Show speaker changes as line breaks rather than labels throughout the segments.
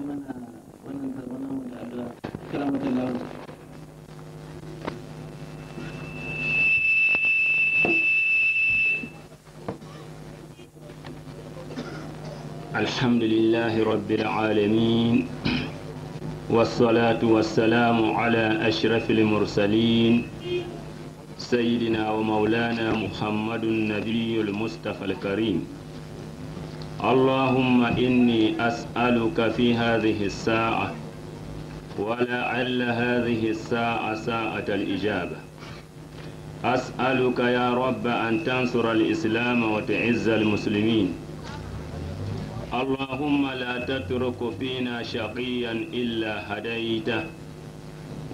الحمد لله رب العالمين والصلاة والسلام على أشرف المرسلين سيدنا ومولانا محمد النبي المصطفى الكريم اللهم إني أسألك في هذه الساعة ولعل هذه الساعة ساعة الإجابة أسألك يا رب أن تنصر الإسلام وتعز المسلمين اللهم لا تترك فينا شقيا إلا هديته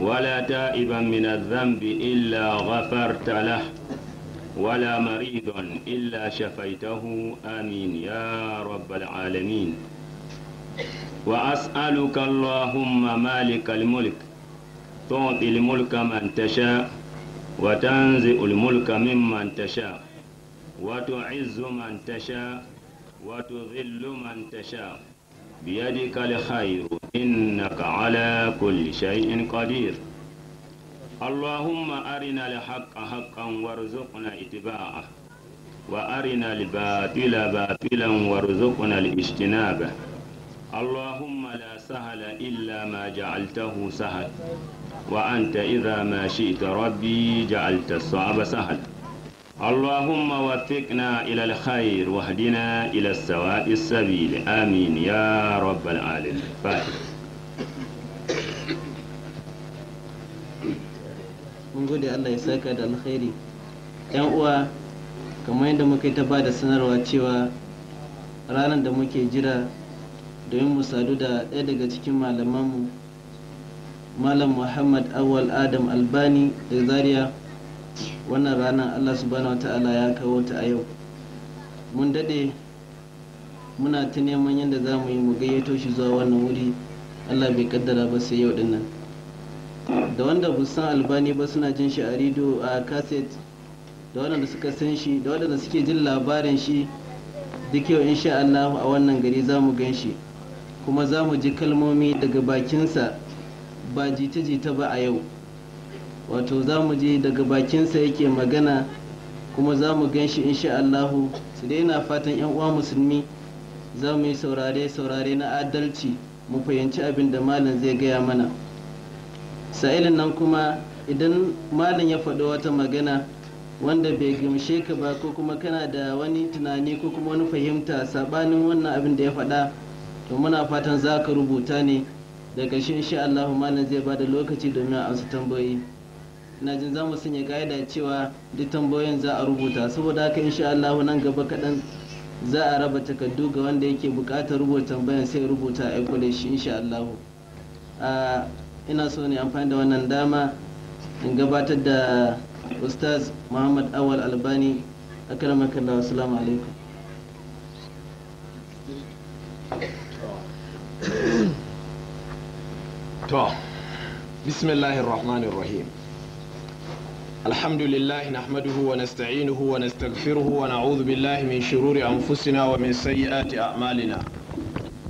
ولا تائبا من الذنب إلا غفرت له ولا مريض إلا شفيته آمين يا رب العالمين وأسألك اللهم مالك الملك تعطي الملك من تشاء وتنزع الملك ممن تشاء وتعز من تشاء وتذل من تشاء بيدك الخير إنك على كل شيء قدير اللهم أرنا الحق حقا وارزقنا اتباعه وأرنا الباطل باطلا وارزقنا الاجتناب اللهم لا سهل إلا ما جعلته سهل وأنت إذا ما شئت ربي جعلت الصعب سهل اللهم وفقنا إلى الخير واهدنا إلى السواء السبيل آمين يا رب العالمين فاتح
mun gode Allah ya saka da alkhairi yan uwa kamar yadda muka yi ta bada da sanarwa cewa ranar da muke jira domin mu sadu da ɗaya daga cikin malamanmu malam muhammad awal adam albani da zariya wannan ranar allah subhanahu wa ta'ala ya kawo ta a yau mun daɗe muna ta neman yadda za mu yi mu gayyato shi zuwa wannan wuri allah bai kaddara ba sai yau dinnan da wanda busan albani ba suna jin shi a rido a kaset da waɗanda suka san shi da waɗanda suke jin labarin shi duk yau insha Allah a wannan gari za mu gan shi kuma za mu ji kalmomi daga bakinsa ba jita-jita ba a yau wato za mu ji daga bakinsa yake magana kuma za mu gan shi insha Allah su dai na fatan 'yan uwa musulmi za mu yi saurare-saurare na adalci mu fahimci abin da malam zai gaya mana. sa'ilin nan kuma idan malin ya faɗo wata magana wanda bai gamshe ka ba ko kuma kana da wani tunani ko kuma wani fahimta saɓanin wannan abin da ya faɗa to muna fatan za ka rubuta ne daga shi insha Allah malam zai ba da lokaci domin a amsa tambayoyi ina jin za mu sanya ƙa'ida cewa duk tambayoyin za a rubuta saboda haka insha Allah nan gaba kaɗan za a raba takardu ga wanda yake buƙatar rubuta tambayan sai rubuta aiko da shi insha Allah ah, ina so ne amfani da wannan dama in gabatar da ustaz muhammad awal albani a karamakan da wasu alaikum
to bismillahir rahmanir rahim الحمد لله نحمده ونستعينه ونستغفره ونعوذ بالله من شرور أنفسنا ومن سيئات أعمالنا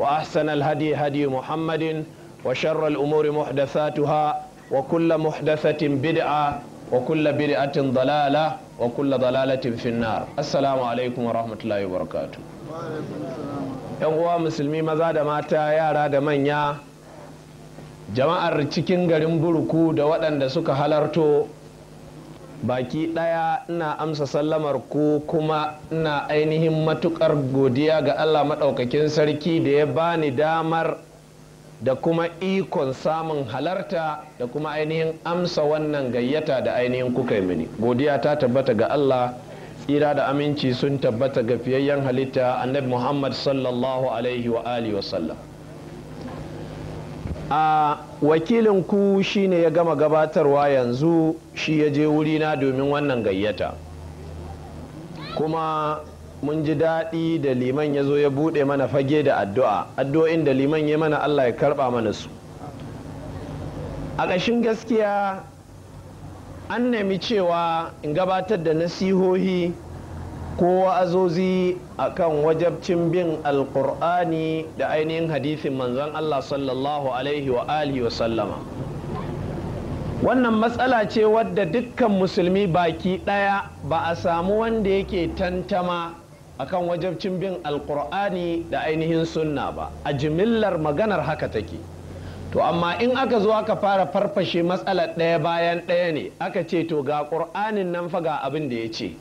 وأحسن الهدي هدي محمد وشر الأمور محدثاتها وكل محدثة بدعة وكل بدعة ضلالة وكل ضلالة في النار السلام عليكم ورحمة الله وبركاته yan uwa musulmi maza da mata yara da manya jama'ar cikin garin burku da waɗanda suka halarto baki ɗaya ina amsa sallamar ku kuma ina ainihin matukar godiya ga Allah maɗaukakin sarki da ya bani damar da kuma ikon samun halarta da kuma ainihin amsa wannan gayyata da ainihin kuka yi mini godiya ta tabbata ga Allah tsira da aminci sun tabbata ga fiyayyen halitta annabi Muhammad sallallahu alaihi wa alihi wa a wakilin ku shine ya gama gabatarwa yanzu shi ya je wurina domin wannan gayyata kuma mun ji daɗi da liman ya zo ya buɗe mana fage da addu'a addu'o'in da liman ya mana allah ya karɓa mana su a ƙashin gaskiya an nemi cewa in gabatar da nasihohi ko wa'azozi akan wajabcin bin alkur'ani da ainihin hadisin manzon Allah sallallahu alaihi wa alihi wa sallama wannan matsala ce wadda dukkan musulmi baki ɗaya ba a samu wanda yake tantama akan wajabcin bin alkur'ani da ainihin sunna ba a jimillar maganar haka take to amma in aka zo aka fara farfashe matsalar ɗaya bayan ɗaya ne aka ce to ga ƙur'anin nan fa ga abin da ya ce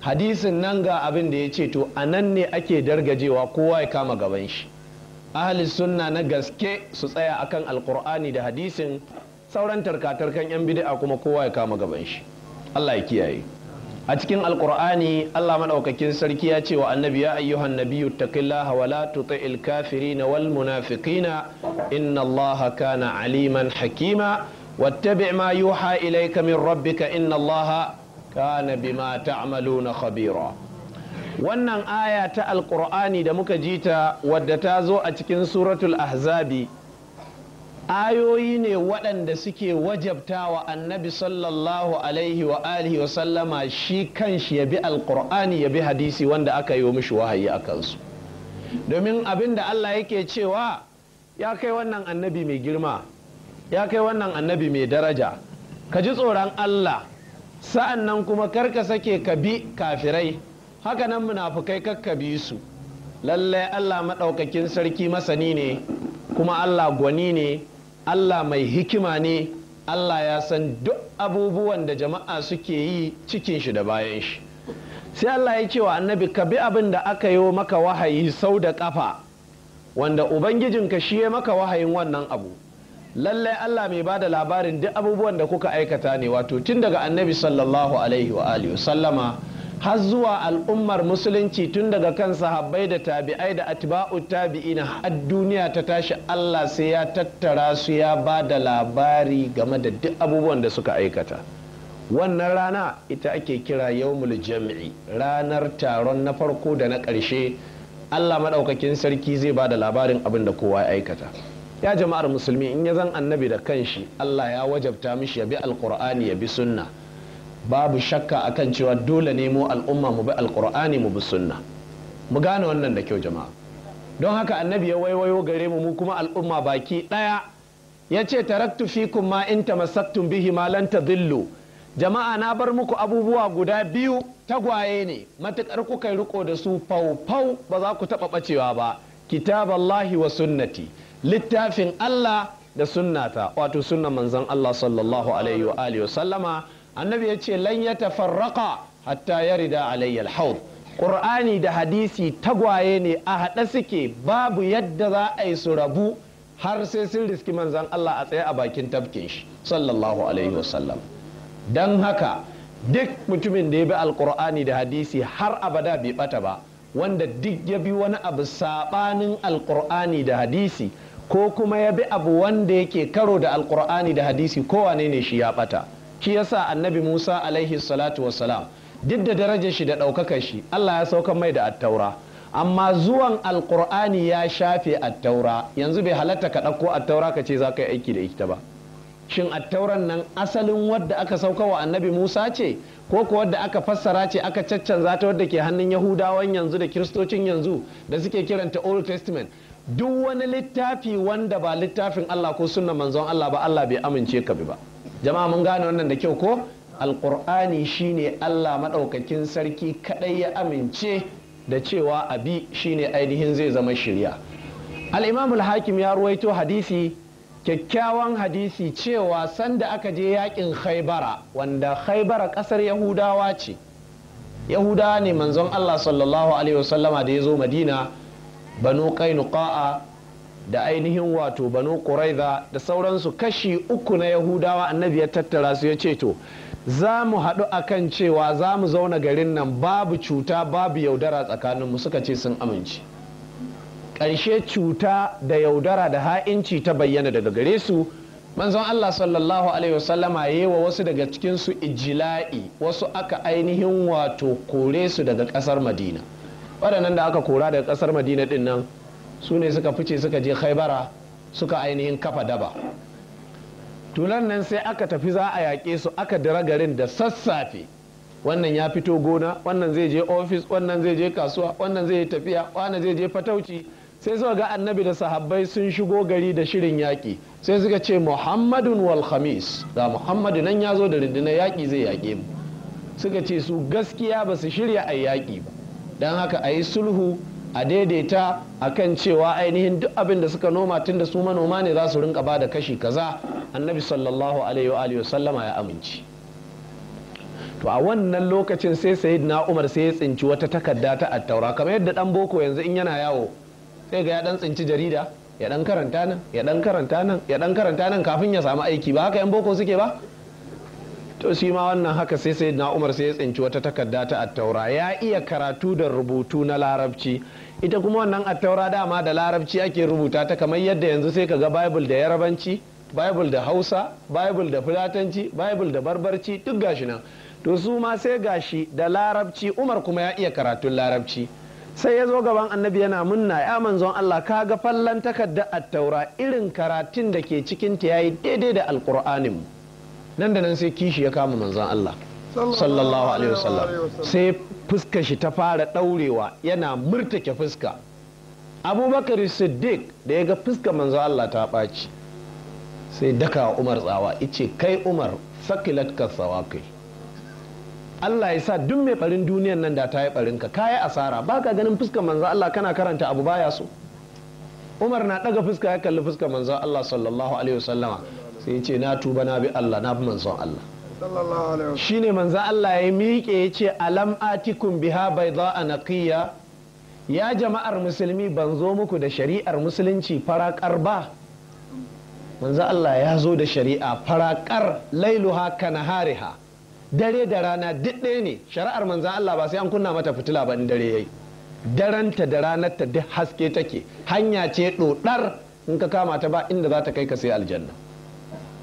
hadisin nan ga abin da ya ce to a nan ne ake dargajewa kowa ya kama gaban shi ahli sunna na gaske su tsaya akan alkur'ani da hadisin sauran tarkatarkan yan bid'a kuma kowa ya kama gaban shi Allah ya kiyaye a cikin alkur'ani Allah madaukakin sarki ya ce wa annabi ya ayyuhan nabiyyu taqillaha wa la tuti'il kafirina wal munafiqina inna Allah kana aliman hakima wattabi' ma yuha ilayka min rabbika inna Allaha. kana bima ta'maluna khabira wannan aya ta alkur'ani da muka ji ta wadda ta zo a cikin suratul ahzabi ayoyi ne waɗanda suke wajabtawa annabi sallallahu alaihi wa alihi wa sallama shi kanshi ya bi Alƙur'ani ya bi hadisi wanda aka yi mishi wahayi a kansu domin abin da allah yake cewa ya kai wannan annabi mai girma ya kai wannan annabi mai daraja ka ji tsoron allah sa'an nan kuma karka sake ka bi kafirai haka nan munafukai kakka bi su lallai allah maɗaukakin sarki masani ne kuma allah gwani ne allah mai hikima ne allah ya san duk abubuwan da jama'a suke yi cikin shi da bayan shi sai allah ya ce wa annabi ka bi abin da aka yi maka wahayi sau da kafa wanda ubangijinka shi ya maka wahayin wannan abu lallai Allah mai ba da labarin duk abubuwan da kuka aikata ne wato tun daga annabi sallallahu alaihi wa alihi sallama har zuwa al'ummar musulunci tun daga kan sahabbai da tabi'ai da atba'u tabi'ina har duniya ta tashi Allah sai ya tattara su ya ba da labari game da duk abubuwan da suka aikata wannan rana ita ake kira yawmul Jami'i ranar taron na farko da na ƙarshe Allah maɗaukakin sarki zai ba da labarin abin da kowa ya aikata ya jama'ar musulmi in ya zan annabi da kanshi Allah ya wajabta mishi ya bi alqur'ani ya bi sunna babu shakka a kan cewa dole ne mu al'umma mu bi alqur'ani mu bi sunna mu gane wannan da kyau jama'a don haka annabi ya waiwayo gare mu mu kuma al'umma baki ɗaya. ya ce taraktu fikum ma in tamassaktum bihi ma lan tadillu jama'a na bar muku abubuwa guda biyu tagwaye ne matukar kuka riko da su fau fau ba za ku taɓa ɓacewa ba kitaballahi wa sunnati littafin Allah da sunnata wato sunna manzon Allah sallallahu alaihi wa alihi sallama annabi ya ce lan ya tafarraqa hatta yarida alayya alhawd qur'ani da hadisi tagwaye ne a haɗe suke babu yadda za a yi su rabu har sai sun riski manzon Allah a tsaye a bakin tafkin shi sallallahu alaihi wa sallam dan haka duk mutumin da ya bi alqur'ani da hadisi har abada bai bata ba wanda duk ya bi wani abu saɓanin alkur'ani da hadisi ko kuma ya bi abu wanda yake karo da alkur'ani da hadisi ko wane ne shi ya bata shi yasa annabi musa alaihi salatu wassalam duk da darajar shi da ɗaukakar shi allah ya sauka mai da attaura amma zuwan alkur'ani ya shafe attaura yanzu bai halatta ka ɗauko attaura ka ce za ka yi aiki da ita ba shin attauran nan asalin wadda aka sauka wa annabi musa ce ko ko wadda aka fassara ce aka caccanza ta wadda ke hannun yahudawan yanzu da kiristocin yanzu da suke kiranta old testament duk wani littafi wanda ba littafin Allah ko sunna manzon Allah ba Allah bai amince ka bi ba jama'a mun gane wannan da kyau ko alqur'ani shine Allah madaukakin sarki kadai ya amince da cewa abi shine ainihin zai zama shirya al-imam al-hakim ya ruwaito hadisi kyakkyawan hadisi cewa sanda aka je yakin khaybara wanda khaybara kasar yahudawa ce yahudawa ne manzon Allah sallallahu alaihi wasallama da ya zo madina banu qainuqa'a da ainihin wato banu quraiza da sauransu kashi uku na yahudawa annabi ya tattara su ya ce to za mu haɗu akan cewa za mu zauna garin nan babu cuta babu yaudara tsakaninmu suka ce sun amince ƙarshe cuta da yaudara da ha'inci ta bayyana daga gare su manzon Allah sallallahu alaihi wasallama ya wa wasu daga cikinsu ijila'i wasu aka ainihin wato kore su daga ƙasar madina waɗannan da aka kora daga ƙasar madina ɗin nan su ne suka fice suka je haibara suka ainihin kafa daba tulan nan sai aka tafi za a yaƙe su aka dira garin da sassafe wannan ya fito gona wannan zai je ofis wannan zai je kasuwa wannan zai tafiya wannan zai je fatauci sai suka ga annabi da sahabbai sun shigo gari da shirin yaƙi sai suka ce muhammadun wal khamis da muhammadu nan ya zo da rundunar yaƙi zai yaƙe mu suka ce su gaskiya ba su shirya a yaƙi ba don haka a yi sulhu a daidaita a kan cewa ainihin duk abin da suka noma tun da su manoma ne za su rinka bada kashi kaza annabi sallallahu alaihi wa sallama ya amince to a wannan lokacin sai sayid na umar sai ya tsinci wata takarda ta attaura kamar yadda dan boko yanzu in yana yawo sai ga ya dan tsinci jarida ya dan karanta nan ya dan karanta nan ya dan karanta nan kafin ya samu aiki ba haka yan boko suke ba to shi ma wannan haka sai sai na umar sai ya tsinci wata takarda ta attaura ya iya karatu da rubutu na larabci ita kuma wannan attaura dama da larabci ake rubuta ta kamar yadda yanzu sai ka ga bible da yarabanci bible da hausa bible da fulatanci bible da barbarci duk gashi nan to su ma sai gashi da larabci umar kuma ya iya karatun larabci sai ya zo gaban annabi yana munna ya manzon Allah ka ga fallan takarda attaura irin karatun da ke cikin ta yayi daidai da alkur'anin mu nan da nan sai kishi ya kama manzon Allah
sallallahu alaihi wasallam
sai fuskar shi ta fara daurewa yana murtake fuska abubakar siddiq da ya ga fuskar manzon Allah ta ɓaci sai daka umar tsawa ice kai umar sakilat ka kai Allah ya sa duk mai barin duniyan nan da ta yi barin ka kayi asara baka ganin fuskar manzon Allah kana karanta abu baya so Umar na ɗaga fuska ya kalli fuskar manzon Allah sallallahu alaihi wasallama sai ya ce na tuba na bi Allah na bi manzon Allah Shi ne manzon Allah ya miƙe ya ce alam atikum biha bai a naƙiya ya jama'ar musulmi ban zo muku da shari'ar musulunci farakar ba manzon Allah ya zo da shari'a farakar lailuha Hariha. dare da rana duk ɗaya ne shari'ar manzon Allah ba sai an kunna mata fitila ba in dare yayi daranta da ranarta duk haske take hanya ce ɗoɗar in ka kama ta ba inda za ta kai ka sai aljanna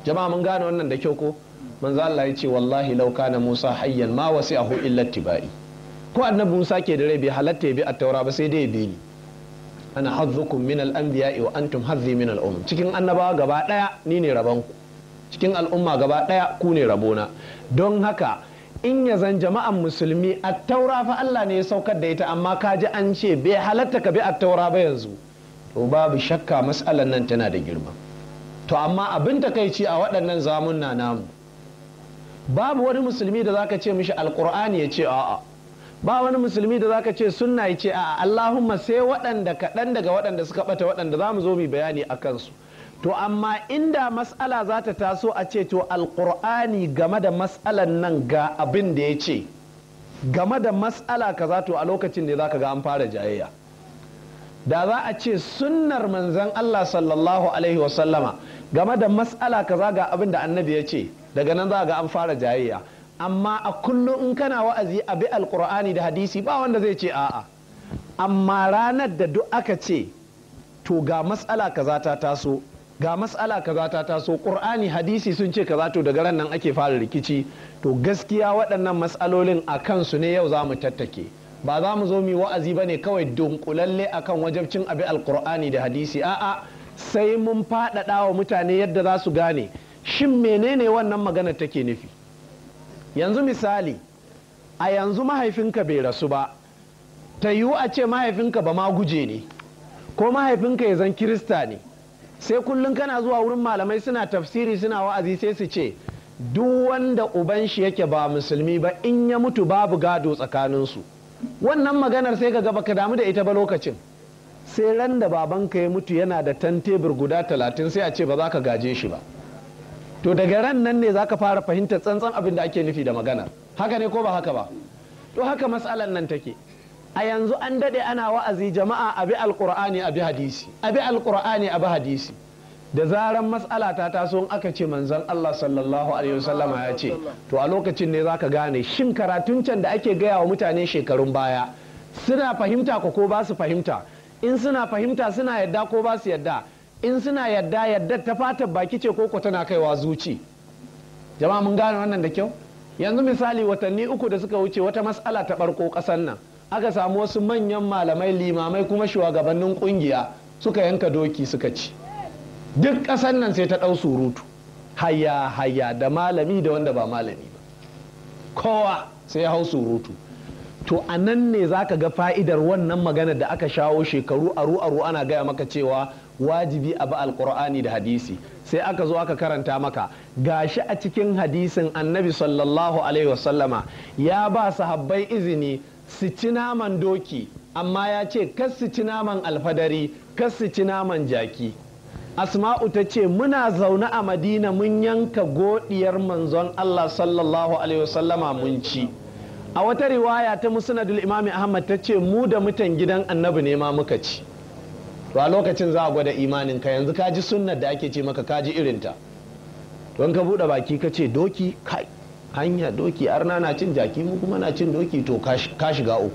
jama'a mun gane wannan da kyau ko za Allah ya ce wallahi law kana Musa hayyan ma wasi'ahu illa tibai ko annabi Musa ke da rai bai halatta ya bi at-taura ba sai dai ya bi ni ana hazzukum min al anbiya wa antum hazzi min al-umm cikin annabawa gaba daya ni ne rabon ku cikin al'umma gaba daya ku ne rabona don haka in ya zan jama'an musulmi at-taura fa Allah ne ya saukar da ita amma ka ji an ce bai halatta ka bi at-taura ba yanzu to babu shakka mas'alan nan tana da girma to amma abin takaici a waɗannan zamun na namu babu wani musulmi da zaka ce mishi alkur'ani ya ce a'a ba wani musulmi da zaka ce sunna ya ce a'a allahumma sai waɗanda kaɗan daga waɗanda suka ɓata waɗanda za mu zo mu bayani a kansu to amma inda mas'ala za ta taso a ce to alkur'ani game da mas'alan nan ga abin da ya ce game da mas'ala kaza to a lokacin da za ka ga an fara jayayya da za a ce sunnar manzan allah sallallahu alaihi wasallama game da mas'ala kaza ga abin da annabi ya ce daga nan za ga an fara jayayya amma a kullum in kana wa'azi a bi alkur'ani da hadisi ba wanda zai ce a'a amma ranar da duk aka ce to ga matsala kaza ta taso ga matsala kaza ta taso qur'ani hadisi sun ce kaza to daga ran nan ake fara rikici to gaskiya waɗannan matsalolin a kansu ne yau za mu tattake ba za mu zo mu wa'azi ba ne kawai dunkulalle akan wajabcin abi alkur'ani da hadisi a'a sai mun faɗaɗa wa mutane yadda za su gane shin menene wannan magana take nufi yanzu misali a yanzu mahaifinka bai rasu ba ta yiwu a ce mahaifinka ba ma guje ne ko mahaifinka ya zan kirista ne sai kullum kana zuwa wurin malamai suna tafsiri suna wa'azi sai su ce duk wanda uban shi yake ba musulmi ba in ya mutu babu gado tsakaninsu wannan maganar sai ka gaba ka damu da ita ba lokacin sai ran da babanka ya mutu yana da tan tebur guda talatin sai a ce ba za ka gaje shi ba to daga ran nan ne za ka fara fahimtar tsantsan abin da ake nufi da magana haka ne ko ba haka ba to haka matsalan nan take a yanzu an dade ana wa'azi jama'a a bi alkur'ani a bi hadisi A bi alkur'ani a bi hadisi da zaran matsala ta taso in aka ce manzon Allah sallallahu alaihi wasallam ya ce to a lokacin ne zaka gane shin karatun can da ake gaya wa mutane shekarun baya suna fahimta ko ko ba su fahimta in suna fahimta suna yadda ko ba su yadda in suna yadda yadda ta fata baki ce koko tana kaiwa zuci jama'a mun gane wannan da kyau yanzu misali watanni uku da suka wuce wata matsala ta barko kasan nan aka samu wasu manyan malamai limamai kuma shugabannin kungiya suka yanka doki suka ci duk ƙasan nan sai ta ɗau surutu haya haya da malami da wanda ba malami ba kowa sai ya hau surutu to a nan ne za ka ga fa'idar wannan magana da aka shawo shekaru aru aru ana gaya maka cewa wajibi a ba alkur'ani da hadisi sai aka zo aka karanta maka gashi a cikin hadisin annabi sallallahu alaihi wasallama ya ba sahabbai izini su ci naman doki amma ya ce kas su ci naman alfadari kas su ci naman jaki asma'u ta ce muna zaune a madina mun yanka godiyar manzon allah sallallahu alaihi wasallama mun ci a wata riwaya ta musnadul imami ahmad ta ce mu da mutan gidan annabi ne ma muka ci to a lokacin za a gwada imanin ka yanzu ka ji sunnar da ake ce maka ka ji irinta don ka buɗe baki ka ce doki kai hanya doki arna na cin jaki mu kuma na cin doki to ka shiga uku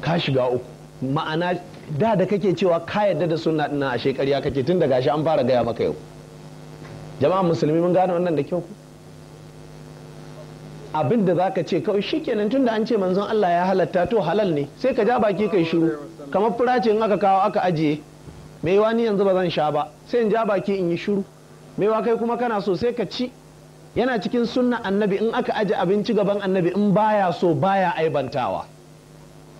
ka shiga uku ma'ana da da kake cewa ka yarda da sunna dinnan a ƙarya kake tun daga shi an fara gaya maka yau Jama'an musulmi mun gane wannan da kyau abin da zaka ce kawai tun da an ce manzon Allah ya halatta to halal ne sai ka ja baki kai shiru kamar furace in aka kawo aka ajiye mai wani yanzu ba zan sha ba sai in ja baki in yi shiru mai wa kai kuma kana so sai ka ci yana cikin sunna annabi in aka aje abinci gaban annabi in baya so baya aibantawa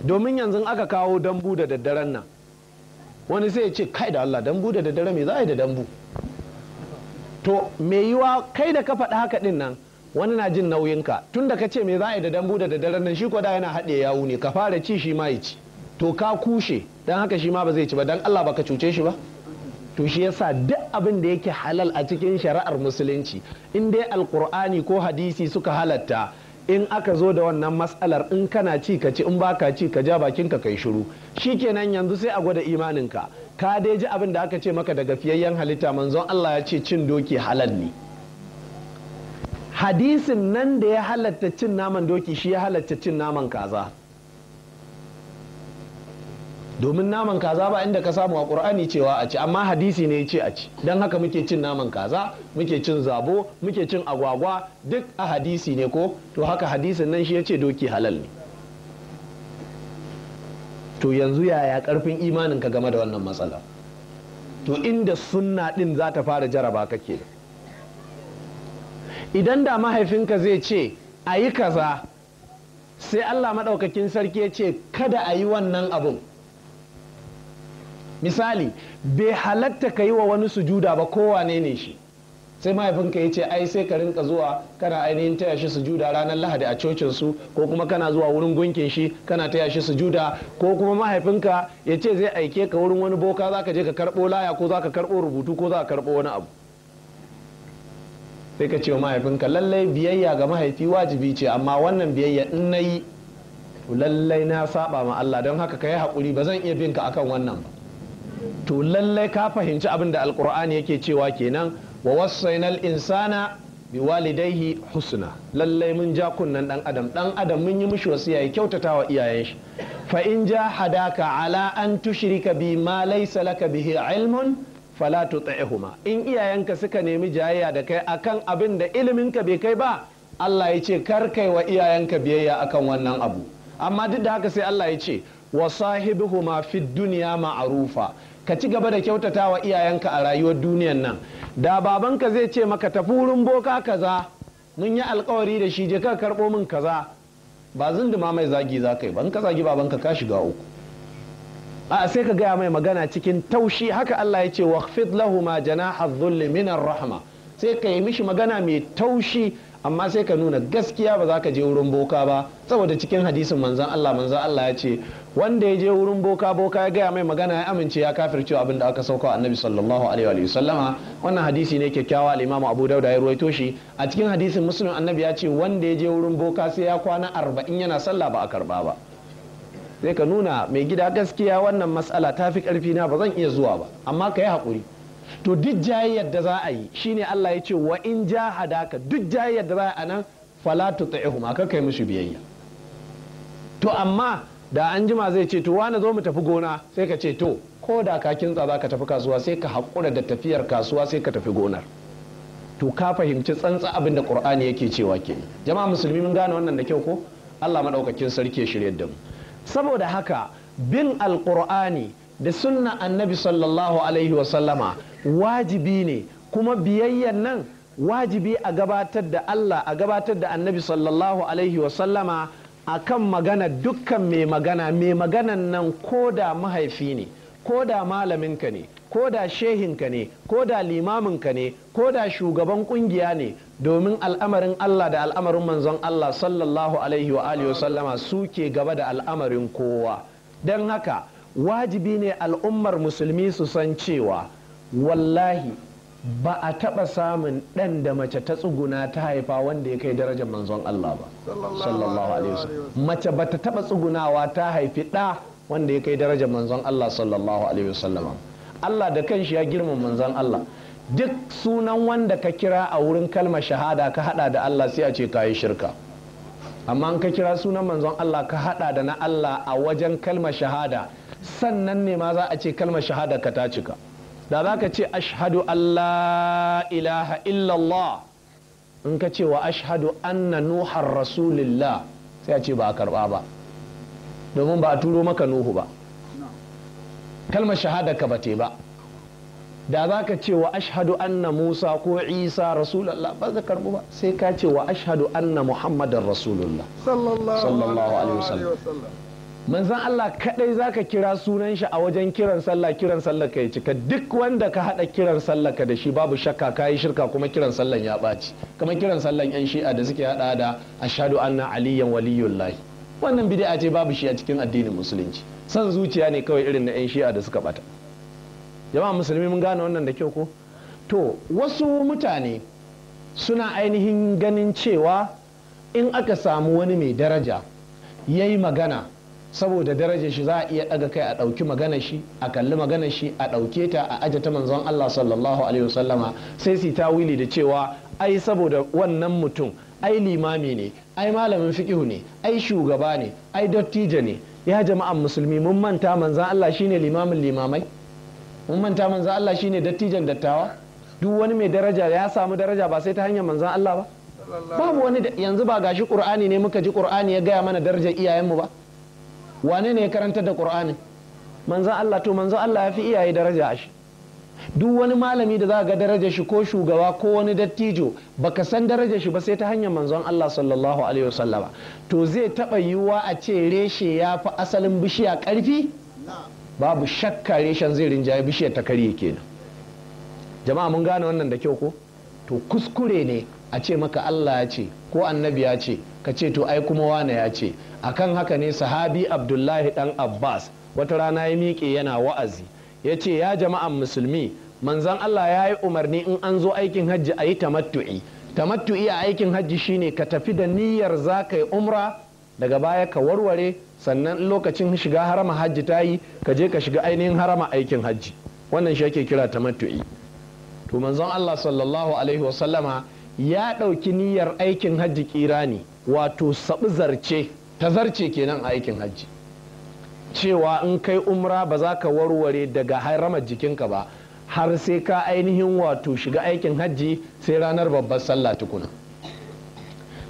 domin yanzu aka kawo dambu da daddaren nan wani sai ya ce kai da Allah dambu da daddare me za a yi da dambu to me yiwa kai da ka faɗi haka din nan wani na jin nauyinka tun da ka ce me za a yi da dambu da daddaren nan shi kwada yana haɗe yawu ne ka fara ci shi ma ya ci to ka kushe don haka shi ma ba zai ci ba don Allah baka cuce shi ba to shi yasa duk abin da yake halal a cikin shari'ar musulunci in dai alkur'ani ko hadisi suka halatta in aka zo da wannan matsalar in kana ci ka ci in baka ci ka ja bakin ka kai shiru shi kenan yanzu sai a gwada imaninka ka dai ji abin da aka ce maka daga fiyayyen halitta manzon Allah ya ce cin doki halal ne hadisin nan da ya halatta cin naman doki shi ya halatta cin naman kaza domin naman kaza ba inda ka samu a ƙur'ani cewa a ci amma hadisi ne ya ce a ci don haka muke cin naman kaza muke cin zabo muke cin agwagwa duk a hadisi ne ko to haka hadisin nan shi ya ce doki halal ne to yanzu yaya karfin imaninka game da wannan matsala to inda sunna din za ta fara jaraba kake da idan da mahaifinka zai ce a yi kaza sai allah maɗaukakin sarki ya ce kada a yi wannan abun misali bai halatta ka yi wa wani sujuda ba kowane ne shi sai mahaifinka ya ce ai sai ka rinka zuwa kana ainihin taya shi sujuda ranar lahadi a cocin su ko kuma kana zuwa wurin gunkin shi kana taya shi sujuda ko kuma mahaifinka ya ce zai aike ka wurin wani boka za ka je ka karbo laya ko za ka karbo rubutu ko za ka karbo wani abu sai ka ce wa mahaifinka lallai biyayya ga mahaifi wajibi ce amma wannan biyayya in na yi to lallai na saba ma Allah don haka ka yi haƙuri ba zan iya binka akan wannan ba to lallai ka fahimci abin da alkur'ani yake cewa kenan wa wasainal insana bi walidaihi husna lallai mun ja kunnan dan adam dan adam mun yi mishi wasiya ya kyautata wa iyayen shi fa in ja hadaka ala an tushrika bi ma laysa laka bihi ilmun fala tutaihuma in iyayenka suka nemi jayayya da kai akan abin da iliminka bai kai ba Allah ya ce kar kai wa iyayenka biyayya akan wannan abu amma duk da haka sai Allah ya ce wa sahibihuma fid duniya ma'arufa. ka ci gaba da kyautata wa iyayenka a rayuwar duniyan nan da babanka zai ce maka tafi wurin boka kaza mun yi alkawari da shi je ka karɓo min kaza ba zinduma mai zagi za ka ba in ka zagi babanka ka shiga uku a sai ka gaya mai magana cikin taushi haka Allah ya ce waqfid lahuma janaha dhulli rahma sai ka yi mishi magana mai taushi amma sai ka nuna gaskiya ba za ka je wurin boka ba saboda cikin hadisin manzan Allah manzan Allah ya ce wanda ya je wurin boka boka ya gaya mai magana ya amince ya kafircewa abin da aka sauka annabi sallallahu alaihi wa sallama wannan hadisi ne kyakkyawa al-imamu Abu Dawud ya ruwaito shi a cikin hadisin Muslim annabi ya ce wanda ya je wurin boka sai ya kwana arba'in yana sallah ba a karba ba sai ka nuna mai gida gaskiya wannan matsala ta fi karfi na ba zan iya zuwa ba amma ka yi haƙuri to duk jayi da za a yi shine Allah ya ce wa in ja hadaka duk jayi da za a nan fala tuti'hum ka kai musu biyayya to amma da an jima zai ce to wani zo mu tafi gona sai ka ce to ko da ka kintsa za ka tafi kasuwa sai ka haƙura da tafiyar kasuwa sai ka tafi gonar to ka fahimci tsantsa abin da qur'ani yake cewa ke jama'a musulmi mun gane wannan da kyau ko Allah madaukakin sarki ya shirye da mu saboda haka bin alƙur'ani da sunna annabi sallallahu alaihi wasallama wajibi ne kuma biyayyan nan wajibi a gabatar da Allah a gabatar da annabi sallallahu alaihi wasallama a kan magana dukkan mai magana mai maganan nan ko da mahaifi ne ko da malaminka ne ko da shehinka ne ko da limaminka ne ko da shugaban kungiya ne domin al'amarin Allah da al'amarin manzon Allah sallallahu alaihi wa alihi sallama suke gaba da al'amarin kowa don haka wajibi ne al'ummar musulmi su san cewa wallahi ba a taɓa samun ɗan da mace ta tsuguna ta haifa wanda ya kai darajar manzon Allah ba sallallahu alaihi sallam. mace ba ta taɓa tsugunawa ta haifi ɗa wanda ya kai darajar manzon Allah sallallahu alaihi wasallama Allah da kanshi ya girma manzon Allah duk sunan wanda ka kira a wurin kalmar shahada ka hada da Allah sai a ce ka yi shirka amma ka kira sunan manzon Allah ka hada da na Allah a wajen kalmar shahada sannan ne ma za a ce kalmar shahada ka ta cika da za ka ce ashhadu Allah ilaha illallah in ka ce wa ashhadu anna nuhar rasulillah sai a ce ba a karba ba domin ba a turo maka nuhu ba kalmar shahada ka bate ba da za ka ce wa ashadu anna musa ko isa rasulallah ba za karbu ba sai ka ce wa ashadu anna muhammadan rasulullah
sallallahu alaihi wasallam
manzan Allah kadai za ka kira sunan shi a wajen kiran sallah kiran sallah ka ya cika duk wanda ka hada kiran sallah ka da shi babu shakka ka yi shirka kuma kiran sallah ya ɓaci kamar kiran sallah yan shi'a da suke hada da ashadu anna aliyan waliyullahi wannan bid'a ce babu shi a cikin addinin musulunci san zuciya ne kawai irin na 'yan shi'a da suka bata jama'a musulmi mun gane wannan da kyau ko to wasu mutane suna ainihin ganin cewa in aka samu wani mai daraja ya yi magana saboda darajar shi za a iya daga kai a ɗauki magana shi a kalli magana shi a ɗauke ta a aje ta manzon Allah sallallahu alaihi wasallama sai su tawili da cewa ai saboda wannan mutum ai limami ne ai malamin fiqhu ne ai shugaba ne ai dattijo ne ya jama'an musulmi mun manta manzan Allah shine limamin limamai mun manta manzan Allah shine dattijan dattawa duk wani mai daraja ya samu daraja ba sai ta hanyar manzan Allah ba babu wani yanzu ba gashi qur'ani ne muka ji qur'ani ya gaya mana darajar iyayenmu ba wane ne ya karanta da qur'ani manzan Allah to manzan Allah ya fi iyaye daraja shi duk wani malami da za ga darajar shi ko shugaba ko wani dattijo baka san darajar shi ba sai ta hanyar manzon Allah sallallahu alaihi wasallama to zai taba yiwuwa a ce reshe ya fi asalin bishiya karfi babu shakka reshen zai rinjaye bishiyar ta karye kenan jama'a mun gane wannan da kyau ko to kuskure ne a ce maka Allah ya ce ko annabi ya ce ka ce to ai kuma wane ya ce akan haka ne sahabi abdullahi dan abbas wata rana ya miƙe yana wa'azi ya ce ya jama'an musulmi manzan Allah ya yi umarni in an zo aikin hajji a yi tamattu'i tamattu'i a aikin hajji shine ka tafi da niyyar za ka yi umra daga baya ka warware sannan lokacin shiga harama hajji ta yi ka je ka shiga ainihin harama aikin hajji wannan shi ake kira tamattu'i to manzon Allah sallallahu alaihi wasallama ya ɗauki niyyar aikin hajji kirani wato saɓi zarce ta zarce kenan a aikin hajji cewa in kai umra ba za ka warware daga haramar jikinka ba har sai ka ainihin wato shiga aikin hajji sai ranar babbar sallah tukuna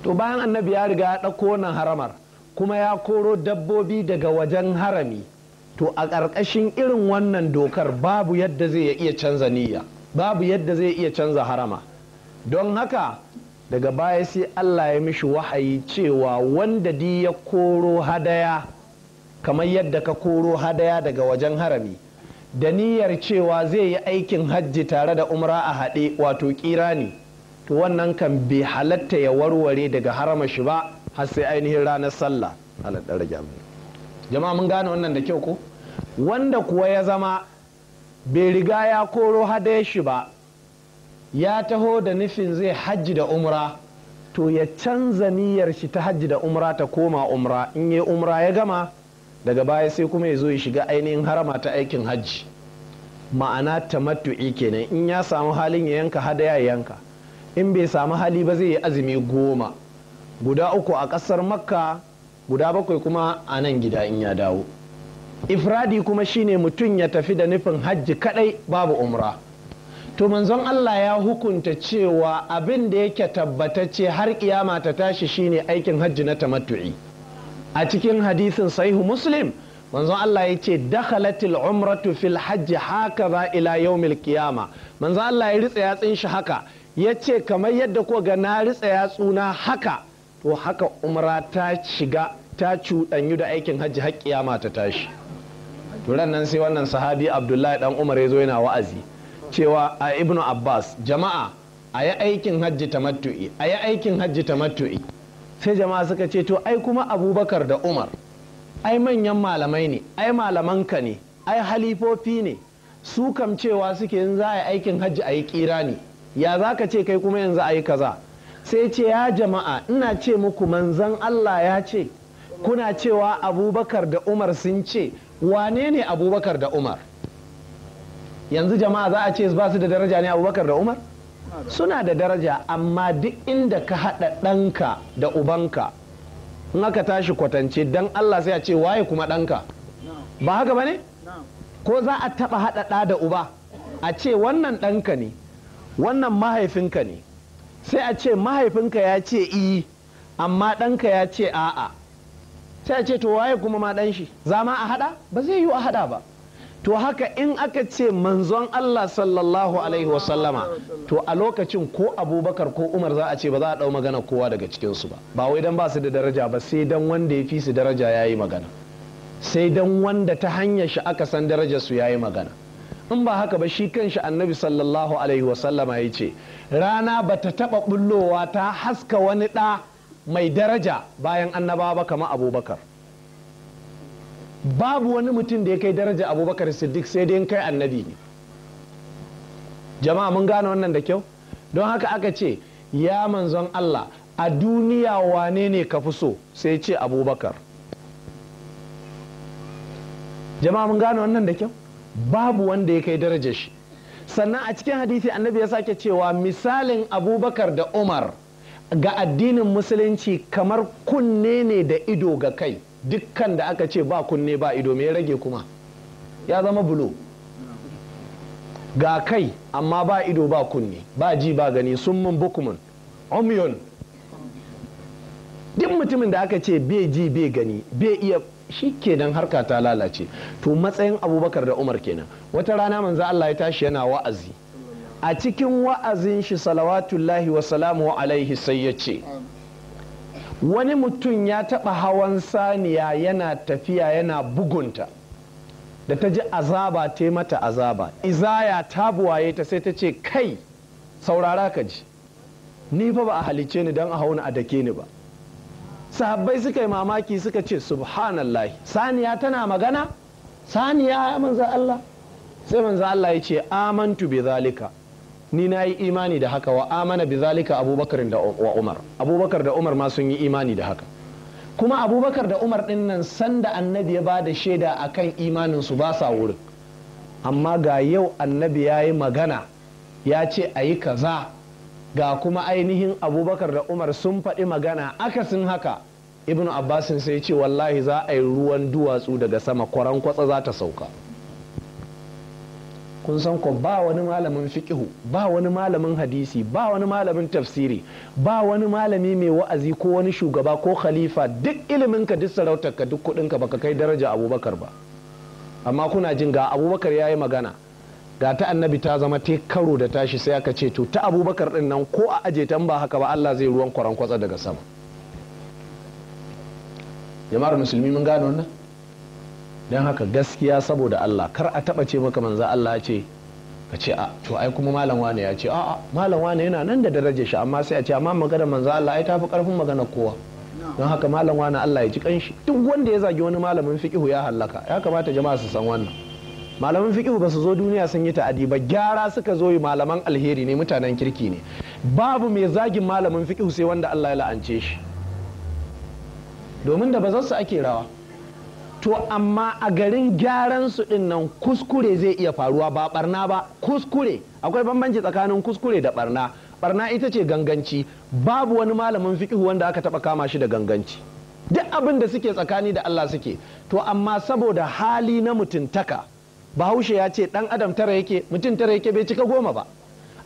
to bayan annabi ya riga ya ɗauko wannan haramar kuma ya koro dabbobi daga wajen harami to a ƙarƙashin irin wannan dokar babu yadda zai iya canza niyya babu yadda zai iya canza harama don haka daga baya sai allah ya mishi wahayi cewa wanda di ya koro hadaya kamar yadda ka koro hadaya daga wajen harami da niyyar cewa zai yi aikin hajji tare da umra a haɗe wato kirani to wannan kan bai halatta ya warware daga harama shi ba har sai ainihin ranar sallah jama'a mun gane wannan da kyau ko wanda kuwa ya zama bai riga ya koro hada shi ba ya taho da nufin zai hajji da umra to ya canza niyyar shi ta hajji da umra ta koma umra in ya umra ya gama daga baya sai kuma ya zo ya shiga ainihin harama ta aikin hajji ma'ana tamattu'i kenan in ya samu halin ya yanka hadaya ya yanka in bai samu hali ba zai yi azumi goma guda uku a ƙasar makka guda bakwai kuma a nan gida in ya dawo ifradi kuma shine mutum ya tafi da nufin hajji kadai babu umra to manzon Allah ya hukunta cewa abin da yake tabbatacce har kiyama ta tashi shine aikin hajji na tamattu'i a cikin hadisin sahihu muslim manzon Allah ya ce dakhalatil umratu fil hajji hakaza ila yawmil qiyama manzon Allah ya ritsa yatsun shi haka yace kamar yadda ko ga na ritsa yatsuna haka to haka umra ta shiga ta cuɗanyu da aikin hajji har kiyama ta tashi turan nan sai wannan sahabi abdullahi dan umar ya zo yana wa'azi cewa a ibnu abbas jama'a a yi aikin hajji tamattu'i a yi aikin hajji tamattu'i sai jama'a suka ce to ai kuma abubakar da umar ai manyan malamai ne ai malamanka ne ai halifofi ne su kam cewa suke yin za a yi aikin hajji a yi kira ne ya za ka ce kai kuma yanzu a yi kaza sai ce ya jama'a ina ce muku manzan allah ya ce kuna cewa abubakar da umar sun ce wane ne abubakar da umar yanzu jama'a za a ce ba su da daraja ne abubakar da umar suna da daraja amma duk inda ka haɗa ɗanka da ubanka in aka tashi kwatance dan Allah sai a ce waye kuma ɗanka ba haka ba ne ko za a taɓa haɗa ɗa da uba a ce wannan ɗanka ne wannan mahaifinka ne sai a ce mahaifinka ya ce iyi amma ɗanka ya ce a'a sai a ce to waye kuma ma ɗan shi za ma a haɗa ba zai yiwu a haɗa ba to haka in aka ce manzon Allah sallallahu alaihi wasallama to a lokacin ko abubakar ko umar za a ce ba za a ɗau magana kowa daga cikinsu ba ba wai dan ba su da daraja ba sai dan wanda ya fi su daraja ya yi magana sai dan wanda ta hanyar shi aka san darajar su ya yi magana in ba haka ba shi kanshi annabi sallallahu alaihi wasallama ya ce rana ba ta taɓa bullowa ta haska wani ɗa mai daraja bayan annabawa ba kama abubakar babu wani mutum da ya kai daraja abubakar siddiq sai dai kai annabi ne jama'a mun gane wannan da kyau don haka aka ce ya manzon allah a duniya wane ne ka fi so sai ce abubakar jama'a mun gane wannan da kyau babu wanda ya kai daraja shi sannan a cikin hadisi annabi ya sake cewa misalin abubakar da umar ga addinin musulunci kamar kunne ne da ido ga kai dukkan da aka ce ba kunne ba ido mai ya rage kuma ya zama bulo ga kai amma ba ido ba kunne ba ji ba gani sun mun bukumin omiyon duk mutumin da aka ce bai ji bai gani bai iya shi kenan harka ta lalace to matsayin abubakar da umar kenan wata rana manzo Allah ya tashi yana wa'azi a cikin wa'azin shi salawatullahi wa salamu alaihi sai ya ce wani mutum ya taɓa hawan saniya yana tafiya yana bugunta da ta ji azaba ta mata azaba izaya ta buwaye ta sai ta ce kai saurara ka ji ni fa ba a halice ni don a hauna a dake ni ba sahabbai suka yi mamaki suka ce subhanallah saniya tana magana saniya manzo Allah sai manzo Allah ya ce amantu bi zalika ni na yi imani da haka wa amana bi zalika abubakar da umar abubakar da umar ma sun yi imani da haka kuma abubakar da umar din nan sanda annabi ya ba da shaida kan imanin su ba sa wurin amma ga yau annabi ya yi magana ya ce a yi kaza ga kuma ainihin abubakar da umar sun faɗi magana akasin haka ibnu abbasin sai ce wallahi za a yi ruwan duwatsu daga sama kwaran kwatsa za ta sauka kun san ko ba wani malamin fiqihu ba wani malamin hadisi ba wani malamin tafsiri ba wani malami mai wa'azi ko wani shugaba ko khalifa duk iliminka duk ka duk kudinka baka kai daraja abubakar ba amma kuna jin ga abubakar ya yi magana ga ta annabi ta zama te karo da tashi sai aka ce to ta abubakar din nan ko a aje tan ba haka ba allah zai ruwan kwaran kwatsa daga sama jama'ar musulmi mun gane wannan don haka gaskiya saboda Allah kar a taba ce maka manzo Allah ce ka ce a to ai kuma malam wane ya ce a malam wane yana nan da darajar shi amma sai a ce amma magana manzo Allah ai tafi karfin magana kowa don haka malam wane Allah ya ji kanshi duk wanda ya zagi wani malamin fikihu ya hallaka ya kamata jama'a su san wannan Malamin fiqihu ba su zo duniya sun yi ta'adi ba gyara suka zo yi malaman alheri ne mutanen kirki ne babu mai zagin malamin fiqihu sai wanda Allah ya la'ance shi domin da su ake rawa to amma a garin gyaran su din nan kuskure zai iya faruwa ba barna ba kuskure akwai bambanci tsakanin kuskure da barna barna ita ce ganganci babu wani malamin fiqhu wanda aka taba kama shi da ganganci duk abin da suke tsakani da Allah suke to amma saboda hali na mutuntaka bahaushe ya ce dan adam tara yake mutum tara yake bai cika goma ba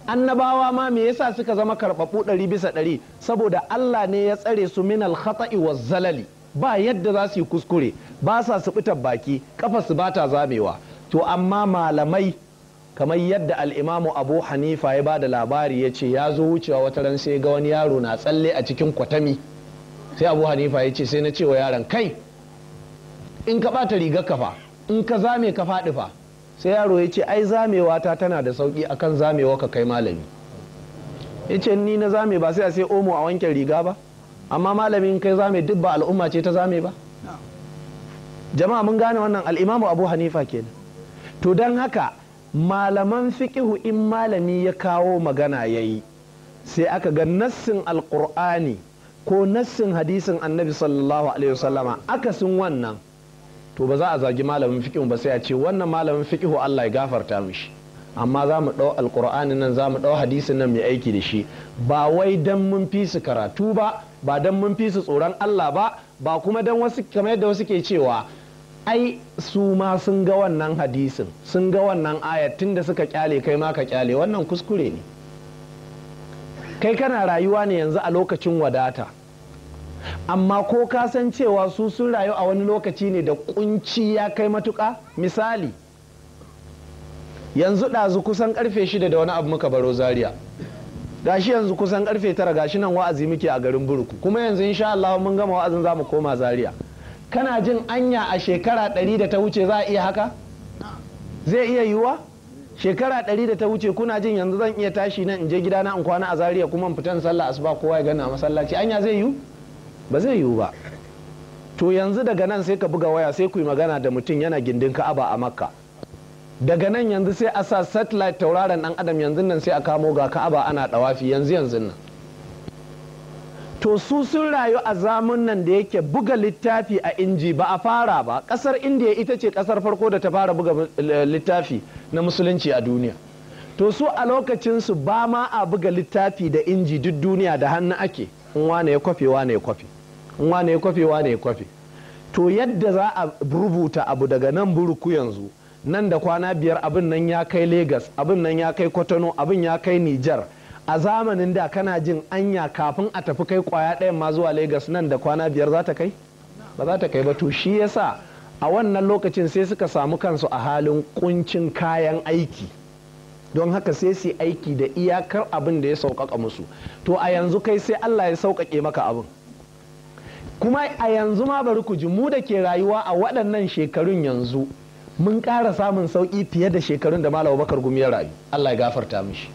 annabawa ma me yasa suka zama karbabu ɗari bisa ɗari saboda Allah ne ya tsare su minal khata'i wa zalali ba yadda za su yi kuskure ba sa su subutar baki kafa su bata zamewa to amma malamai kamar yadda al'imamu abu hanifa ya ba da labari ya ce ya zo wucewa wata ran sai ga wani yaro na tsalle a cikin kwatami sai abu hanifa ya ce sai na cewa yaron kai in ka bata rigar kafa in ka zame ka faɗi fa sai yaro ya ce ai zamewa ta tana da sauki akan zamewa ka kai malami ya ce ni na zame ba sai a sai omo a wanke riga ba amma malamin kai zame duk ba al'umma ce ta zame ba jama'a mun gane wannan al'imamu abu hanifa kenan to don haka malaman fiƙihu in malami ya kawo magana ya yi sai aka ga nassin alkur'ani ko nassin hadisin annabi sallallahu alaihi wasallama akasin wannan to ba za a zagi malamin fiƙihu ba sai a ce wannan malamin fiƙihu allah ya gafarta mishi amma za mu ɗau alkur'ani nan za mu ɗau hadisin nan mai aiki da shi ba wai don mun fi su karatu ba ba don mun fi su tsoron Allah ba ba kuma dan wasu kamar yadda wasu ke cewa ai su ma sun ga wannan hadisin sun ga wannan ayat tun da suka kyale kai ma ka kyale wannan kuskure ne kai kana rayuwa ne yanzu a lokacin wadata amma ko ka san cewa su sun rayu a wani lokaci ne da kunci ya kai matuka misali yanzu ɗazu kusan karfe shida da wani abu muka baro zaria gashi yanzu kusan karfe tara gashi nan wa'azi muke a garin burku kuma yanzu insha Allah mun gama wa'azin za mu koma zaria kana jin anya a shekara ɗari da ta wuce za a iya haka zai iya yiwuwa shekara ɗari da ta wuce kuna jin yanzu zan iya tashi nan in je gidana in kwana a zaria kuma in fitan sallah asuba kowa ya gana masallaci anya zai yiwu ba zai yiwu ba to yanzu daga nan sai ka buga waya sai ku yi magana da mutum yana gindin ka'aba a makka daga nan yanzu sai a sa satellite tauraron dan adam yanzu nan sai a kamo ga ka'aba ana dawafi yanzu yanzu nan to su sun rayu a zamun nan da yake buga littafi a inji ba a fara ba kasar indiya ita ce kasar farko da ta fara buga eh, littafi na musulunci a duniya to su a lokacinsu ba ma a buga littafi da inji duk duniya da hannu ake wane ya kwafe wane ya kwafe wane ya kwafe wane ya kwafe to yadda za a rubuta abu daga nan buruku yanzu nan da kwana biyar abin nan ya kai Legas abin nan ya kai Kwatano abin ya kai Nijar a zamanin da kana jin anya kafin a tafi kai kwaya ɗayan ma zuwa Legas nan da kwana biyar za ta kai ba za ta kai ba to shi yasa a wannan lokacin sai suka samu kansu a halin kuncin kayan aiki don haka sai su aiki da iyakar abin da ya sauƙaƙa musu to a yanzu kai sai Allah ya sauƙaƙe maka abin kuma a yanzu ma bari ku ji mu da ke rayuwa a waɗannan shekarun yanzu mun ƙara samun sauƙi fiye da shekarun da malam bakar gumi ya rayu allah ya gafarta mishi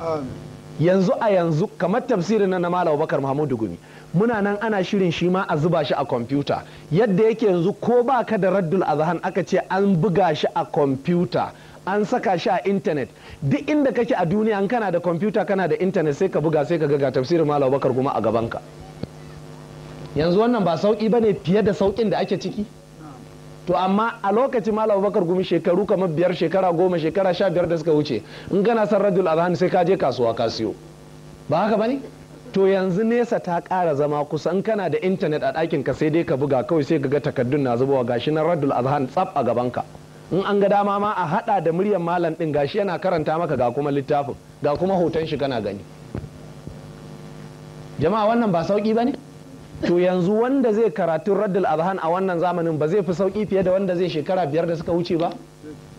yanzu a yanzu kamar tafsirin nan na malam bakar muhammadu gumi muna nan ana shirin shi ma a zuba shi a kwamfuta yadda yake yanzu ko ba ka da raddul azhan aka ce an buga shi a kwamfuta an saka shi a intanet duk inda kake a duniya an kana da kwamfuta kana da intanet sai ka buga sai ka ga tafsirin malam bakar kuma a gabanka yanzu wannan ba sauki ne fiye da saukin da ake ciki to amma a lokaci malam bakar gumi shekaru kamar biyar shekara goma shekara sha biyar da suka wuce in kana san radul azhan sai ka je kasuwa ka siyo ba haka bane to yanzu nesa ta ƙara zama kusa in kana da intanet a ɗakin ka sai dai ka buga kawai sai ka ga takardun na zubowa gashi na radul azhan tsaf a gaban ka in an ga dama ma a hada da muryar malam din gashi yana karanta maka ga kuma littafin ga kuma hoton shi kana gani jama'a wannan ba sauki bane ne to yanzu wanda zai karatu raddul azhan a wannan zamanin ba zai fi sauki fiye da wanda zai shekara biyar da suka wuce ba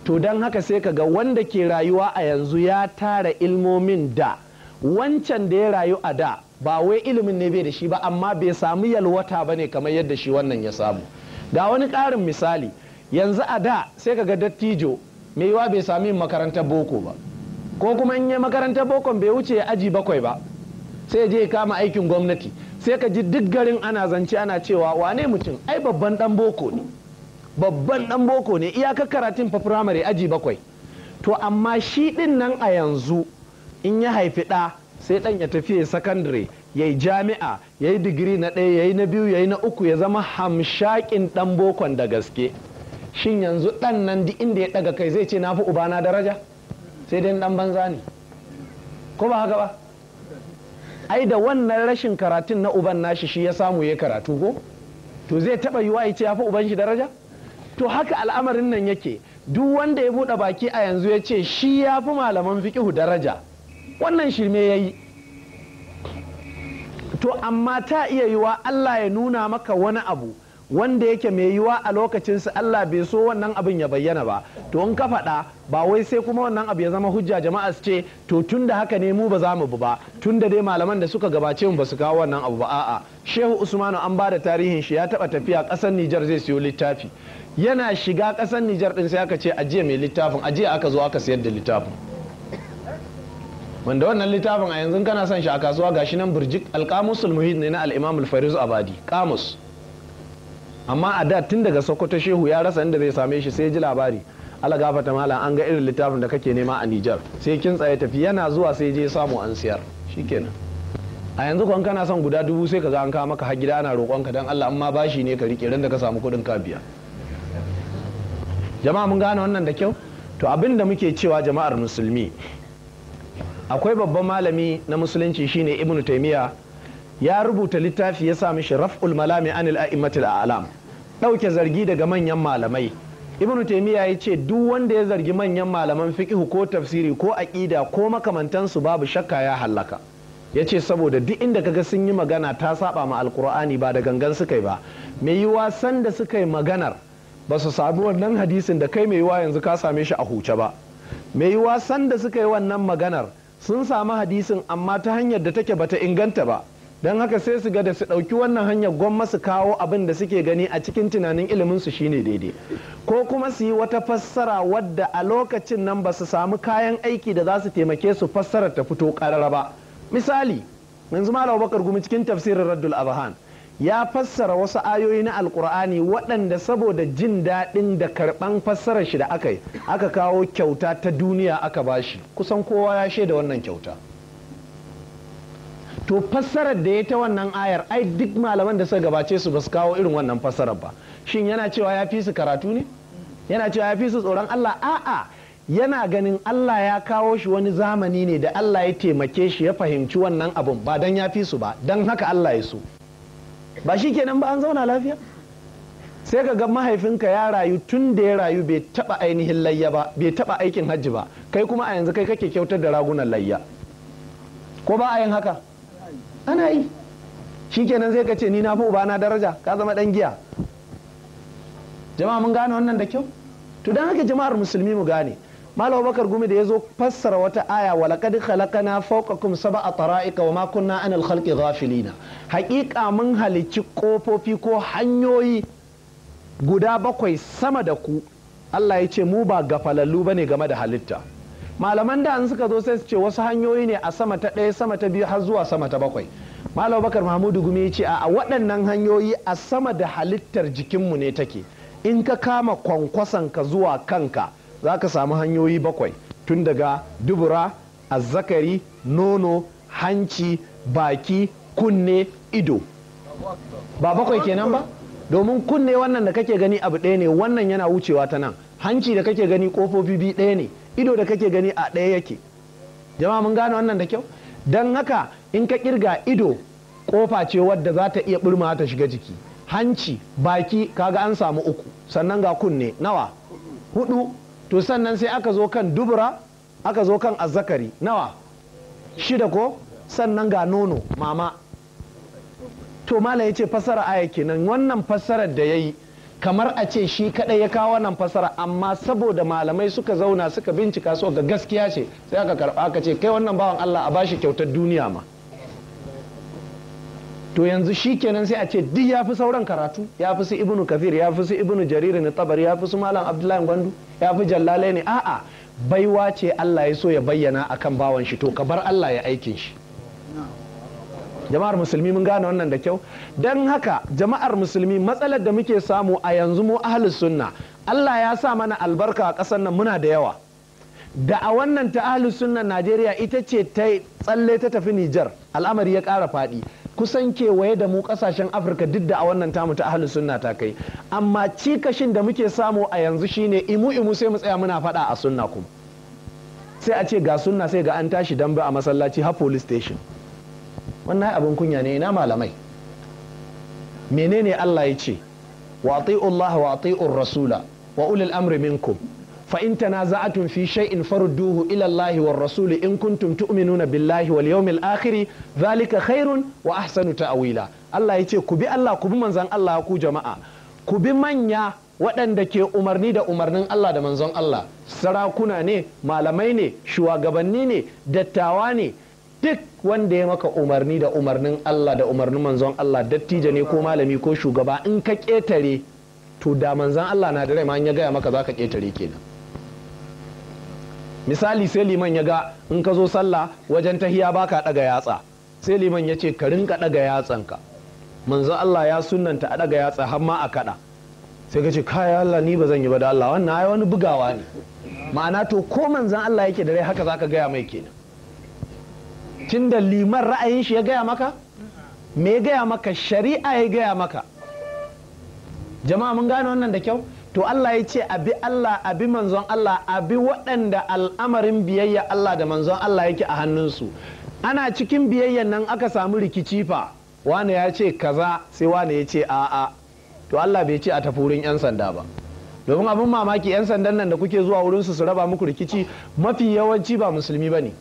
to don haka sai ka ga wanda ke rayuwa a yanzu ya tara ilmomin da wancan da ya rayu a da ba wai ilimin ne bai da shi ba amma bai samu yalwata ba ne kamar yadda shi wannan ya samu ga wani ƙarin misali yanzu a da sai ka ga dattijo mai yiwa bai sami makarantar boko ba ko kuma in yi makarantar bokon bai wuce ya aji bakwai ba sai je ya kama aikin gwamnati sai ka ji duk garin ana zance ana cewa wane mutum ai babban dan boko ne babban dan boko ne iyaka karatun fa firamare aji bakwai to amma shi din nan a yanzu in ya haifi ɗa sai dan ya tafi ya sakandare ya yi jami'a ya yi digiri na ɗaya ya yi na biyu ya yi na uku ya zama hamshakin ɗan bokon da gaske shin yanzu dan nan duk inda ya daga kai zai ce na fi ubana daraja sai dai dan banza ne ko ba haka ba ai da wannan rashin karatun na uban nashi shi ya samu ya karatu ko to zai taba yiwa ya ce ya fi uban shi daraja to haka al'amarin nan yake duk wanda ya bude baki a yanzu ya ce shi ya fi malaman fiqhu daraja wannan shirme ya yi to amma ta iya yiwa Allah ya nuna maka wani abu wanda yake mai yiwa a lokacin su Allah bai so wannan abin ya bayyana ba to in ka faɗa ba wai sai kuma wannan abu ya zama hujja jama'a su ce to tun da haka ne mu ba za mu bu ba tun da dai malaman da suka gabace mu ba su kawo wannan abu ba a'a shehu usmanu an ba da tarihin shi ya taba tafiya ƙasar nijar zai siyo littafi yana shiga ƙasar nijar ɗin sai aka ce ajiye mai littafin ajiye aka zo aka sayar da littafin wanda wannan littafin a yanzu kana son shi a kasuwa gashi nan burjik alƙamusul muhid ne na al-imam al abadi kamus amma a da tun daga sokoto shehu ya rasa inda zai same shi sai ji labari ala gafata malam an ga irin littafin da kake nema a Nijar sai kin tsaye tafi yana zuwa sai je samu an siyar shikenan a yanzu kwan kana son guda dubu sai ka ga an kawo maka har gida ana ka dan Allah amma bashi ne ka rike randa da ka samu kuɗin ka biya jama'a mun gane wannan da kyau to abin da muke cewa jama'ar musulmi akwai babban malami na musulunci shine ibnu taimiyya ya rubuta littafi ya sa mishi raf'ul malami anil a'immatil a'lam ɗauke zargi daga manyan malamai ibn taimiyya ya ce duk wanda ya zargi manyan malaman fiqhu ko tafsiri ko aƙida ko makamantansu babu shakka ya hallaka ya ce saboda duk inda kaga sun yi magana ta saba ma alkur'ani ba da gangan suka yi ba mai yiwa da suka yi maganar ba su sami wannan hadisin da kai mai yiwa yanzu ka same shi a huce ba mai yiwa da suka yi wannan maganar sun sami hadisin amma ta hanyar da take bata inganta ba don haka sai su ga da su ɗauki wannan hanyar gwamma su kawo abin da suke gani a cikin tunanin ilimin su shine daidai ko kuma su yi wata fassara wadda a lokacin nan ba su samu kayan aiki da za su taimake su fassara ta fito karara ba misali yanzu malam bakar gumi cikin tafsirin raddul abahan ya fassara wasu ayoyi na alkur'ani waɗanda saboda jin daɗin da karɓan fassarar shi da aka yi aka kawo kyauta ta duniya aka bashi kusan kowa ya shaida wannan kyauta to fassarar da ya ta wannan ayar ai duk malaman da suka gabace su basu kawo irin wannan fassarar ba shin yana cewa ya fi su karatu ne yana cewa ya fi su tsoron Allah a'a yana ganin Allah ya kawo shi wani zamani ne da Allah ya taimake shi ya fahimci wannan abun ba dan ya fi su ba dan haka Allah ya so ba shi kenan ba an zauna lafiya sai ka ga mahaifinka ya rayu tun da ya rayu bai taba ainihin layya ba bai taba aikin hajji ba kai kuma a yanzu kai kake kyautar da ragunan layya ko ba a yin haka ana yi kenan sai ka ce ni na fi ubana daraja ka zama dan giya jama'a mun gane wannan da kyau to dan haka jama'ar musulmi mu gane malam bakar gumi da ya zo fassara wata aya wa laqad khalaqna fawqakum sab'a tara'iqa wa ma kunna anil khalqi ghafilina haqiqa mun halici kofofi ko hanyoyi guda bakwai sama da ku Allah ya ce mu ba gafalallu bane game da halitta malaman da an suka zo sai su ce wasu hanyoyi ne a sama ta ɗaya sama ta biyu har zuwa sama ta bakwai malam bakar mahmudu gumi ya ce a waɗannan hanyoyi a sama da halittar jikinmu ne take in ka kama kwankwason ka zuwa kanka za ka samu hanyoyi bakwai tun daga dubura azzakari nono hanci baki kunne ido ba bakwai kenan ba domin kunne wannan da kake gani abu ɗaya ne wannan yana wucewa ta nan hanci da kake gani kofofi biyu ɗaya ne ido da kake gani a ɗaya yake jama'a mun gane wannan da kyau don haka in ka kirga ido kofa ce wadda za ta iya burma ta shiga jiki hanci baki kaga an samu uku sannan ga kunne nawa hudu to sannan sai aka zo kan dubura aka zo kan azzakari nawa shida ko sannan ga nono mama to mala ya ce fassara aya kenan wannan fassarar da ya yi kamar a ce shi kaɗai ya kawo nan fasara amma saboda malamai suka zauna suka bincika su ga gaskiya ce sai aka karba aka ce kai wannan bawan Allah a bashi kyautar duniya ma to yanzu shi kenan sai a ce duk ya fi sauran karatu ya fi su ibnu kafir ya fi su ibnu jarir na tabari ya fi su malam abdullahi gwandu ya fi jallalai ne a'a baiwa ce Allah ya so ya bayyana akan bawan shi to ka bar Allah ya aikin shi jama'ar musulmi mun gane wannan da kyau don haka jama'ar musulmi matsalar da muke samu a yanzu mu ahlus sunna Allah ya sa mana albarka a ƙasar nan muna da yawa da a wannan ta ahlus sunna Najeriya ita ce ta tsalle ta tafi Nijar al'amari ya ƙara faɗi kusan kewaye da mu kasashen afirka duk da a wannan tamu ta ahlus sunna ta kai amma cikashin da muke samu a yanzu shine imu imu sai mu tsaya muna faɗa a sunna kuma sai a ce ga sunna sai ga an tashi dambe a masallaci ha police station wannan abin kunya ne ina malamai menene Allah ya ce wa Allah wa ati'ur rasula wa ulil amri minkum fa in tanaza'atum fi shay'in farudduhu ila Allah war rasul in kuntum tu'minuna billahi wal yawmil akhir zalika khairun wa ahsanu ta'wila Allah ya ce ku bi Allah ku bi manzon Allah ku jama'a ku bi manya waɗanda ke umarni da umarnin Allah da manzon Allah sarakuna ne malamai ne shugabanni ne dattawa ne duk wanda ya maka umarni da umarnin Allah da umarnin manzon Allah dattijo ne ko malami ko shugaba in ka ƙetare to da manzon Allah na da rai ma in ya gaya maka za ka ƙetare kenan misali sai liman ya ga in ka zo sallah wajen tahiya baka ɗaga yatsa sai liman ya ce ka rinka ɗaga yatsanka manzon Allah ya sunanta a ɗaga yatsa har ma a kaɗa sai ka ce kaya Allah ni ba zan yi ba da Allah wannan ai wani bugawa ne ma'ana to ko manzan Allah yake da rai haka zaka gaya mai kenan tun da liman ra'ayin shi ya gaya maka me ya gaya maka shari'a ya gaya maka jama'a mun gane wannan da kyau to Allah ya ce abi Allah abi manzon Allah abi waɗanda al'amarin biyayya Allah da manzon Allah yake a hannunsu ana cikin biyayyan nan aka samu rikici fa Wani ya ce kaza sai wani ya ce a'a to Allah bai ce a tafi wurin 'yan sanda ba domin abin mamaki 'yan sandan nan da kuke zuwa wurinsu su raba muku rikici mafi yawanci ba musulmi ba ne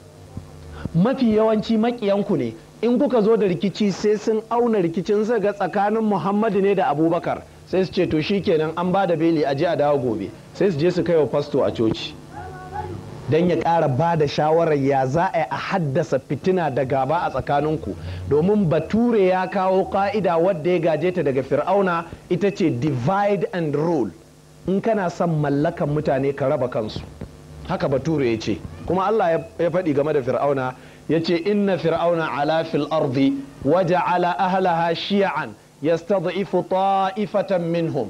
mafi yawanci makiyanku ne in kuka zo da rikici sai sun auna rikicin ga tsakanin muhammadu ne da abubakar sai su ce to kenan an ba da beli a ji a dawo gobe sai su je su kai wa fasto a coci don ya ƙara ba da shawarar ya za a a haddasa fitina da gaba a tsakaninku domin bature ya kawo ka'ida wadda ya gaje ta daga fir'auna ita ce divide and rule in kana son mallakan mutane ka raba kansu haka bature ya ce kuma Allah ya faɗi game da fir'auna ya ce inna fir'auna ala fil ardi waje ala ahlaha shi'an yastad'ifu ta'ifatan minhum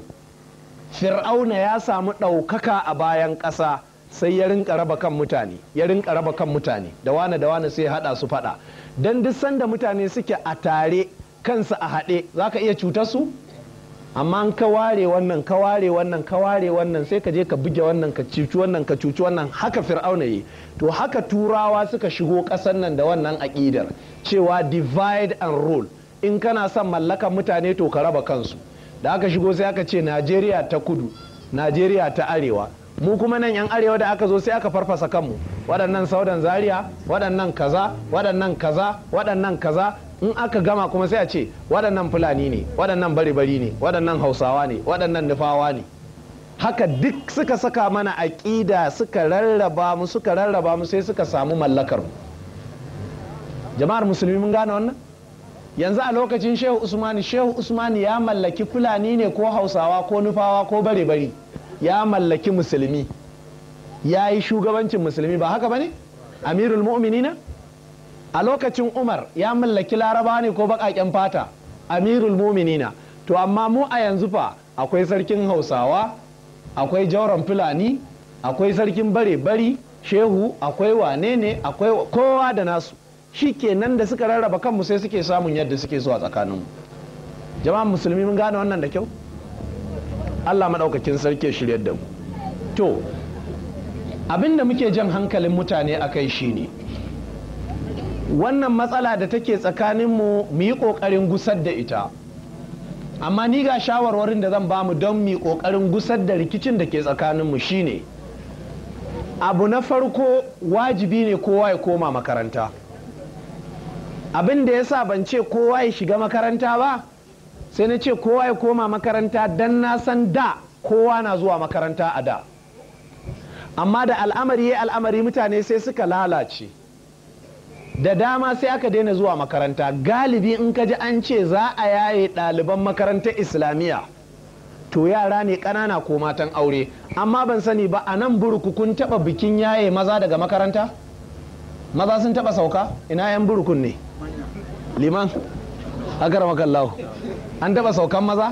fir'auna ya samu ɗaukaka a bayan ƙasa sai ya rinka raba kan mutane ya rinka raba kan mutane da wane da wane sai haɗa su faɗa dan duk sanda mutane suke a tare kansu a haɗe zaka iya cutar su amma ka ware wannan ka ware wannan ka ware wannan sai ka je ka buge wannan ka cuci wannan ka cuci wannan haka fir'auna yi to haka turawa suka shigo ƙasar nan da wannan aƙidar cewa divide and rule in kana son mallakan mutane to ka raba kansu da aka shigo sai aka ce najeriya ta kudu najeriya ta arewa mu kuma nan yan arewa da aka zo sai aka farfasa kanmu waɗannan saudan zaria waɗannan kaza waɗannan kaza waɗannan kaza in aka gama kuma sai a ce waɗannan fulani ne waɗannan bari-bari ne waɗannan hausawa ne waɗannan nufawa ne haka duk suka saka mana aƙida suka rarraba mu suka rarraba mu sai suka samu mallakar mu jama'ar musulmi mun gane wannan yanzu a lokacin shehu usmani shehu usmani ya mallaki fulani ne ko hausawa ko nufawa ko bare bari ya mallaki musulmi ya yi shugabancin musulmi ba haka ba ne amirul mu'minina a lokacin umar ya mallaki laraba ne ko baƙaƙen fata amirul muminina to amma mu a yanzu fa akwai sarkin hausawa akwai jauran fulani akwai sarkin bare bari shehu akwai wane ne akwai kowa da nasu shi kenan da suka rarraba kanmu sai suke samun yadda suke zuwa tsakaninmu jama'a musulmi mun gane wannan da kyau allah maɗaukakin sarki shirya da mu to abinda muke jan hankalin mutane a kai shi ne wannan matsala da take tsakaninmu mu yi ƙoƙarin gusar da ita amma ni ga shawarwarin da zan bamu don mu yi ƙoƙarin gusar da rikicin da ke tsakaninmu shine abu na farko wajibi ne kowa ya koma makaranta abin da ya sa ban ce kowa ya shiga makaranta ba sai na ce kowa ya koma makaranta don na san da kowa na zuwa makaranta a da amma da al'amari ya al'amari mutane sai suka lalace da dama sai aka daina zuwa makaranta galibi in ka ji an ce za a yaye ɗaliban makarantar islamiyya to yara ne ƙanana ko matan aure amma ban sani ba a nan burku kun taɓa bikin yaye maza daga makaranta maza sun taɓa sauka ina 'yan burkun ne liman agar makallahu an taɓa saukan maza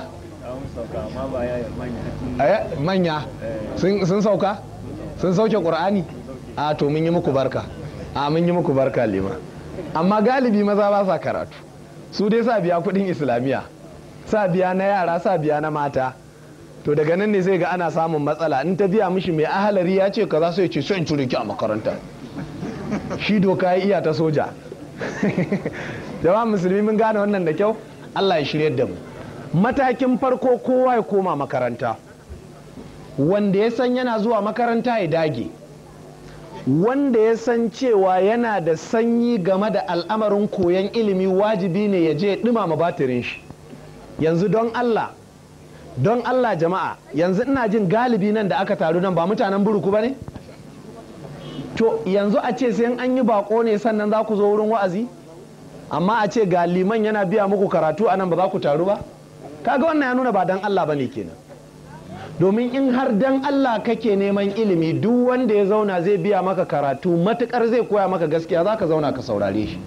eh, manya sun
sauka sun sauke ƙur'ani a ah, to mun yi muku barka a mun yi muku barka lima amma galibi maza ba sa karatu su dai sa biya kudin islamiyya sa biya na yara sa biya na mata to daga nan ne zai ga ana samun matsala in ta biya mishi mai ahalari ya ce kaza sai ya ce so in cire ki a makaranta shi doka ya iya ta soja jama'a musulmi mun gane wannan da kyau Allah ya shirya da mu matakin farko kowa ya koma makaranta wanda ya san yana zuwa makaranta ya dage wanda ya san cewa yana da sanyi game da al'amarin koyon ilimi wajibi ne ya je ɗumama batirin shi yanzu don Allah don Allah jama'a yanzu ina jin galibi nan da aka taru nan ba mutanen buruku ba ne to yanzu a ce sai an yi bako ne sannan za ku zo wurin wa'azi amma a ce ga liman yana biya muku karatu a nan ba za ku taru ba kaga wannan ya nuna ba don Allah ba ne kenan domin in har dan Allah kake neman ilimi duk wanda ya zauna zai biya maka karatu matukar zai koya maka gaskiya za ka zauna ka saurare shi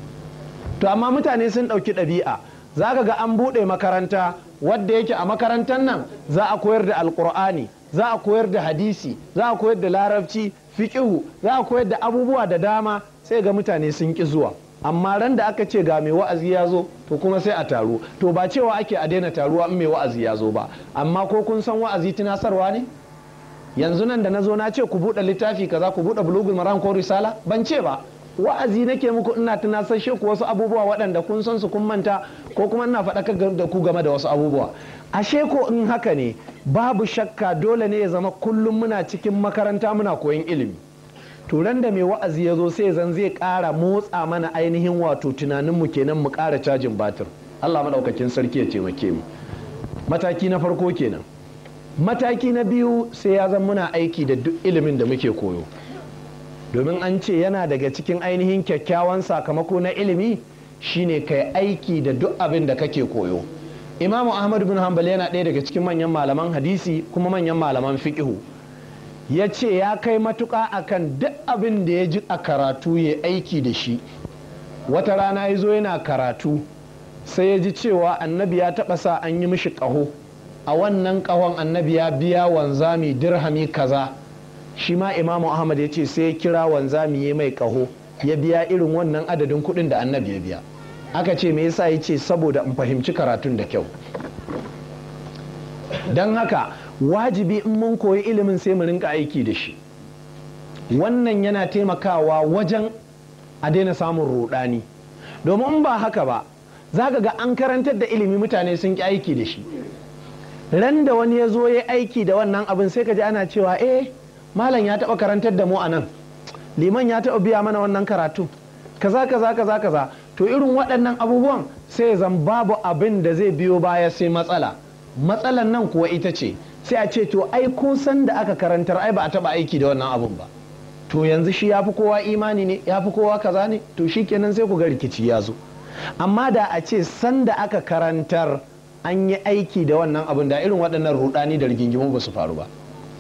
to amma mutane sun ɗauki ɗabi'a za ka ga an buɗe makaranta wadda yake a makarantar nan za a koyar da alkur'ani za a koyar da hadisi za a koyar da larabci fiƙihu za a koyar da abubuwa da dama sai ga mutane sun ƙi zuwa amma ran da aka ce ga mai wa'azi ya zo to kuma sai a taru to ba cewa ake a daina taruwa in mai wa'azi ya zo ba amma ko kun san wa'azi tunasarwa ne yanzu nan da na zo na ce ku buɗe littafi kaza ku buɗe bulugul maran ko risala ban ce ba wa'azi nake muku ina tunasashe ku wasu abubuwa waɗanda kun san su kun manta ko kuma ina faɗakar da ku game da wasu abubuwa ashe ko in haka ne babu shakka dole ne ya zama kullum muna cikin makaranta muna koyon ilimi turan da mai wa'azi ya zo sai zan zai ƙara motsa mana ainihin wato tunanin tunaninmu kenan mu ƙara cajin batir allah maɗaukakin sarki ya taimake mu mataki na farko kenan mataki na biyu sai ya zan muna aiki da duk ilimin da muke koyo domin an ce yana daga cikin ainihin kyakkyawan sakamako na ilimi shine kai aiki da duk abin da kake koyo imamu ahmad bin hanbal yana ɗaya daga cikin manyan malaman hadisi kuma manyan malaman fiƙihu ya ce ya kai matuƙa kan duk abin da ya ji a karatu ya aiki da shi wata rana ya zo yana karatu sai ya ji cewa annabi ya taɓa sa an yi mishi ƙaho a wannan ƙahon annabi ya biya wanzami dirhami kaza shi ma imamu ahmad ya ce sai ya kira wanzami ya mai ƙaho ya biya irin wannan adadin kuɗin da annabi ya biya aka ce me yasa ya ce saboda in fahimci karatun da kyau don haka wajibi in mun koyi ilimin sai mu rinka aiki da shi wannan yana taimakawa wajen a daina samun rudani domin ba haka ba za ga an karantar da ilimi mutane sun ki aiki da shi ran da wani ya zo ya aiki da wannan abin sai ka ji ana cewa eh malam ya taba karantar da mu a nan liman ya taba biya mana wannan karatu kaza kaza kaza kaza to irin waɗannan abubuwan sai zan babu abin da zai biyo baya sai matsala matsalan nan kuwa ita ce sai a ce to ai kun san da aka karantar ai ba a taba aiki da wannan abun ba to yanzu shi ya fi kowa imani ne ya fi kowa kaza ne to shi kenan sai ku ga rikici ya zo amma da a ce san da aka karantar an yi aiki da wannan abun da irin waɗannan rudani da rigingimu ba su faru ba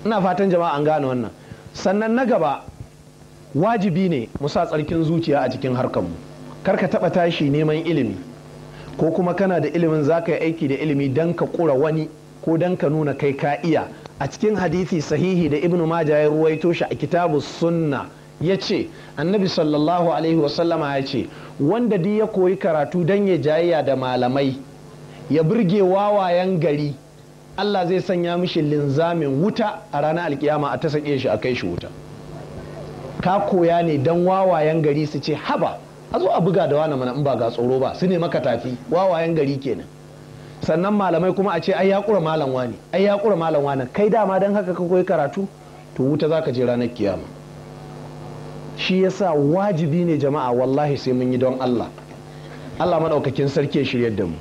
ina fatan jama'a an gane wannan sannan na gaba wajibi ne mu sa tsarkin zuciya a cikin harkar mu kar ka taba tashi neman ilimi ko kuma kana da ilimin zaka yi aiki da ilimi dan ka kura wani ko dan ka nuna kai ka iya a cikin hadisi sahihi da ibnu majah ya ruwaito shi a kitabu sunna ya ce annabi sallallahu alaihi wasallama ya ce wanda duk ya koyi karatu dan ya jayayya da malamai ya burge wawayen gari Allah zai sanya mishi linzamin wuta a ranar alkiyama a ta sake shi a kai shi wuta ka koya ne dan wawayen gari su ce haba a zo a buga da wani mana in ba ga tsoro ba su ne makatafi wawayen gari kenan sannan malamai kuma a ce ai ya kura malam wani ai ya kura malam wani kai dama don haka ka koyi karatu to wuta zaka je ranar kiyama shi yasa wajibi ne jama'a wallahi sai mun yi don Allah Allah madaukakin sarki ya shiryar da mu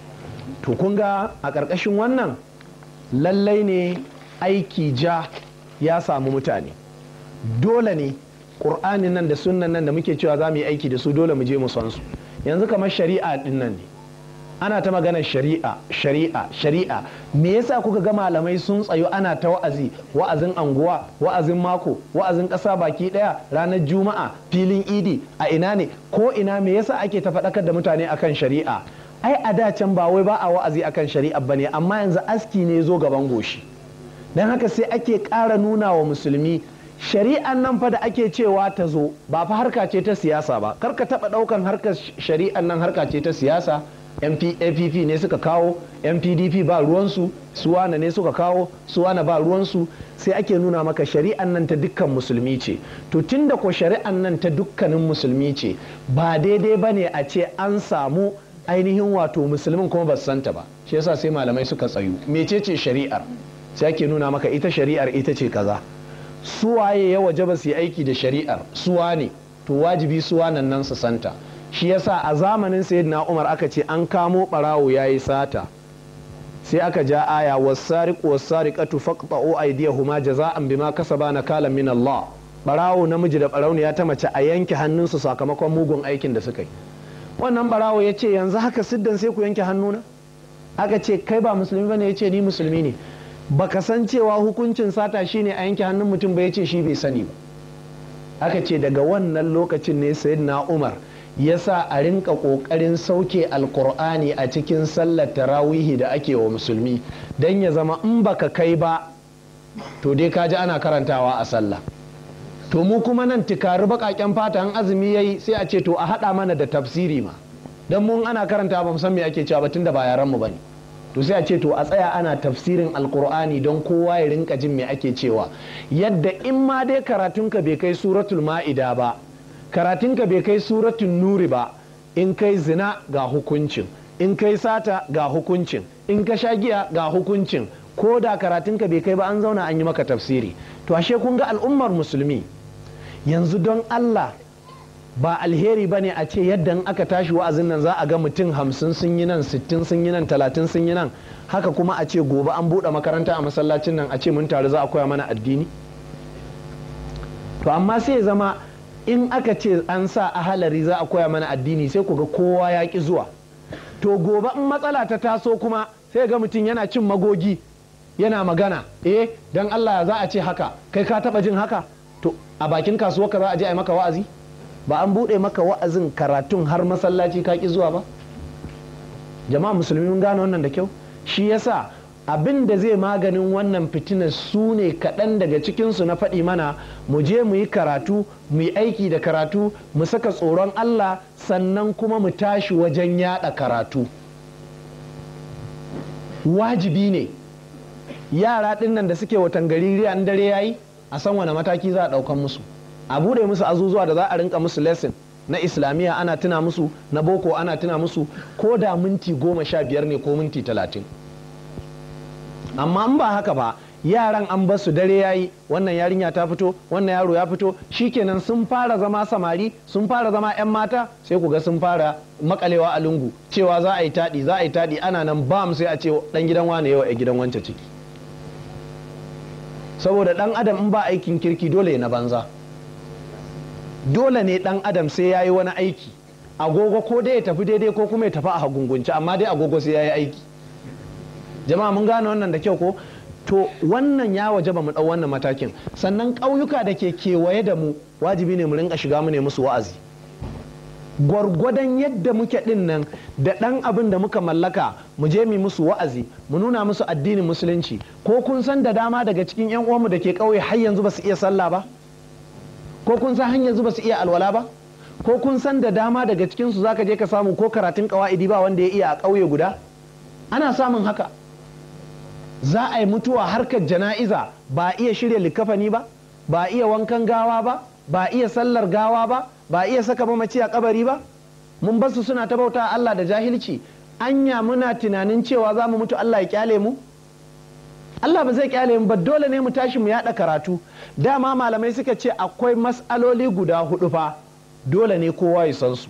to kun ga a ƙarƙashin wannan lallai ne aiki ja ya samu mutane dole ne ƙur'anin nan da sunnan nan da muke cewa za mu yi aiki da su dole mu je mu san su yanzu kamar shari'a din nan ne ana ta magana shari'a shari'a shari'a me yasa kuka ga malamai sun tsayo ana ta wa'azi wa'azin anguwa wa'azin mako wa'azin ƙasa baki ɗaya ranar juma'a filin idi a ina ne ko ina me yasa ake ta faɗakar da mutane akan shari'a ai a da can ba wai ba a wa'azi akan shari'a bane amma yanzu aski ne zo gaban goshi dan haka sai ake ƙara nuna wa musulmi shari'an nan fa da ake cewa ta zo ba fa harka ce ta siyasa ba karka taɓa ɗaukan harkar shari'an nan harka ce ta siyasa app ne suka kawo mpdp ba ruwansu suwana ne suka kawo suwana ba ruwansu sai ake nuna maka shari'an nan ta dukkan musulmi ce to tunda ko shari'an nan ta dukkanin musulmi ce ba daidai ba ne a ce an samu ainihin wato musulmin kuma ba santa ba shi yasa sai malamai suka tsayu ce shari'ar sai ake nuna maka ita shari'ar ita ce kaza suwaye ya waje ba su yi aiki da shari'ar suwa ne to wajibi suwa nan nan su santa shi yasa a zamanin sayyidina umar aka ce an kamo barawo ya yi sata sai aka ja aya wasariq wasariqatu faqta'u aydiyahuma jaza'an bima kasaba nakalan min Allah barawo namiji da barauniya ta mace a yanke hannunsu sakamakon mugun aikin da suka yi wannan barawo ya ce yanzu haka siddan sai ku yanke hannuna aka ce kai ba musulmi bane ya ce ni musulmi ne baka san cewa hukuncin sata shine a yanke hannun mutum ba ya ce shi bai sani ba aka ce daga wannan lokacin ne sayyidina umar Ya sa a rinka ƙoƙarin sauke Alƙur'ani a cikin sallar tarawihi da ake wa musulmi don ya zama in baka kai ba to dai ka ji ana karantawa a sallah to mu kuma nan tikari baƙaƙen fata an azumi yayi sai a ce to a haɗa mana da tafsiri ma don mun ana karanta ba san me ake cewa ba da ba yaran mu bane to sai a ce to a tsaya ana tafsirin alkur'ani don kowa ya rinka jin me ake cewa yadda in ma dai karatunka bai kai suratul ma'ida ba karatunka bai kai suratun nuri ba in kai zina ga hukuncin in kai sata ga hukuncin in ka sha giya ga hukuncin ko da karatunka bai kai ba an zauna an yi maka tafsiri to ashe kun ga al'ummar musulmi yanzu don Allah ba alheri bane a ce yadda aka tashi wa'azin nan za a ga mutum hamsin sun yi nan sittin sun yi nan talatin sun yi nan haka kuma a ce gobe an buɗe makaranta a masallacin nan a ce mun taru za a koya mana addini to amma sai zama in aka ce an sa a halari za a koya mana addini sai ku ga kowa ya ki zuwa to gobe in matsala ta taso kuma sai ga mutum yana cin magogi yana magana eh dan Allah za a ce haka kai ka taba jin haka to a bakin kasuwa ka za a je a maka wa'azi ba an bude maka wa'azin karatun har masallaci ka ki zuwa ba jama'a musulmi mun gane wannan da kyau shi yasa abin da zai maganin wannan fitina su ne kaɗan daga cikinsu na faɗi mana mu je mu yi karatu mu yi aiki da karatu mu saka tsoron Allah sannan kuma mu tashi wajen yaɗa karatu wajibi ne yara ɗinnan da suke watan gari an dare yayi a san wane mataki za a ɗaukan musu a bude musu azuzuwa da za a rinka musu lesson na islamiyya ana tuna musu na boko ana tuna musu ko da minti goma sha biyar ne ko minti talatin amma in ba haka ba yaran an basu dare yayi wannan yarinya ta fito wannan yaro ya fito shi shikenan sun fara zama samari sun fara zama 'yan mata sai ku ga sun fara makalewa a lungu cewa za a yi taɗi za a yi taɗi ana nan bam sai a ce dan gidan wane yawa a gidan wancan ciki saboda dan adam in ba aikin kirki dole na banza dole ne dan adam sai yayi wani aiki agogo ko dai ya tafi daidai ko kuma ya tafi a hagungunci amma dai agogo sai yayi aiki jama'a mun gane wannan da kyau ko to wannan ya waje ba mu dau wannan matakin sannan ƙauyuka da ke kewaye da mu wajibi ne mu rinka shiga mu ne musu wa'azi gwargwadon yadda muke ɗinnan nan da ɗan abin da muka mallaka mu je mu musu wa'azi mu nuna musu addinin musulunci ko kun san da dama daga cikin yan uwanmu da ke ƙauye har yanzu ba su iya sallah ba ko kun san har yanzu ba su iya alwala ba ko kun san da dama daga cikin su zaka je ka samu ko karatun kawa'idi ba wanda ya iya a ƙauye guda ana samun haka za a yi mutuwa harkar jana'iza ba iya shirya likafani ba ba iya wankan gawa ba ba iya sallar gawa ba ba iya saka mamaci a kabari ba mun basu suna ta bauta Allah da jahilci anya muna tunanin cewa za mu mutu Allah ya kyale mu Allah ba zai kyale mu ba dole ne mu tashi mu yada karatu dama malamai suka ce akwai mas'aloli guda hudu fa dole ne kowa ya san su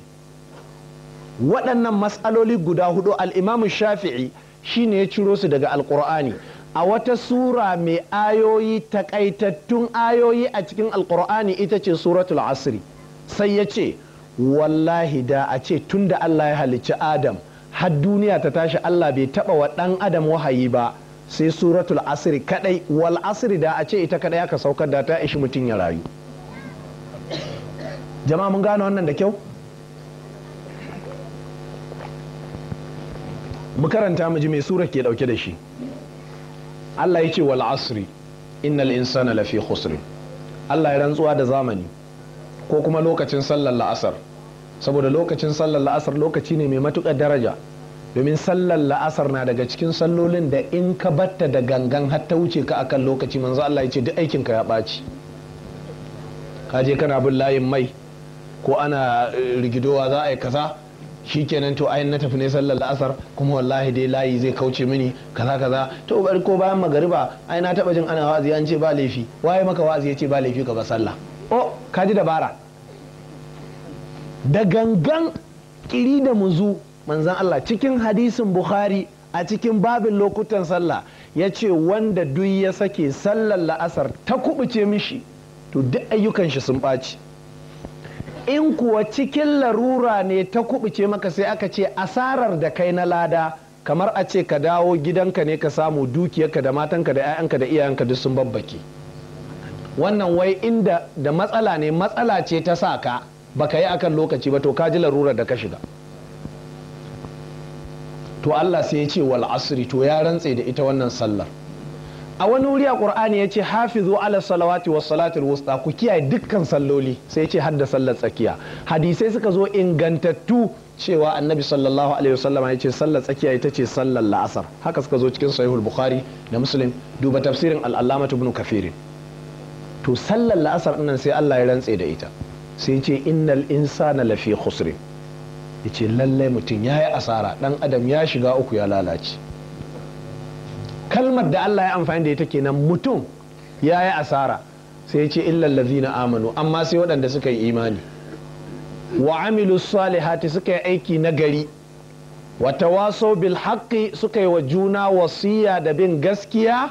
waɗannan mas'aloli guda hudu al-Imam Shafi'i shine ya ciro su daga alkur'ani a wata sura mai ayoyi takaitattun ayoyi a cikin alkur'ani ita ce suratul asri sai ya ce wallahi da a ce tun da allah ya halicci adam har duniya ta tashi allah bai taba wa dan adam wahayi ba sai suratul asri kadai wal asri da a ce ita kadai aka saukar da ta ishi mutum ya rayu jama'a mun gane wannan da kyau mu karanta mu ji mai sura ke dauke da shi Allah ya ce wal asri innal insana lafi khusr Allah ya rantsuwa da zamani ko kuma lokacin sallar la'asar saboda lokacin sallar la'asar lokaci ne mai matukar daraja domin sallar la'asar na daga cikin sallolin da in ka batta da gangan har ta wuce ka akan lokaci manzo Allah ya ce duk aikin ka ya ɓaci ka je kana bin layin mai ko ana rigidowa za a yi kaza shikenan to ayin na tafi ne sallar la'asar kuma wallahi dai layi zai kauce mini kaza kaza to bari ko bayan magariba ai na taba jin ana wa'azi an ce ba laifi waye maka wa'azi ya ce ba laifi ka ba sallah o ka ji dabara da gangan kiri da muzu manzan Allah cikin hadisin Bukhari a cikin babin lokutan sallah ya ce wanda duk ya sake sallar la'asar ta kubuce mishi to duk ayyukan shi sun ɓaci in kuwa cikin larura ne ta kubuce maka sai aka ce asarar da kai na lada kamar a ce ka dawo gidanka ne ka samu dukiyarka da matanka da 'ya'yanka da iyayenka duk sun babbake wannan wai inda da matsala ne matsala ce ta sa ka baka yi akan lokaci ba to ka ji larurar da ka shiga to Allah sai ya ce wal asri to ya rantse da ita wannan sallar a wani wuri a qur'ani ce hafizu ala salawati wa salatul wusta ku kiyaye dukkan salloli sai ya ce hadda sallar tsakiya hadisai suka zo ingantattu cewa annabi sallallahu alaihi wasallam ce sallar tsakiya ita ce sallar la'asar haka suka zo cikin sahihul bukhari da muslim duba tafsirin al-allamah ibn kafirin to sallar la'asar nan sai Allah ya rantse da ita sai ce innal insana lafi khusr ce lallai mutum yayi asara dan adam ya shiga uku ya lalace kalmar da Allah ya amfani da ita kenan mutum ya yi asara sai ya ce na amanu amma sai waɗanda suka yi imani wa amilu salihati suka yi aiki na gari wa tawasau bil haqqi suka yi wa juna wasiya da bin gaskiya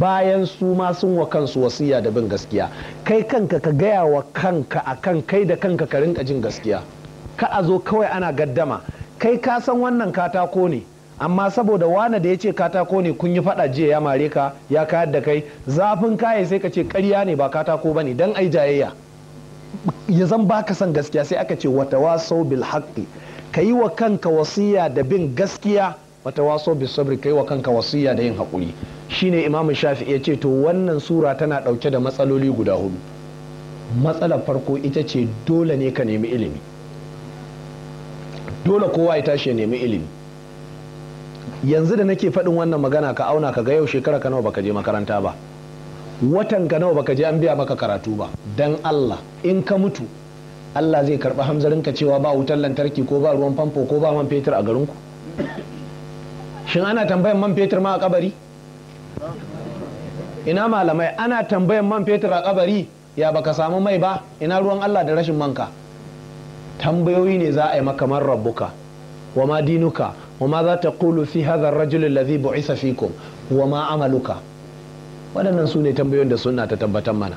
bayan su ma sun wa kansu wasiya da bin gaskiya kai kanka ka gaya wa kanka akan kai da kanka ka rinka jin gaskiya ka a zo kawai ana gaddama kai ka san wannan katako ne amma saboda wane da ya ce katako ne kun yi faɗa jiya ya mare ka ya kayar da kai zafin kaya sai ka ce karya ne ba katako ba ne don ai jayayya ya zan baka son gaskiya sai aka ce wata waso bil haqqi ka yi wa kanka wasiya da bin gaskiya wata waso bil sabri ka yi wa kanka wasiya da yin haƙuri shine imamu shafi ya ce to wannan sura tana ɗauke da matsaloli guda hudu matsalar farko ita ce dole ne ka nemi ilimi dole kowa ya tashi ya nemi ilimi yanzu da nake faɗin wannan magana ka auna ka ga yau shekara ka nawa baka je makaranta ba watan ka nawa baka je an biya maka karatu ba dan Allah in ka mutu Allah zai karɓi hamzarinka cewa ba wutar lantarki ko ba ruwan famfo ko ba man fetur a garin ku. shin ana tambayan man fetur ma a kabari ina malamai ana tambayan man fetur a kabari ya baka samu mai ba ina ruwan Allah da rashin manka tambayoyi ne za a yi maka man rabbuka wa ma dinuka wa ma za ta kulu fi hadha rajul alladhi bu'isa wa ma amaluka waɗannan su ne tambayoyin da suna ta tabbatar mana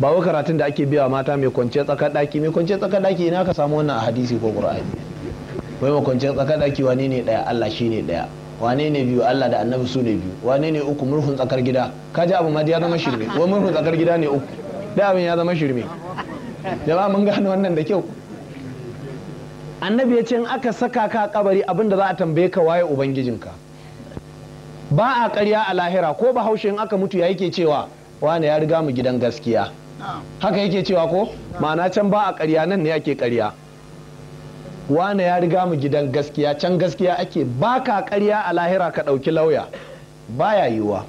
ba wa karatun da ake biya mata mai kwance tsakar daki mai kwance tsakar daki ina ka samu wannan a hadisi ko qur'ani wai mai kwance tsakar daki wane ne daya Allah shine daya wane ne biyu Allah da annabi su ne biyu wane ne uku murhun tsakar gida ka ji abu ma ya zama shirme wai murhun tsakar gida ne uku da abin ya zama shirme jama'a mun gane wannan da kyau annabi ya ce in aka saka ka kabari abin da za a tambaye ka waye ubangijinka ba a karya a lahira ko ba haushe in aka mutu ya yake cewa wane ya riga mu gidan gaskiya haka yake cewa ko ma'ana can ba a karya nan ne ake karya wane ya riga mu gidan gaskiya can gaskiya ake ba ka karya a lahira ka ɗauki lauya baya yiwuwa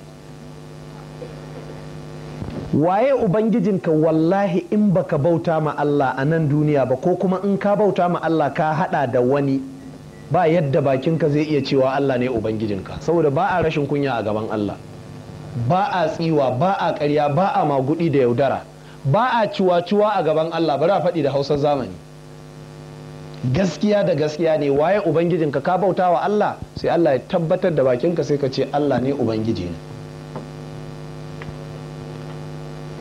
waye ubangijinka wallahi in baka bauta ma Allah a nan duniya ba ko kuma in ka bauta ma Allah ka hada da wani ba yadda bakinka zai iya cewa Allah ne ubangijinka saboda ba a rashin kunya a gaban Allah ba a tsiwa ba a ƙarya ba a magudi da yaudara ba a ciwa-ciwa a gaban Allah bari a faɗi da hausar zamani gaskiya da gaskiya ne waye ubangijinka ka bauta wa Allah sai Allah ya tabbatar da bakinka sai ka ce Allah ne ubangiji na.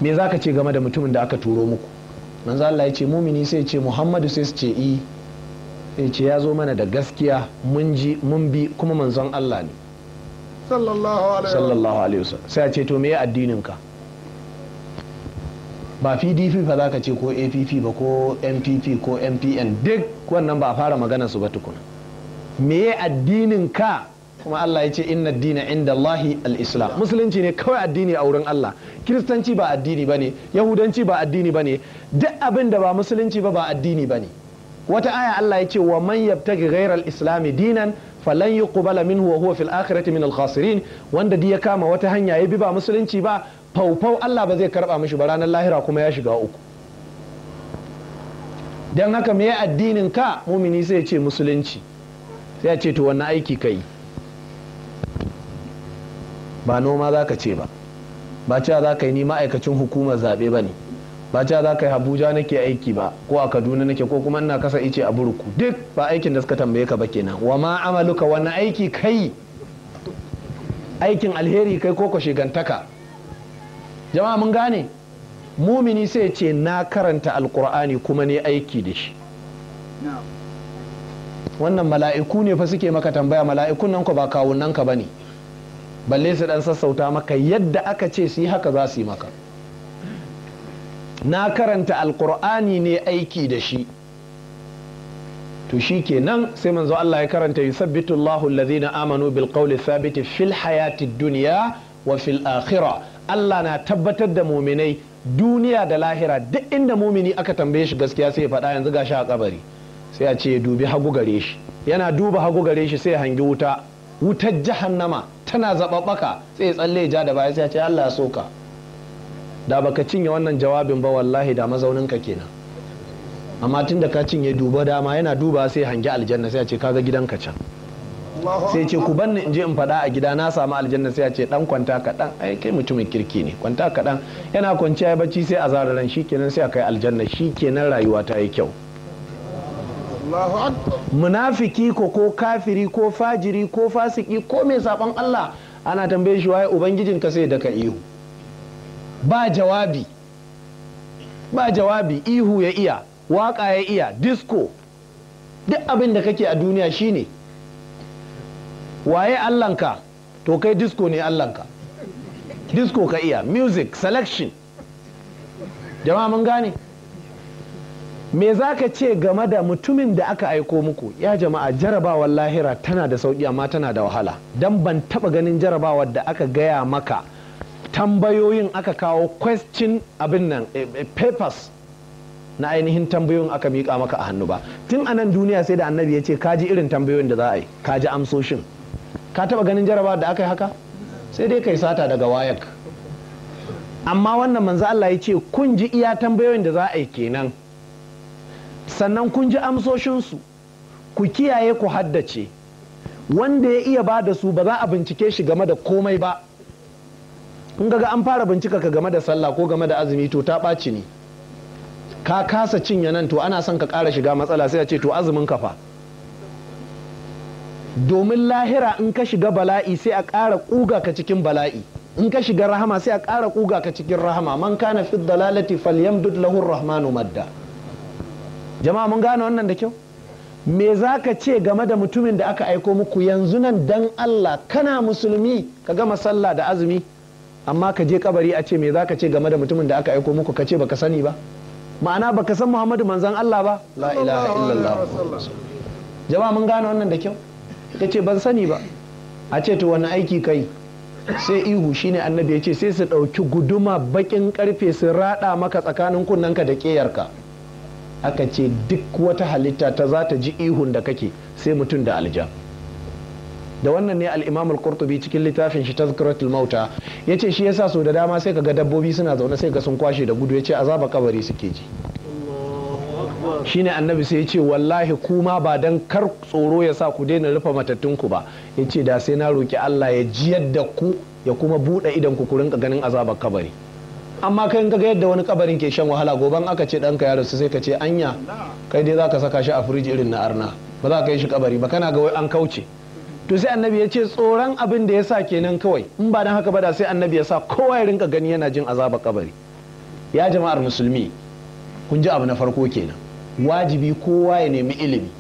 me za ka ce game da mutumin da aka turo muku manzo Allah ya ce mumini sai ce Muhammadu sai su ce i e. sai ce ya zo mana da gaskiya mun ji mun bi kuma manzon Allah ne
sallallahu
alaihi wasallam sai a ce to me addinin ka ba pdp fa za ka ce ko app ba ko mpp ko mpn duk wannan ba a fara magana su ba tukuna meye addinin ka kuma Allah ya ce inna dina inda Allahi al-islam musulunci ne kawai addini a wurin Allah kiristanci ba addini bane yahudanci ba addini bane duk abin da ba musulunci ba ba addini bane wata aya Allah ya ce wa man yabtaghi ghayra al-islam dinan falan yuqbala minhu wa huwa fil akhirati min al-khasirin wanda ya kama wata hanya ya bi ba musulunci ba faufau Allah ba zai karba mishi ba ranar lahira kuma ya shiga uku dan haka me addinin ka mumini sai ya ce musulunci sai ya ce to wannan aiki kai ba noma za ka ce ba ba cewa za ka yi ni ma'aikacin hukumar zaɓe ba ne ba cewa za ka yi abuja nake aiki ba ko a kaduna nake ko kuma ina kasa ice a burku duk ba aikin da suka tambaye ka ba kenan wa ma amaluka wani aiki kai aikin alheri kai ko shigantaka jama'a mun gane mumini sai ce na karanta alkur'ani kuma ne aiki da shi wannan mala'iku ne fa suke maka tambaya mala'ikun nan ba kawunan ka ne. balle su dan sassauta maka yadda aka ce su yi haka za su yi maka na karanta alkur'ani ne aiki da shi to shi ke nan sai manzo Allah ya karanta yusabbitu Allahu alladhina amanu bil qawli thabit fil hayati dunya wa fil akhirah Allah na tabbatar da muminai duniya da lahira duk inda mumini aka tambaye shi gaskiya sai ya faɗa yanzu gashi a kabari sai a ce ya dubi hagu gare shi yana duba hagu gare shi sai ya hangi wuta wutar jahannama tana zaɓaɓɓaka sai ya tsalle ja da baya sai ya ce Allah ya soka da baka cinye wannan jawabin ba wallahi da mazaunin ka kenan amma tun da ka cinye duba dama yana duba sai hangi aljanna sai ya ce kaga gidanka can sai ce ku banni in je in fada a gida na samu aljanna sai ya ce dan kwanta kaɗan ai kai mutumin kirki ne kwanta kaɗan yana kwanciya ya bacci sai a zara ran shikenan sai a kai aljanna shikenan rayuwa ta yi kyau munafiki ko ko kafiri ko fajiri ko fasiki ko mai saban Allah ana tambaye shi waye ubangijin ka sai ka ihu ba jawabi ba jawabi ihu ya iya waka ya iya disco duk abin da kake a duniya shine waye allanka to kai disco ne allanka disco ka iya music selection jama'a mun gane me za ka ce game da mutumin da aka aiko muku ya jama'a jarabawar lahira tana da sauki amma tana da wahala don ban taba ganin jarabawar da aka gaya maka tambayoyin aka kawo question abin nan eh, eh, papers na ainihin tambayoyin aka miƙa maka a hannu ba tun a nan duniya sai da annabi ya ce kaji irin tambayoyin da za a yi kaji amsoshin ka taɓa ganin jarabawar da aka yi haka sai dai kai sata daga wayak amma wannan manzo Allah ya ce kun ji iya tambayoyin da za a yi kenan sannan kun ji amsoshinsu ku kiyaye ku haddace wanda ya iya ba da su ba za a bincike shi game da komai ba in ga an fara bincika ka game da sallah ko game da azumi to ta ɓaci ne ka kasa cinye nan to ana son ka ƙara shiga matsala sai a ce to azumin ka fa domin lahira in ka shiga bala'i sai a ƙara ƙuga ka cikin bala'i in ka shiga rahama sai a ƙara ƙuga ka cikin rahama man kana fi dalalati falyamdud lahu rahmanu madda jama'a mun gane wannan da kyau me za ka ce game da mutumin da aka aiko muku yanzu nan dan Allah kana musulmi ka gama sallah da azumi amma ka je kabari a ce me za ka ce game da mutumin da aka aiko muku ka ce baka sani ba ma'ana baka san Muhammadu manzan Allah ba la ilaha illallah jama'a mun gane wannan da kyau ta ce ban sani ba a ce to wani aiki kai sai ihu shine annabi ya ce sai su ɗauki guduma bakin karfe su raɗa maka tsakanin kunnanka da ƙeyarka aka ce duk wata halitta ta za ta ji ihun da kake sai mutum da aljan da wannan ne al-imam cikin littafin shi ta tazkiratul mauta yace shi yasa so da dama sai kaga dabbobi suna zaune sai ka sun kwashe da gudu ya yace azaba kabari suke ji shine annabi sai yace wallahi kuma ba dan kar tsoro ya sa ku daina rufe matattun ku ba yace da sai na roki Allah ya jiyar da ku ya kuma buɗe idan ku ku rinka ganin azabar kabari amma kai ka ga yadda wani kabarin ke shan wahala goban aka ce ɗanka ya rasu sai ka ce anya kai dai za ka saka shi a firiji irin na arna ba za ka yi shi kabari ba kana ga wai an kauce to sai annabi ya ce tsoron abin da ya sa kenan kawai in ba don haka ba da sai annabi ya sa kowa ya rinka gani yana jin azaba kabari ya jama'ar musulmi kun ji abu na farko kenan wajibi kowa ya nemi ilimi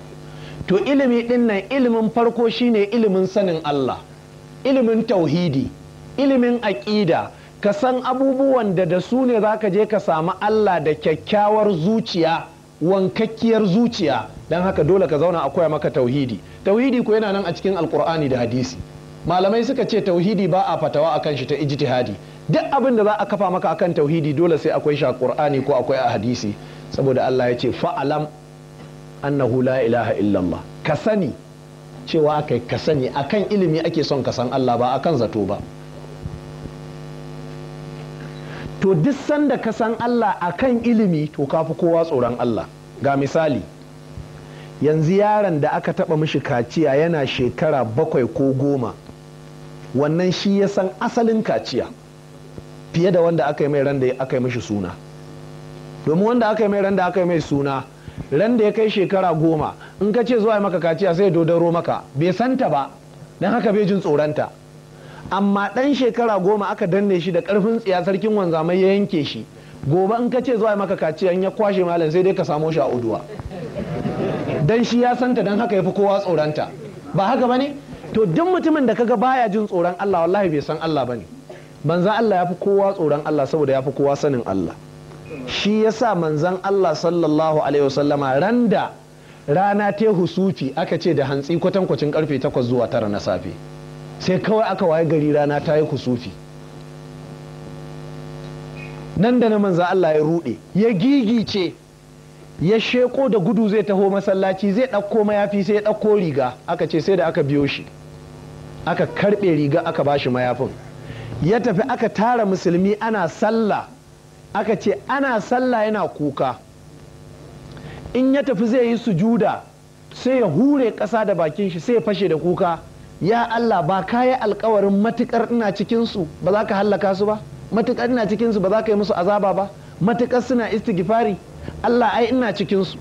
to ilimi din nan ilimin farko shine ilimin sanin Allah ilimin tauhidi ilimin aƙida ka san abubuwan da da su ne za ka je ka samu Allah da kyakkyawar zuciya wankakkiyar zuciya don haka dole ka zauna a koya maka tauhidi tauhidi ko yana nan a cikin alkur'ani da hadisi malamai suka ce tauhidi ba a fatawa a kan shi ta ijtihadi duk abin da za a kafa maka akan tauhidi dole sai akwai shi a qur'ani ko akwai a hadisi saboda Allah ya ce fa'alam annahu la ilaha illallah ka sani cewa kai ka sani akan ilimi ake son ka san Allah ba akan zato ba to duk sanda ka san Allah a kan ilimi to kafi kowa tsoron Allah ga misali yanzu yaron da aka taba mishi kaciya yana shekara bakwai ko goma wannan shi ya san asalin kaciya fiye da wanda aka yi mai ran da aka yi mishi suna domin wanda aka yi mai ran aka yi mai suna randa ya kai shekara goma in ka ce zuwa maka kaciya sai dodaro maka bai santa ba don haka bai jin tsoronta amma ɗan shekara goma aka danne shi da ƙarfin tsiya sarkin wanzamai ya yanke shi gobe in ka ce zuwa maka kaciya ya kwashe malam sai dai ka samo shi a uduwa dan shi ya santa dan haka ya fi kowa tsoranta ba haka bane to duk mutumin da kaga baya jin tsoron Allah wallahi bai san Allah bane manzan Allah ya fi kowa tsoron Allah saboda ya fi kowa sanin Allah shi yasa manzan Allah sallallahu alaihi wasallama randa rana ta husufi aka ce da hantsi kwatankwacin karfe 8 zuwa 9 na safe sai kawai aka waye gari rana ta yi kusufi nan da na manza Allah ya ruɗe ya gigice ya sheko da gudu zai taho masallaci zai ɗauko mayafi sai ya ɗauko riga aka ce sai da aka biyo shi aka karɓe riga aka ba shi mayafin ya tafi aka tara musulmi ana sallah aka ce ana sallah yana kuka in ya tafi zai yi sujuda sai ya hure ƙasa da bakin shi sai ya fashe da kuka ya Allah ba ka yi alkawarin matukar ina cikinsu ba za ka hallaka su ba matukar ina cikinsu ba za ka yi musu azaba ba matukar suna istighfari Allah ai ina cikinsu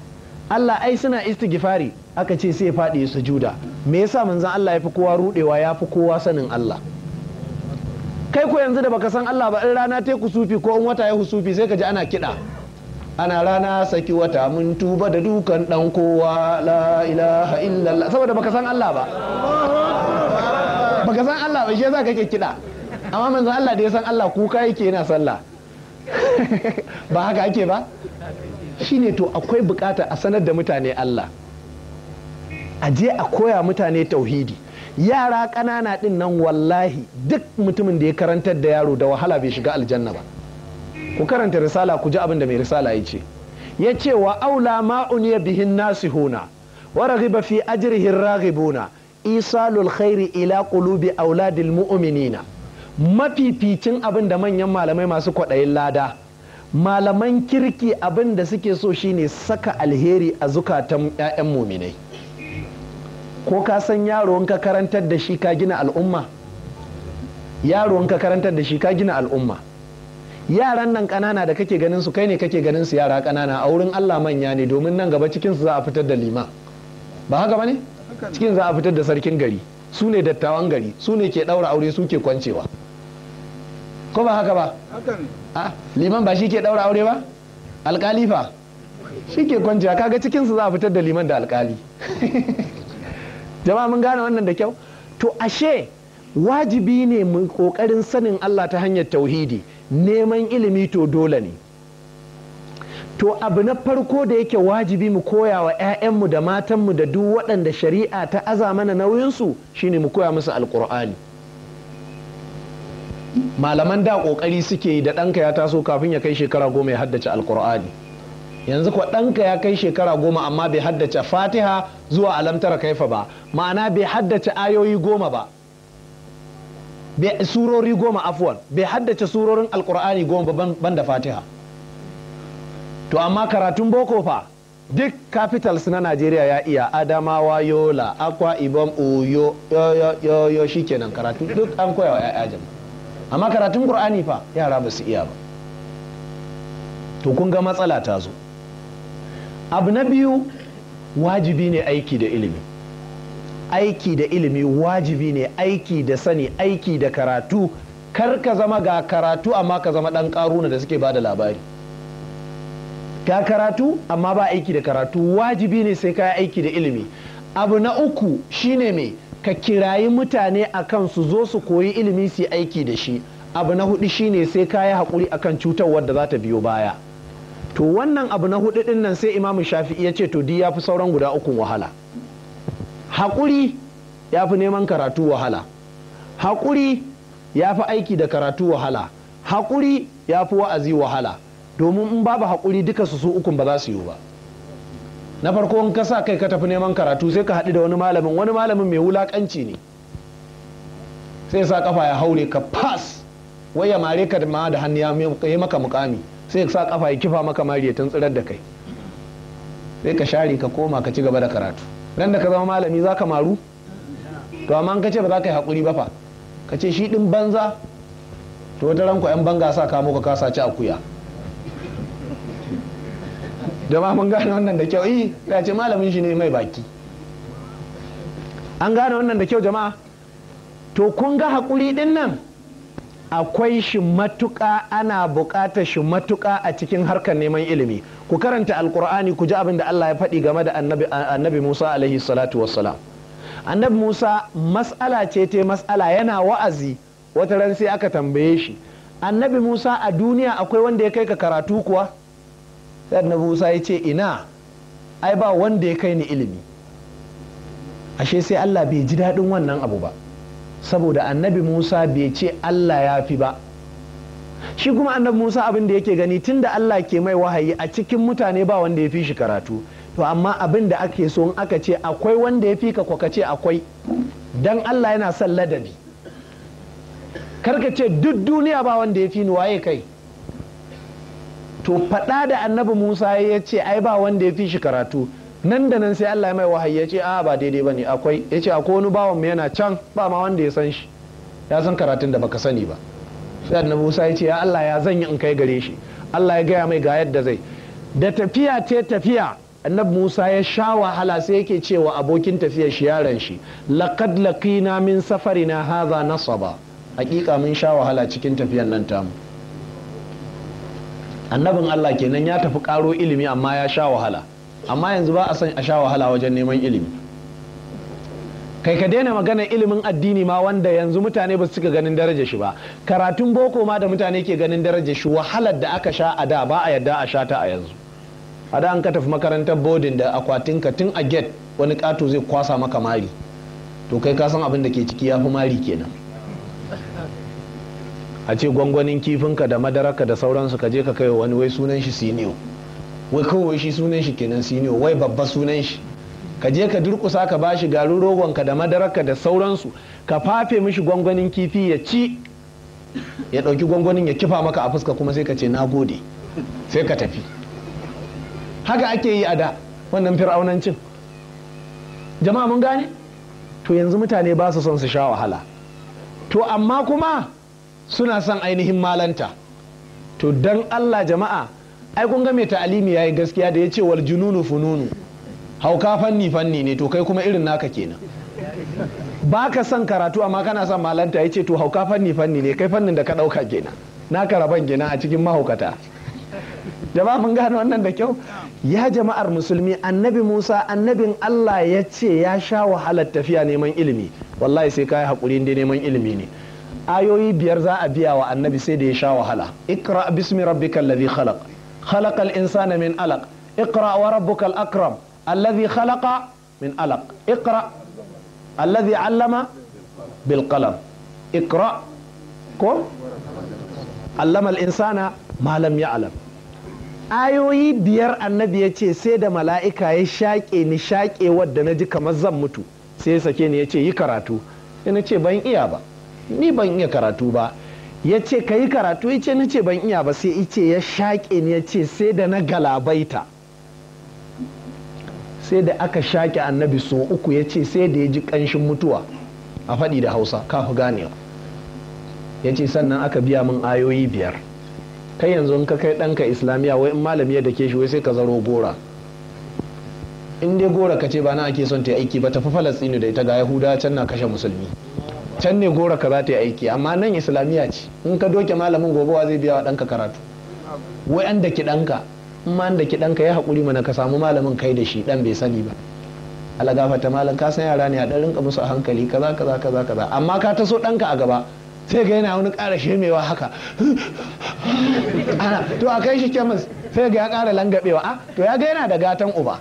Allah ai suna istighfari aka ce sai faɗi sujuda me yasa manzon Allah ya fi kowa rudewa ya fi kowa sanin Allah kai ko yanzu da baka san Allah ba in rana ta sufi ko in wata ya husufi sai ka ji ana kiɗa ana rana saki wata mun tuba da dukan dan kowa la ilaha illallah saboda baka san Allah ba baka san Allah ba shi yasa kake kida amma manzon Allah da ya san Allah kuka yake yana sallah ba haka ake ba shine to akwai bukata a sanar da mutane Allah a je a koya mutane tauhidi yara ƙanana din nan wallahi duk mutumin da ya karantar da yaro da wahala bai shiga aljanna ba ku karanta risala ku ji abin da mai risala ya ce ya ce wa aula ma'un ya bihin huna wa raghiba fi na. raghibuna isalul khairi ila qulubi auladil mu'minina mafificin abin da manyan malamai masu kwaɗayin lada malaman kirki abin da suke so shine saka alheri a zukatan 'ya'yan muminai ko ka san yaron ka karantar da shi ka gina al'umma yaron ka karantar da shi ka gina al'umma yaran nan kanana da kake ganin su kai ne kake ganin su yara kanana a wurin Allah manya ne domin nan gaba cikin su za a fitar da liman ba haka bane cikin za a fitar da sarkin gari su ne dattawan gari su ne ke daura aure su ke kwancewa ko ba haka ba a ah, liman ba shi ke daura aure ba alkali fa shi ke kwancewa kaga cikin su za a fitar da liman da alkali jama'a mun gane wannan da kyau to ashe wajibi ne mu kokarin sanin Allah ta hanyar tauhidi neman ilimi to dole ne to abu na farko da yake wajibi mu koya wa 'ya'yanmu da matanmu da duk waɗanda shari'a ta aza mana nauyinsu shine mu koya musu alkur'ani malaman da ƙoƙari suke yi da ɗanka ya taso kafin ya kai shekara goma ya haddace alkur'ani yanzu kwa ɗanka ya kai shekara goma amma bai haddace fatiha zuwa alamtara kaifa ba ma'ana bai haddace ayoyi goma ba surori goma afuwan bai haddace surorin alkur'ani goma ban da fatiha to amma karatun boko fa duk capitals na najeriya ya iya adamawa yola akwa ibom Uyo yoyo shikenan karatu duk an koya wa ya'ya jama'a amma karatun Kur'ani fa yara ba su iya ba to kun ga matsala ta zo abu na biyu wajibi ne aiki da ilimi aiki da ilimi wajibi ne aiki da sani aiki da karatu kar ka zama ga karatu amma ka zama dan karuna da suke bada labari ga karatu amma ba aiki da karatu wajibi ne sai ka aiki da ilimi abu na uku shine me ka kirayi mutane akan su zo su koyi ilimi su aiki da shi abu na hudu shine sai ka yi haƙuri akan cutar wadda za ta biyo baya to wannan abu na hudu din nan sai imamu shafi'i ya ce to di ya fi sauran guda ukun wahala haƙuri ya fi neman karatu wahala haƙuri ya fi aiki da karatu wahala haƙuri ya fi wa'azi wahala domin in babu haƙuri duka su su ukun ba za su yi ba na farko in ka sa kai ka tafi neman karatu sai ka haɗu da wani malamin wani malamin mai wulaƙanci ne sai sa kafa ya haure ka fas wai ya mare ka ma da hannu ya maka mukami sai sa kafa ya kifa maka mari ya tuntsirar da kai sai ka share ka koma ka ci gaba da karatu nan da ka zama malami za ka maru to amma ka ce ba za ka yi haƙuri ba fa ka ce shi ɗin banza to wata ranku 'yan banga sa kamo ka kasa ci akuya da ma mun gane wannan da kyau eh da ce malamin shi ne mai baki an gane wannan da kyau jama'a to kun ga haƙuri ɗin nan akwai shi matuƙa ana buƙatar shi matuƙa a cikin harkar neman ilimi ku karanta alkur'ani ku ji abin da Allah ya faɗi game da annabi Musa alaihi salatu wassalam annabi Musa mas'ala ce te mas'ala yana wa'azi wata ran sai aka tambaye shi annabi Musa a duniya akwai wanda ya kai ka karatu kuwa sai annabi Musa ya ce ina ai ba wanda ya kai ni ilimi ashe sai Allah bai ji daɗin wannan abu ba saboda annabi musa bai ce allah ya fi ba shi kuma annabi musa abin da yake gani tunda allah ke mai wahayi a cikin mutane ba wanda ya fi shi karatu to amma abin da ake so in aka ce akwai wanda ya fi ka ka ce akwai dan allah yana son ladabi karka ce duk duniya ba wanda ya fi ni waye kai to faɗa da annabi musa ya ce ai ba wanda ya fi shi karatu nan da nan sai Allah ya mai wahayi ya ce a ba daidai bane akwai ya ce akwai wani bawan mu yana can ba ma wanda ya san shi ya san karatun da baka sani ba sai annabi Musa ya ce ya Allah ya zan in kai gare shi Allah ya gaya mai ga yadda zai da tafiya ta tafiya annabi Musa ya sha wahala sai yake cewa abokin tafiyar shi yaron shi laqad laqina min safarina hadha nasaba hakika mun sha wahala cikin tafiyar nan tamu annabin Allah kenan ya tafi karo ilimi amma ya sha wahala amma yanzu ba a san a sha wahala wajen neman ilimi kai ka daina magana ilimin addini ma wanda yanzu mutane ba su cika ganin daraja shi ba karatun boko ma da mutane ke ganin daraja shi wahalar da aka sha a da ba a yadda a sha ta a yanzu a da an ka tafi makarantar bodin da akwatin ka tun a get wani kato zai kwasa maka mari to kai ka san abin da ke ciki ya fi mari kenan a ce gwangwanin kifinka da madaraka da sauransu ka je ka kai wani wai sunan shi siniyo wai kawai shi sunan shi kenan siniyo wai babba sunan shi ka je ka durkusa ka bashi garin rogonka da madararka da sauransu ka fafe mishi gwangwanin kifi ya ci ya ɗauki gwangwanin ya kifa maka a fuska kuma sai ka ce na gode sai ka tafi haka ake yi a da wannan fir'aunancin jama'a mun gane to yanzu mutane ba su son su sha wahala to amma kuma suna son ainihin malanta to don allah jama'a ai kun ga mai ta'alimi yayi gaskiya da ya ce wal jununu fununu hauka fanni fanni ne to kai kuma irin naka kenan ba ka son karatu amma kana son malanta ya ce to hauka fanni fanni ne kai fannin da ka ɗauka kenan naka raban kenan a cikin mahaukata jama'a mun gane wannan da kyau ya jama'ar musulmi annabi musa annabin allah ya ce ya sha wahalar tafiya neman ilimi wallahi sai ka yi haƙuri da neman ilimi ne ayoyi biyar za a biya wa annabi sai da ya sha wahala ikra bismi rabbikal ladhi khalaq خلق الإنسان من ألق اقرأ وربك الأكرم الذي خلق من ألق اقرأ الذي علم بالقلم اقرأ كم علم الإنسان ما لم يعلم ayoyi biyar annabi ya ce sai da mala'ika ya shaƙe ni shaƙe wadda na ji kamar zan mutu sai ya sake ni ya ce yi karatu ina ce ban iya ba ni ban iya karatu ba ya ce ka yi karatu ya ce nace ban iya ba sai ice ya shaƙe ni ya ce sai da na galabaita sai da aka shaƙe annabi so uku ya ce sai da ya ji ƙanshin mutuwa a faɗi da hausa kafa ganewa ya ce sannan aka biya min ayoyi biyar kai yanzu in ka kai ɗanka islamiyya wai in malami ya ke shi wai sai ka zaro gora in dai gora ka ce ba na ake son ta aiki ba tafi falastinu da ita ga yahuda can na kashe musulmi can ne gora ka za ta yi aiki amma nan islamiyya ce in ka doke malamin gobewa zai biya wa ɗanka karatu wai an da ki ɗanka in ma an da ki ɗanka ya haƙuri mana ka samu malamin kai da shi ɗan bai sani ba ta malam ka san yara ne a ɗan rinka musu a hankali kaza kaza kaza kaza amma ka taso ɗanka a gaba sai ga yana wani ƙara shemewa haka ana to a kai shi kemis sai ga ya ƙara langabewa a ah, to ya ga yana da gatan uba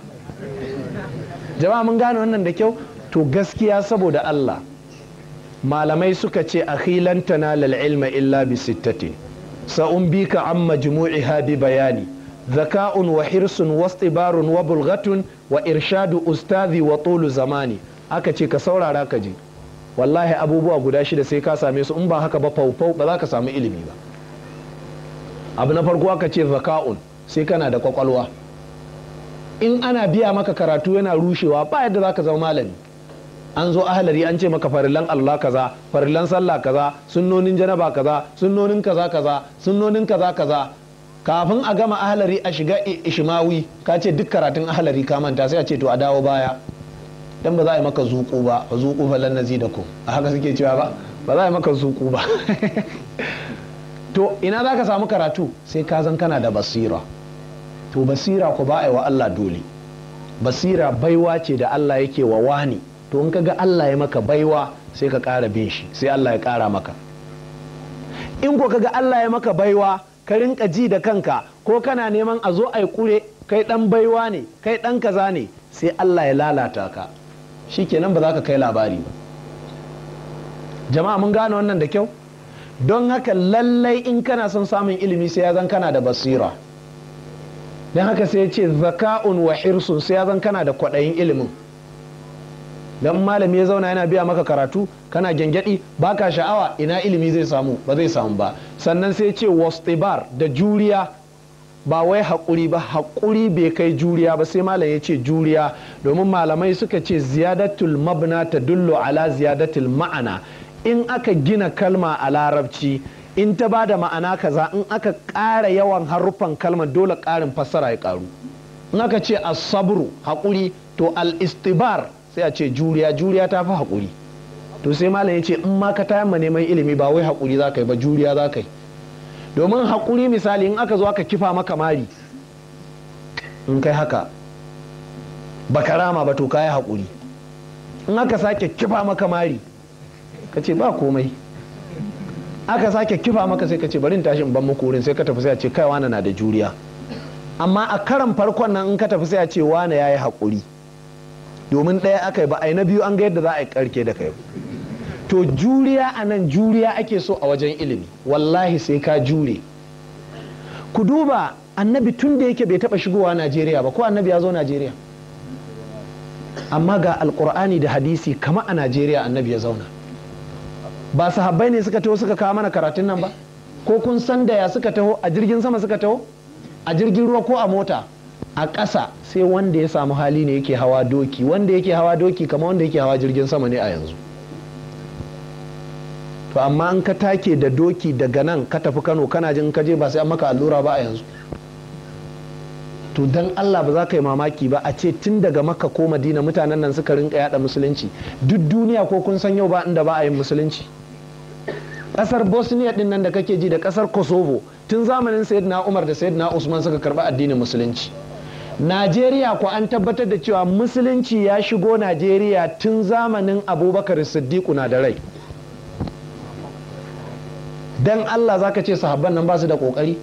jama'a mun gane wannan da kyau to gaskiya saboda Allah malamai suka ce a hilan na ilma illa bi sa'un bika an majmu'i habi bayani zaka'un wa hirsun wa tsibarun wa bulgatun wa irshadu ustazi wa tulu zamani aka ce ka saurara ka ji wallahi abubuwa guda shida sai ka same su in ba haka ba faufau ba za ka samu ilimi ba abu na farko aka ce zaka'un sai kana da kwakwalwa in ana biya maka karatu yana rushewa ba yadda za ka zama malami an zo ahalari an ce maka farillan Allah kaza farillan sallah kaza sunnonin janaba kaza sunnonin kaza kaza sunnonin kaza kaza kafin a gama ahalari a shiga ishimawi ka ce duk karatun ahalari ka manta sai a ce to a dawo baya dan ba za a yi maka zuku ba fa zuku fa lan ku. a haka suke cewa ba ba za a yi maka zuku ba to ina za ka samu karatu sai ka zan kana da basira to basira ku ba a yi wa Allah dole basira baiwa ce da Allah yake wa wani to in kaga Allah ya maka baiwa sai ka ƙara bin shi sai Allah ya ƙara maka in ko kaga Allah ya maka baiwa ka rinka ji da kanka ko kana neman a zo ai kure kai dan baiwa ne kai dan kaza ne sai Allah ya lalata ka shikenan ba za ka kai labari ba jama'a mun gane wannan da kyau don haka lallai in kana son samun ilimi sai ya zan kana da basira don haka sai ya ce zaka'un wa hirsun sai ya zan kana da kwaɗayin ilimin dan malami ya zauna yana biya maka karatu kana gyangyaɗi baka sha'awa ina ilimi zai samu ba zai samu ba sannan sai ce wastibar da juriya ba wai haƙuri ba haƙuri bai kai juriya ba sai malam ya ce juriya domin malamai suka ce ziyadatul mabna ta dullo ala ziyadatul ma'ana in aka gina kalma a larabci in ta ba da ma'ana kaza in aka ƙara yawan haruffan kalmar dole ƙarin fassara ya ƙaru in aka ce asabru haƙuri to al-istibar sai a ce juriya juriya ta fi haƙuri to sai malam ya ce in ma ka tayamma neman ilimi ba wai haƙuri za ka yi ba juriya za ka yi domin haƙuri misali in aka zo aka kifa maka mari in kai haka ba ka rama ba to ka yi haƙuri in aka sake kifa maka mari ka ce ba komai aka sake kifa maka sai ka ce bari in tashi in ban muku wurin sai ka tafi sai a ce kai wani na da juriya amma a karan farkon nan in ka tafi sai a ce wani ya yi haƙuri domin ɗaya aka yi ba ai na biyu an ga yadda za a yi karke da kai to juriya a nan juriya ake so a wajen ilimi wallahi sai ka jure ku duba annabi tun da yake bai taba shigowa najeriya ba ko annabi ya zo najeriya amma ga alkur'ani da hadisi kama a najeriya annabi ya zauna ba sahabbai ne suka taho suka kawo mana karatun nan ba ko kun san da ya suka taho a jirgin sama suka taho a jirgin ruwa ko a mota a ƙasa sai wanda ya samu hali ne yake hawa doki wanda yake hawa doki kamar wanda yake hawa jirgin sama ne a yanzu to amma an ka take da doki daga nan ka tafi kano kana jin ka je ba sai an maka allura ba a yanzu to dan Allah ba za ka yi mamaki ba a ce tun daga makka ko madina mutanen nan suka rinka yada musulunci duk duniya ko kun san yau ba inda ba a yin musulunci kasar bosnia din nan da kake ji da kasar kosovo tun zamanin sayyidina umar da sayyidina usman suka karba addinin musulunci najeriya ko an tabbatar da cewa musulunci ya shigo najeriya tun zamanin abubakar siddiqu na da rai dan allah zaka ce sahabban nan ba su da kokari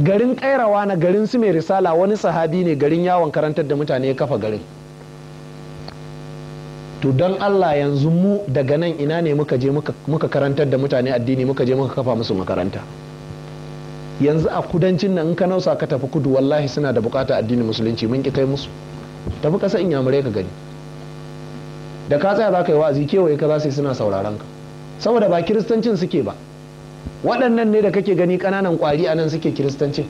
garin kairawa na garin su mai risala wani sahabi ne garin yawon karantar da mutane ya kafa garin to don Allah yanzu mu daga nan ina ne muka je muka karantar da mutane addini muka je muka kafa musu makaranta yanzu a kudancin nan in ka nausa ka tafi kudu wallahi suna da bukata addinin musulunci mun ki kai musu tafi kasa in yamurai ka gani da ka tsaya za ka yi wa'azi kewaye ka za su suna sauraron ka saboda ba kiristancin suke ba waɗannan ne da kake gani ƙananan ƙwari a nan suke kiristancin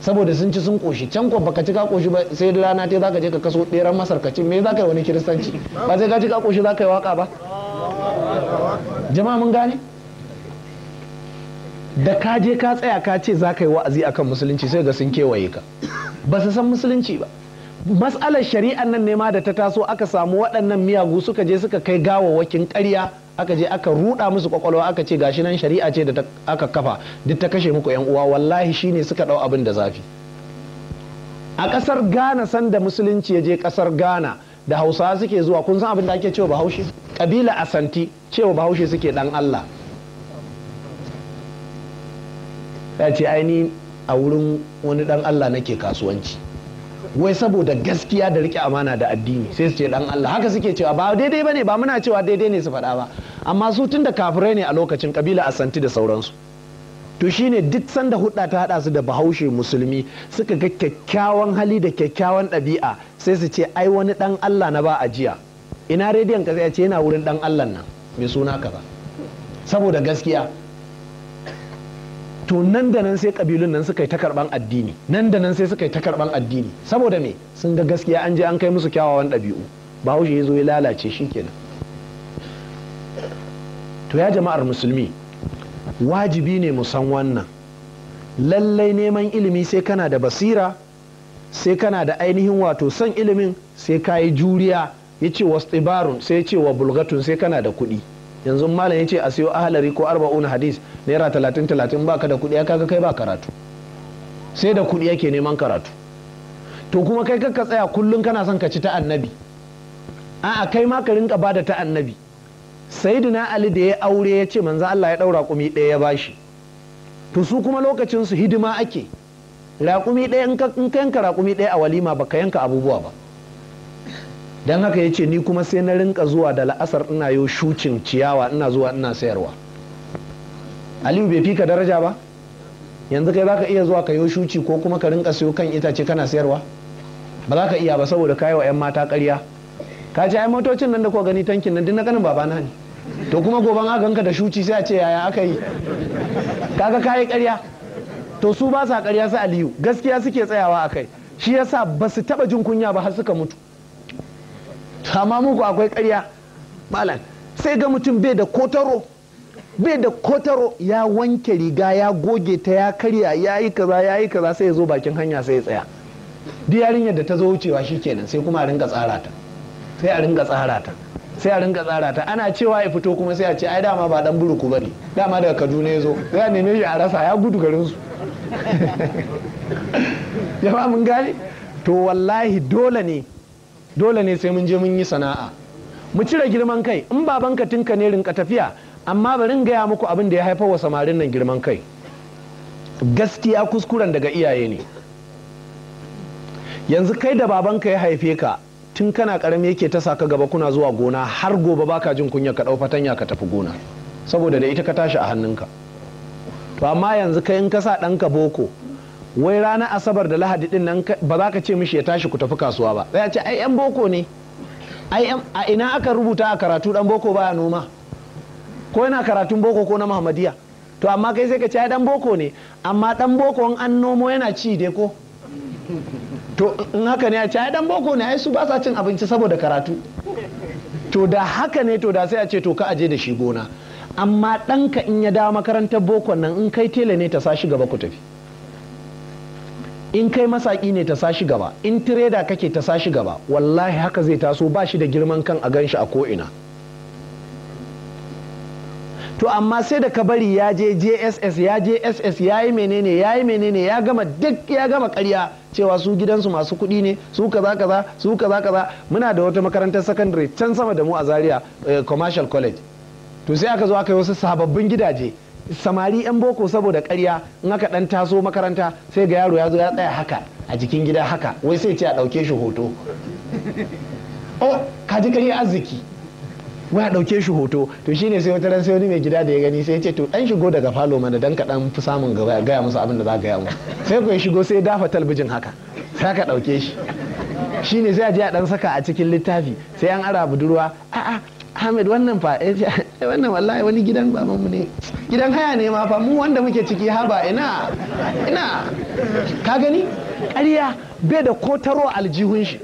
saboda sun ci sun koshi can ko baka ci ka koshi ba sai rana ta zaka je ka kaso ɗeran masar ka ci me ka yi wani kiristanci ba sai ka cika ka koshi ka yi waka ba jama'a mun gane da ka je ka tsaya ka ce za ka yi wa'azi akan musulunci sai ga sun kewaye ka ba su san musulunci ba matsalar shari'an nan ne ma da ta taso aka samu waɗannan miyagu suka je suka kai gawawwakin ƙarya aka je aka ruɗa musu kwakwalwa aka ce gashi nan shari'a ce da aka kafa duk ta kashe muku yan uwa wallahi shine suka ɗau abin da zafi a ƙasar ghana sanda musulunci ya je ƙasar ghana da hausawa suke zuwa kun san abin da ake cewa bahaushe ƙabila asanti cewa bahaushe suke ɗan allah ya ce aini a wurin wani dan Allah nake kasuwanci wai saboda gaskiya da rike amana da addini sai su ce dan Allah haka suke cewa ba daidai bane ba muna cewa daidai ne su faɗa ba amma su tun da kafirai ne a lokacin kabila asanti da sauransu to shine duk sanda hudda ta hada su da bahaushe musulmi suka ga kyakkyawan hali da kyakkyawan ɗabi'a sai su ce ai wani dan Allah na ba a jiya ina rediyon ka sai ce yana wurin dan Allah nan mai suna kaza saboda gaskiya to nan da nan sai kabilun nan suka yi ta karban addini nan da nan sai suka yi ta karban addini saboda me sun ga gaskiya an je an kai musu kyawawan ɗabi'u bahaushe ya zo ya lalace shi kenan to ya jama'ar musulmi wajibi ne mu san wannan lallai neman ilimi sai kana da basira sai kana da ainihin wato son ilimin sai ka juriya ya ce wasu sai ya ce wa bulgatun sai kana da kuɗi yanzu malam ya ce a siyo ahalari ko arba'un hadis naira talatin talatin baka da kuɗi ya kaga kai ba karatu sai da kuɗi yake neman karatu to kuma kai ka tsaya kullum kana son ka ci ta annabi a kai ma ka rinka bada ta annabi sayyidina ali da ya aure ya ce manzo Allah ya daura kumi ɗaya ya bashi to su kuma lokacin su hidima ake raƙumi ɗaya in ka yanka raƙumi ɗaya a walima baka yanka abubuwa ba don haka ya ce ni kuma sai na rinka zuwa da la'asar ina yau shucin ciyawa ina zuwa ina sayarwa aliyu bai fika daraja ba yanzu kai zaka iya zuwa ka yau shuci ko kuma ka rinka sayo kan itace kana sayarwa ba za ka iya ba saboda kayi wa 'yan mata karya ka ce ai motocin nan da ko gani tankin nan duk na ganin babana ne to kuma goban aganka da shuci sai a ce yaya aka yi kaga kayi karya to su ba sa karya su aliyu gaskiya suke tsayawa a kai shi yasa ba su taba jin kunya ba har suka mutu sama muku akwai karya malam sai ga mutum bai da kotaro bai da kotaro ya wanke riga ya goge ta ya karya ya yi kaza ya yi kaza sai ya zo bakin hanya sai ya tsaya duk yadda ta zo wucewa shikenan sai kuma a ringa tsara ta sai a ringa tsara ta sai a ringa tsara ta ana cewa ya fito kuma sai a ce ai dama ba dan buruku bane dama daga Kaduna ya zo ya neme shi a rasa ya gudu garin su ba mun gane to wallahi dole ne dole ne sai mun je mun yi sana'a mu cire girman kai in babanka tinka ne rinka tafiya amma bari gaya muku abin da ya haifar wa samarin nan girman kai gaskiya kuskuren daga iyaye ne yanzu kai da babanka ya haife ka tun kana karami yake ta saka gaba kuna zuwa gona har gobe baka jin kunya ka dau fatanya ka tafi gona saboda da ita ka tashi a hannunka to amma yanzu kai in ka sa ɗanka boko wai ranar asabar da lahadi din nan ba za ka ce mishi ya tashi ku tafi kasuwa ba sai ce ai yan boko ne ai a ina aka rubuta a karatu dan boko baya noma ko yana karatun boko ko na muhammadiya to amma kai sai ka ce ai dan boko ne amma dan boko an nomo yana ci dai ko to in haka ne ya ce ai dan boko ne ai su ba sa cin abinci saboda karatu to da haka ne to da sai a ce to ka aje da shi gona amma ɗanka in ya dawo makarantar boko nan in kai tele ne ta sa shi gaba ku tafi in kai masaki ne ta sashi gaba in tireda kake ta sashi gaba wallahi haka zai taso ba shi da girman kan a ganshi a ko'ina to amma sai da ka bari ya je jss ya je ss ya yi menene ya yi menene ya gama duk ya gama karya cewa su gidansu masu kuɗi ne su kaza kaza su kaza kaza muna da wata makarantar secondary can sama da mu a zaria eh, commercial college to sai aka zo aka yi wasu sababbin gidaje samari yan boko saboda karya in aka dan taso makaranta sai ga yaro ya zo ya tsaya haka a jikin gida haka wai sai ce a ɗauke shi hoto oh ka ji arziki wai a ɗauke shi hoto to shine sai wata ran sai wani mai gida da ya gani sai ya ce to dan shigo daga falo mana dan ka dan fi samun gaba gaya musu abin da za ka ya mu sai ku shigo sai ya dafa talbijin haka sai ka ɗauke shi shine sai a je a dan saka a cikin littafi sai an ara budurwa a'a Hamid wannan fa eh, wannan wallahi wani gidan mu ne gidan haya ne ma fa mu wanda muke ciki ba ina ina ka gani ƙarya bai da kotaro aljihun shi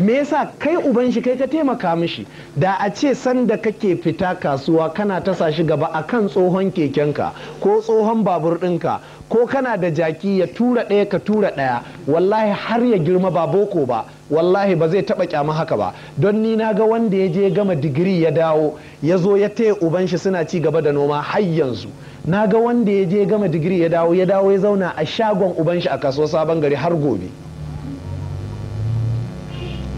me yasa kai uban shi kai ka taimaka mishi da a ce sanda kake fita kasuwa kana tasa shi gaba akan tsohon kekenka ko tsohon babur ɗinka ko kana da jaki ya tura ɗaya ka tura ɗaya wallahi har ya girma ba boko ba wallahi ba zai taɓa kyama haka ba don ni na ga wanda ya je gama digiri ya dawo ya zo ya taya uban shi suna ci gaba da noma har yanzu na ga wanda ya je gama digiri ya dawo ya dawo ya zauna a shagon uban shi a kasuwar sabon gari har gobe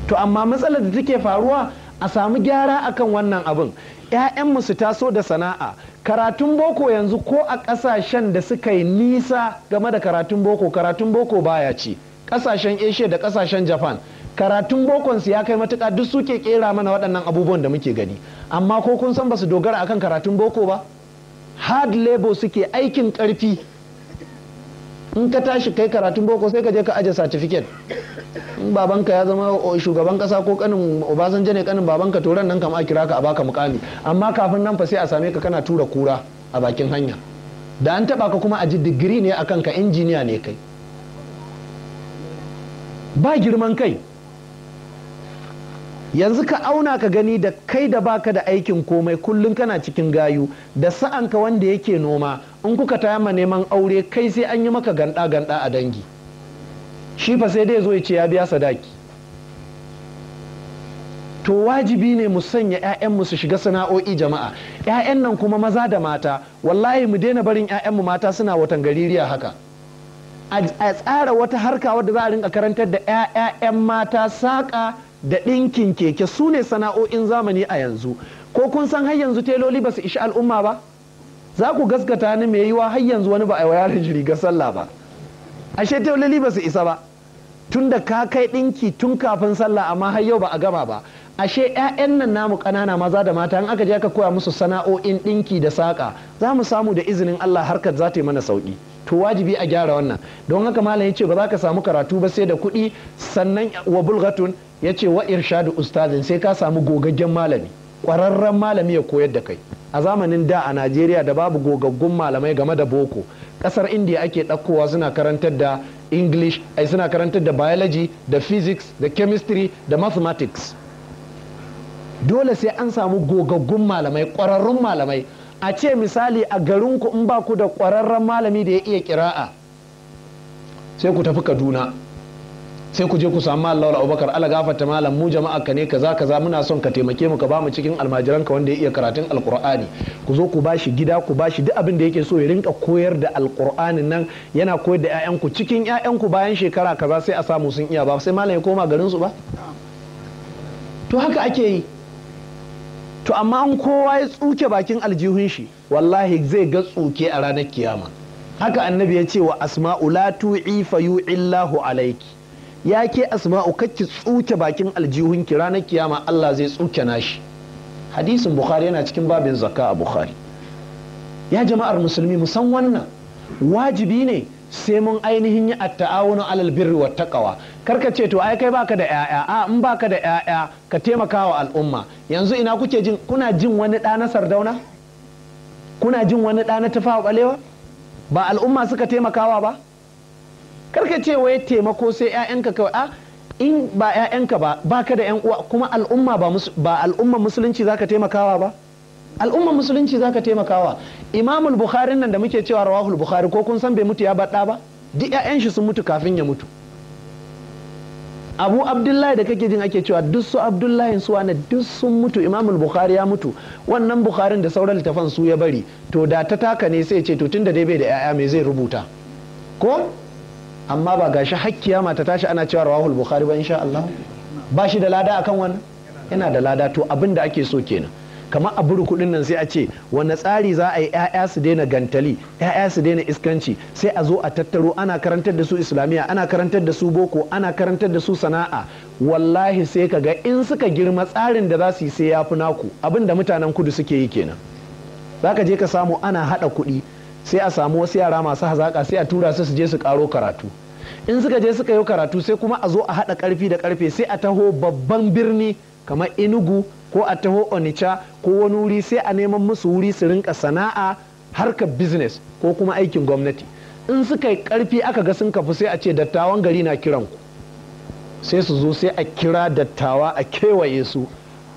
to amma matsalar da take faruwa a samu gyara akan wannan abin 'ya'yanmu su taso da sana'a karatun boko yanzu ko a ƙasashen da suka yi nisa game da karatun boko karatun boko baya ce ƙasashen asia da ƙasashen japan karatun bokonsu ya kai matuƙa duk suke ƙera mana waɗannan abubuwan da muke gani amma ko kun san ba su dogara akan karatun boko ba hard labor suke aikin ƙarfi in ka tashi kai karatun boko sai ka je ka aje certificate in babanka ya zama shugaban kasa ko kanin obasanjo ne kanin babanka to nan kama a kira ka a baka mukami amma kafin nan fa sai a same ka kana tura kura a bakin hanya da an taba ka kuma a ji digiri ne akan ka injiniya ne kai ba girman kai yanzu ka auna ka gani da kai da baka da aikin komai kullum kana cikin gayu da sa'anka wanda yake noma in kuka taya ma neman aure kai sai an yi maka ganda ganda a dangi shi fa sai dai zo ya ce ya biya sadaki to wajibi ne mu sanya 'ya'yanmu su shiga sana'o'i jama'a 'ya'yan nan kuma maza da mata wallahi mu daina barin 'ya'yanmu mata suna watan gaririya haka a tsara wata harka wadda za a rinka karantar da 'ya'yan mata saƙa da ɗinkin keke su ne sana'o'in zamani a yanzu ko kun san har yanzu teloli ba su ishi al'umma ba za ku gaskata ni mai yiwa har yanzu wani ba a yi wa yaron shi rigar sallah ba ashe taulili ba su isa ba tun da ka kai ɗinki tun kafin sallah amma har yau ba a gama ba ashe 'ya'yan nan namu ƙanana maza da mata in aka je aka koya musu sana'o'in ɗinki da saƙa za mu samu da izinin Allah harkar za ta yi mana sauƙi to wajibi a gyara wannan don haka malam yace ba za ka samu karatu ba sai da kuɗi sannan wa bulghatun yace wa irshadu ustazin sai ka samu gogaggen malami ƙwararren malami ya koyar da kai a zamanin da a najeriya da babu gogaggun malamai game da boko ƙasar indiya ake ɗaukowa suna karantar da english ai suna karantar da biology da physics da chemistry da mathematics dole sai an samu gogaggun malamai ƙwararrun malamai a ce misali a garinku in ba ku da ƙwararren malami da ya iya kira'a. sai ku tafi kaduna sai ku je ku samu Allah wa Abubakar Allah gafarta malam mu jama'a ka ne kaza kaza muna son ka taimake mu ka bamu cikin almajiran ka wanda ya iya karatun alqur'ani ku zo ku bashi gida ku bashi duk abin da yake so ya rinka koyar da alkur'ani nan yana koyar da ƴaƴan ku cikin ƴaƴan ku bayan shekara kaza sai a samu sun iya ba sai malam ya koma garin su ba to haka ake yi to amma an kowa ya tsuke bakin aljihun shi wallahi zai ga tsuke a ranar kiyama haka annabi ya ce wa asma'u la tu'i fa yu'illahu alayki ya ke asma'u kakki tsuke bakin aljihun aljihunki ranar kiyama Allah zai tsuke nashi hadisin bukhari yana cikin babin zakka a bukhari ya jama'ar musulmi musan wannan wajibi ne sai mun ainihin yi atta'awunu alal birri wa Kar karka ce to ai kai baka da yaya a in baka da yaya ka taimaka wa al'umma yanzu ina kuke jin kuna jin wani ɗa na sardauna kuna jin wani ɗa na tafawa balewa ba al'umma suka taimakawa ba karka ce wai taimako sai ƴaƴanka kawai a in ba ƴaƴanka ba baka da ƴan uwa kuma al'umma ba ba al'umma musulunci zaka taimakawa ba Al'umma musulunci zaka taimakawa imamul bukhari nan da muke cewa rawahul bukhari ko kun san bai mutu ya bada ba duk ƴaƴan shi sun mutu kafin ya mutu abu abdullahi da kake jin ake cewa duk su abdullahi su wane duk sun mutu imamul bukhari ya mutu wannan bukharin da sauran littafan su ya bari to da ta taka ne sai ce to tunda dai bai da 'ya'ya me zai rubuta ko amma ba gashi hakkiya mata tashi ana cewa rawahul bukhari ba insha Allah ba shi da lada akan wannan yana da lada to abin da ake so kenan kamar a buru kudin nan sai a ce wanne tsari za a yi 'ya'ya su daina gantali 'ya'ya su daina iskanci sai a zo a tattaro ana karantar da su islamiyya ana karantar da su boko ana karantar da su sana'a wallahi sai ka ga in suka girma tsarin da za su yi sai ya fi naku abin da mutanen kudu suke yi kenan za ka je ka samu ana haɗa kuɗi sai a samu wasu yara masu hazaƙa sai a tura su su je su karo karatu in suka je suka yi karatu sai kuma a zo a haɗa ƙarfi da ƙarfe sai a taho babban birni kamar inugu ko a taho onicha ko wani wuri sai a neman musu wuri su rinka sana'a harkar business ko kuma aikin gwamnati in suka yi ƙarfi aka ga sun kafu sai a ce dattawan gari na kiran ku sai su zo sai a kira dattawa a kewaye su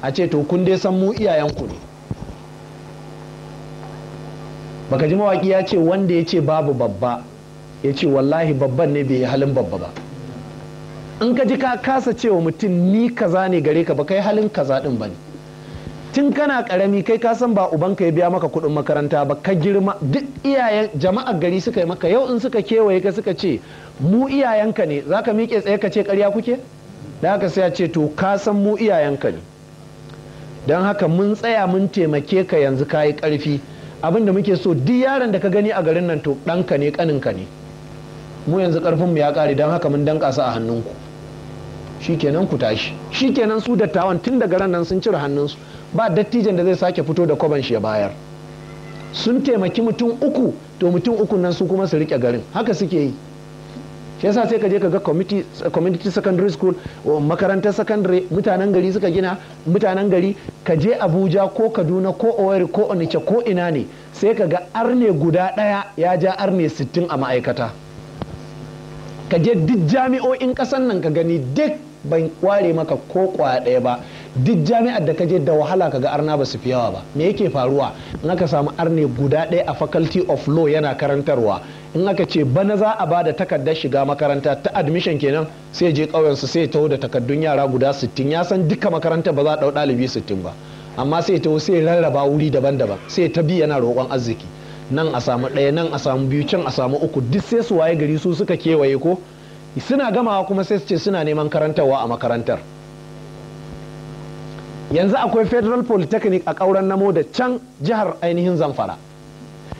a ce to kun dai san mu ku ne baka ji mawaki ya ce wanda ya ce babu babba ya ce wallahi babban ne bai yi halin babba ba in ka ji ka kasa cewa mutum ni kaza ne gare ka ba kai halin kaza din ba ne tun kana karami kai ka san ba ubanka ya biya maka kudin makaranta ba ka girma duk iyayen jama'a gari suka yi maka yau in suka kewaye ka suka ce mu iyayenka ne za ka miƙe tsaye ka ce ƙarya kuke da haka sai ya ce to ka san mu iyayenka ne don haka mun tsaya mun taimake ka yanzu ka yi ƙarfi abin da muke so duk yaron da ka gani a garin nan to ɗanka ne ƙaninka ne mu yanzu mu ya ƙare don haka mun danka su a hannunku shikenan ku tashi shikenan su dattawan tun daga ran nan sun cire hannunsu ba dattijan da zai sake fito da kwaban shi ya bayar sun taimaki mutum uku to mutum uku nan su kuma su riƙe garin haka suke yi shi yasa sai ka je ka ga community secondary school makarantar secondary mutanen gari suka gina mutanen gari ka je abuja ko kaduna ko owerri ko onitsha ko ina ne sai ka ga arne guda daya ya ja arne 60 a ma'aikata ka je duk jami'o'in kasan nan ka gani duk ban kware maka ko kwaya daya ba duk jami'ar da ka je da wahala ka ga arna ba su fi yawa ba me yake faruwa in aka samu arne guda ɗaya a faculty of law yana karantarwa in aka ce bana za a bada takardar shiga makaranta ta admission kenan sai je su sai taho da takardun yara guda 60 ya san duka makaranta ba za a ɗau ɗalibi 60 ba amma sai taho sai rarraba wuri daban-daban sai ta bi yana roƙon arziki nan a samu ɗaya nan a samu biyu can a samu uku duk sai su waye gari su suka kewaye ko suna gamawa kuma sai su ce suna neman karantarwa a makarantar yanzu akwai federal polytechnic a ƙauren namo da can jihar ainihin zamfara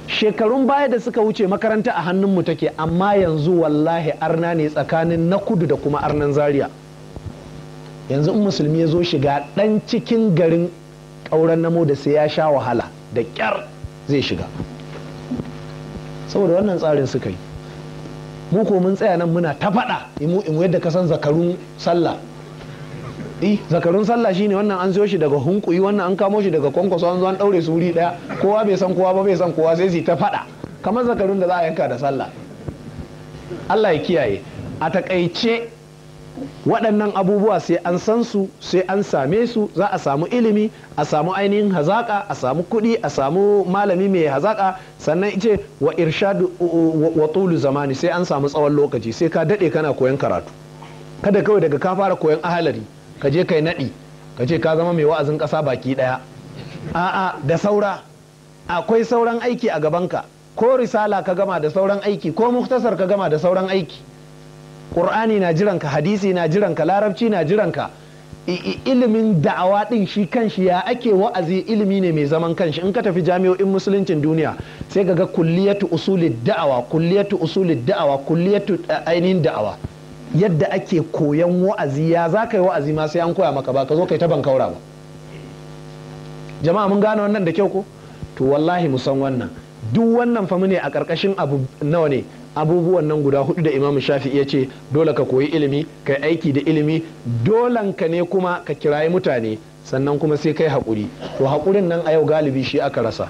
shekarun baya da suka wuce makaranta a hannunmu take amma yanzu wallahi arna ne tsakanin na kudu da kuma arnan zaria yanzu in musulmi ya zo shiga ɗan cikin garin ƙauren namo da sai ya sha wahala da ƙyar zai shiga saboda wannan tsarin suka yi mu ko mun tsaya nan muna ta faɗa imu imu yadda ka san zakarun sallah eh zakarun sallah shine wannan an zo shi daga hunkuyi wannan an kamo shi daga kwankwaso an zo an daure su wuri daya kowa bai san kowa ba bai san kowa sai su ta fada kamar zakarun da za a yanka da sallah Allah ya kiyaye a takaice waɗannan abubuwa sai an san su sai an same su za a samu ilimi a samu ainihin hazaka a samu kuɗi a samu malami mai hazaka sannan ce wa irshadu wa tulu zamani sai an samu tsawon lokaci sai ka daɗe kana koyon karatu kada kawai daga ka fara koyon ahalari ka je kai naɗi ka ce ka zama mai wa'azin ƙasa baki ɗaya a'a da saura akwai sauran aiki a gabanka ko risala ka gama da sauran aiki ko muktasar ka gama da sauran aiki ƙur'ani na jiranka hadisi na jiranka larabci na jiranka ilimin da'awa ɗin shi kanshi ya ake wa'azi ilimi ne mai zaman kanshi in ka tafi jami'o'in musuluncin duniya sai ga kulliyatu usulid da'awa kulliyatu usulid da'awa kulliyatu eh, ainihin da'awa yadda ake koyan wa'azi ya za ka yi wa'azi ma sai an koya maka ba ka zo ka ta taban kaura ba jama'a mun gane wannan da kyau ko to wallahi mu san wannan duk wannan fa ne a ƙarƙashin abu nawa ne abubuwan nan guda hudu da imamu shafi ya ce dole ka koyi ilimi ka aiki da ilimi dolan ka ne kuma ka kirayi mutane sannan kuma sai kai haƙuri to haƙurin nan a yau galibi shi aka rasa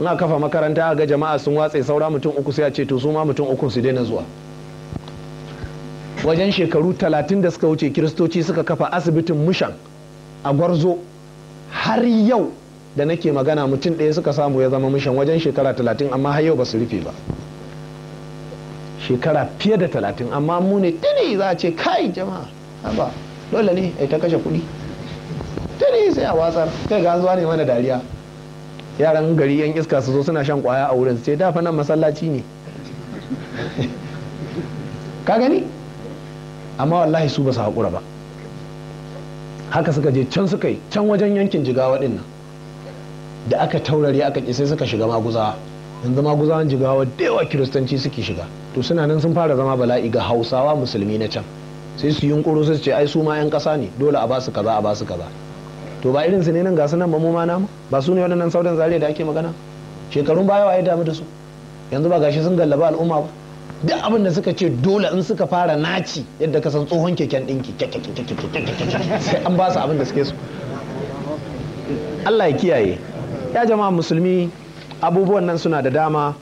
in kafa makaranta ga jama'a sun watse saura mutum uku sai a ce to su ma mutum uku su daina zuwa wajen shekaru talatin da suka wuce kiristoci suka kafa asibitin mushan a gwarzo har yau da nake magana mutum ɗaya suka samu ya zama mushan wajen shekara talatin amma har yau ba su rufe ba shekara fiye da talatin amma mu ne tuni za a ce kai jama'a ba dole ne ai ta kashe kuɗi tini sai a watsar kai ga zuwa ne mana dariya yaran gari yan iska su zo suna shan kwaya a wurin su ce dafa nan masallaci ne ka gani amma wallahi su ba su haƙura ba haka suka je can suka yi can wajen yankin jigawa ɗin nan da aka taurari aka ƙi sai suka shiga maguzawa yanzu maguzawan jigawa da yawa kiristanci suke shiga to suna nan sun fara zama bala'i ga hausawa musulmi na can sai su yunkuro su ce ai su ma 'yan ƙasa ne dole a ba su kaza a ba su kaza to ba irin su ne nan ga su nan ba mu ma namu ba su ne waɗannan saudan zariya da ake magana shekarun baya wa damu da su yanzu ba gashi sun gallaba al'umma ba duk abin da suka ce dole in suka fara naci yadda ka san tsohon keken ɗinki sai an ba su abin da suke so Allah ya kiyaye ya jama'a musulmi abubuwan nan suna da dama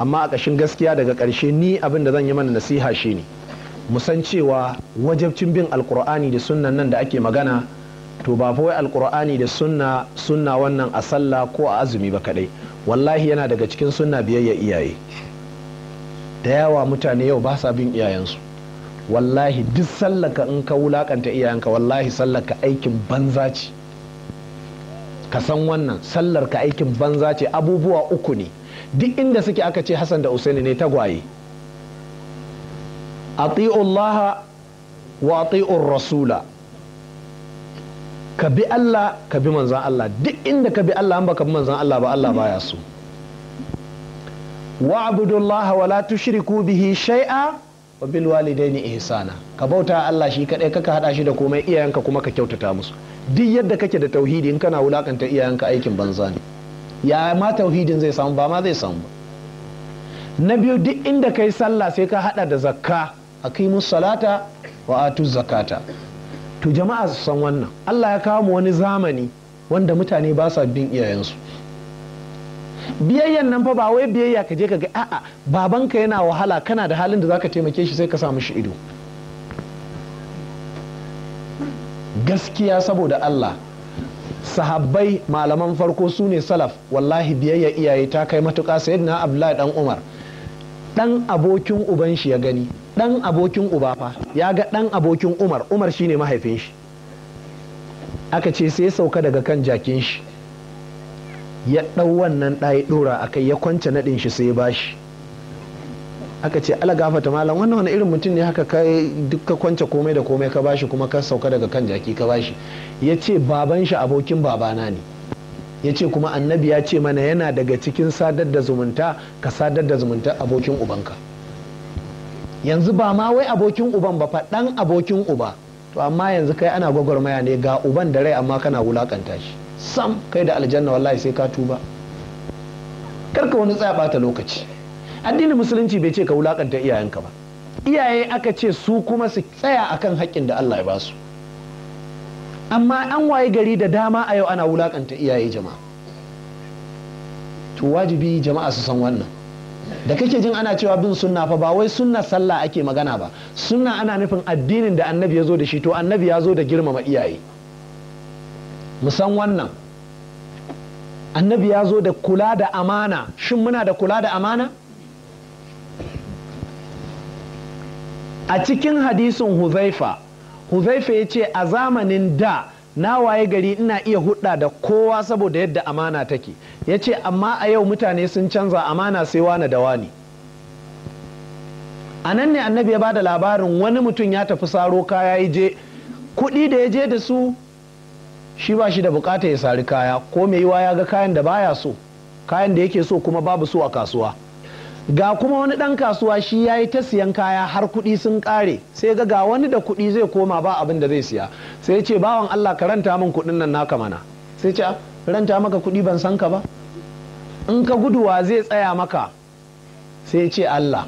amma a ƙashin gaskiya daga ƙarshe ni abin da zan yi mana nasiha shi ne musan cewa wajabcin bin alkur'ani da sunnan nan da ake magana to ba fa wai alkur'ani da sunna sunna wannan a sallah ko a azumi ba kadai wallahi yana daga cikin sunna biyayya iyaye da yawa mutane yau ba sa bin iyayensu wallahi duk sallaka in ka wulakanta iyayenka wallahi sallaka aikin banza ce ka san wannan sallar ka aikin banza ce abubuwa uku ne duk inda suke aka ce hassan da usaini ne tagwaye ati'ullaha wa ati'ur rasula ka bi Allah ka bi manzan Allah duk inda ka bi Allah an baka bi manzan Allah ba Allah baya so wa abudullaha wa la tushriku bihi shay'a wa bil walidaini ihsana ka bauta Allah shi kadai kaka hada shi da komai iyayenka kuma ka kyautata musu duk yadda kake da tauhidi in kana wulakanta iyayenka aikin banza ne ya ma tauhidin zai samu ba ma zai samu ba na biyu duk inda kai sallah sai ka hada da zakka aqimu salata wa atu zakata to jama'a su san wannan Allah ya kawo mu wani zamani wanda mutane ba sa bin iyayensu biyayyan nan fa ba wai biyayya ka je ka ga a'a babanka yana wahala kana da halin da zaka taimake shi sai ka samu shi ido gaskiya saboda Allah sahabbai malaman farko su ne salaf wallahi biyayya iyaye ta kai matuƙa sayyidina abdullahi dan umar dan abokin uban shi ya gani dan abokin uba fa ya ga dan abokin umar umar shine mahaifin shi aka ce sai sauka daga kan jakin shi ya ɗau wannan ɗaya ɗora a kai ya kwance naɗin shi sai ya bashi aka ce ala gafata malam wannan wani irin mutum ne haka kai duk ka kwance komai da komai ka bashi kuma ka sauka daga kan jaki ka bashi ya ce baban shi abokin babana ne ya ce kuma annabi ya ce mana yana daga cikin sadar da zumunta ka sadar da zumunta abokin ubanka yanzu ba ma wai abokin uban ba fa ɗan abokin uba to amma yanzu kai ana gwagwarmaya ne ga uban da rai amma kana wulakanta shi sam kai da aljanna wallahi sai ka tuba karka wani tsaya bata lokaci addinin musulunci bai ce ka wulakanta iyayenka ba iyaye aka ce su kuma su tsaya akan haƙƙin da Allah ya ba su amma an waye gari da dama a yau ana wulakanta iyaye jama'a to wajibi jama'a su san wannan da kake jin ana cewa bin sunna fa ba wai sunna sallah ake magana ba sunna ana nufin addinin da annabi ya zo da shi to annabi ya zo da girmama iyaye musan wannan annabi ya zo da kula da amana shin muna da kula da amana a cikin hadisin huzaifa huzaifa ya ce a zamanin da na waye gari ina iya hudda da kowa saboda yadda amana take ya ce amma a yau mutane sun canza amana sai wani da wani a nan ne annabi ya ba da labarin wani mutum ya tafi saro kaya ya je kuɗi da ya je da su shi ba shi da bukata ya sari kaya ko mai yiwa ya ga kayan da baya so kayan da yake so kuma babu so a kasuwa ga kuma wani dan kasuwa shi ya yi ta siyan kaya har kuɗi sun ƙare sai ga ga wani da kuɗi zai koma ba abin da zai siya sai ce bawan Allah ka ranta min kuɗin nan naka mana sai ce ah, ranta maka kuɗi ban san ka ba in ka guduwa zai tsaya maka sai ce Allah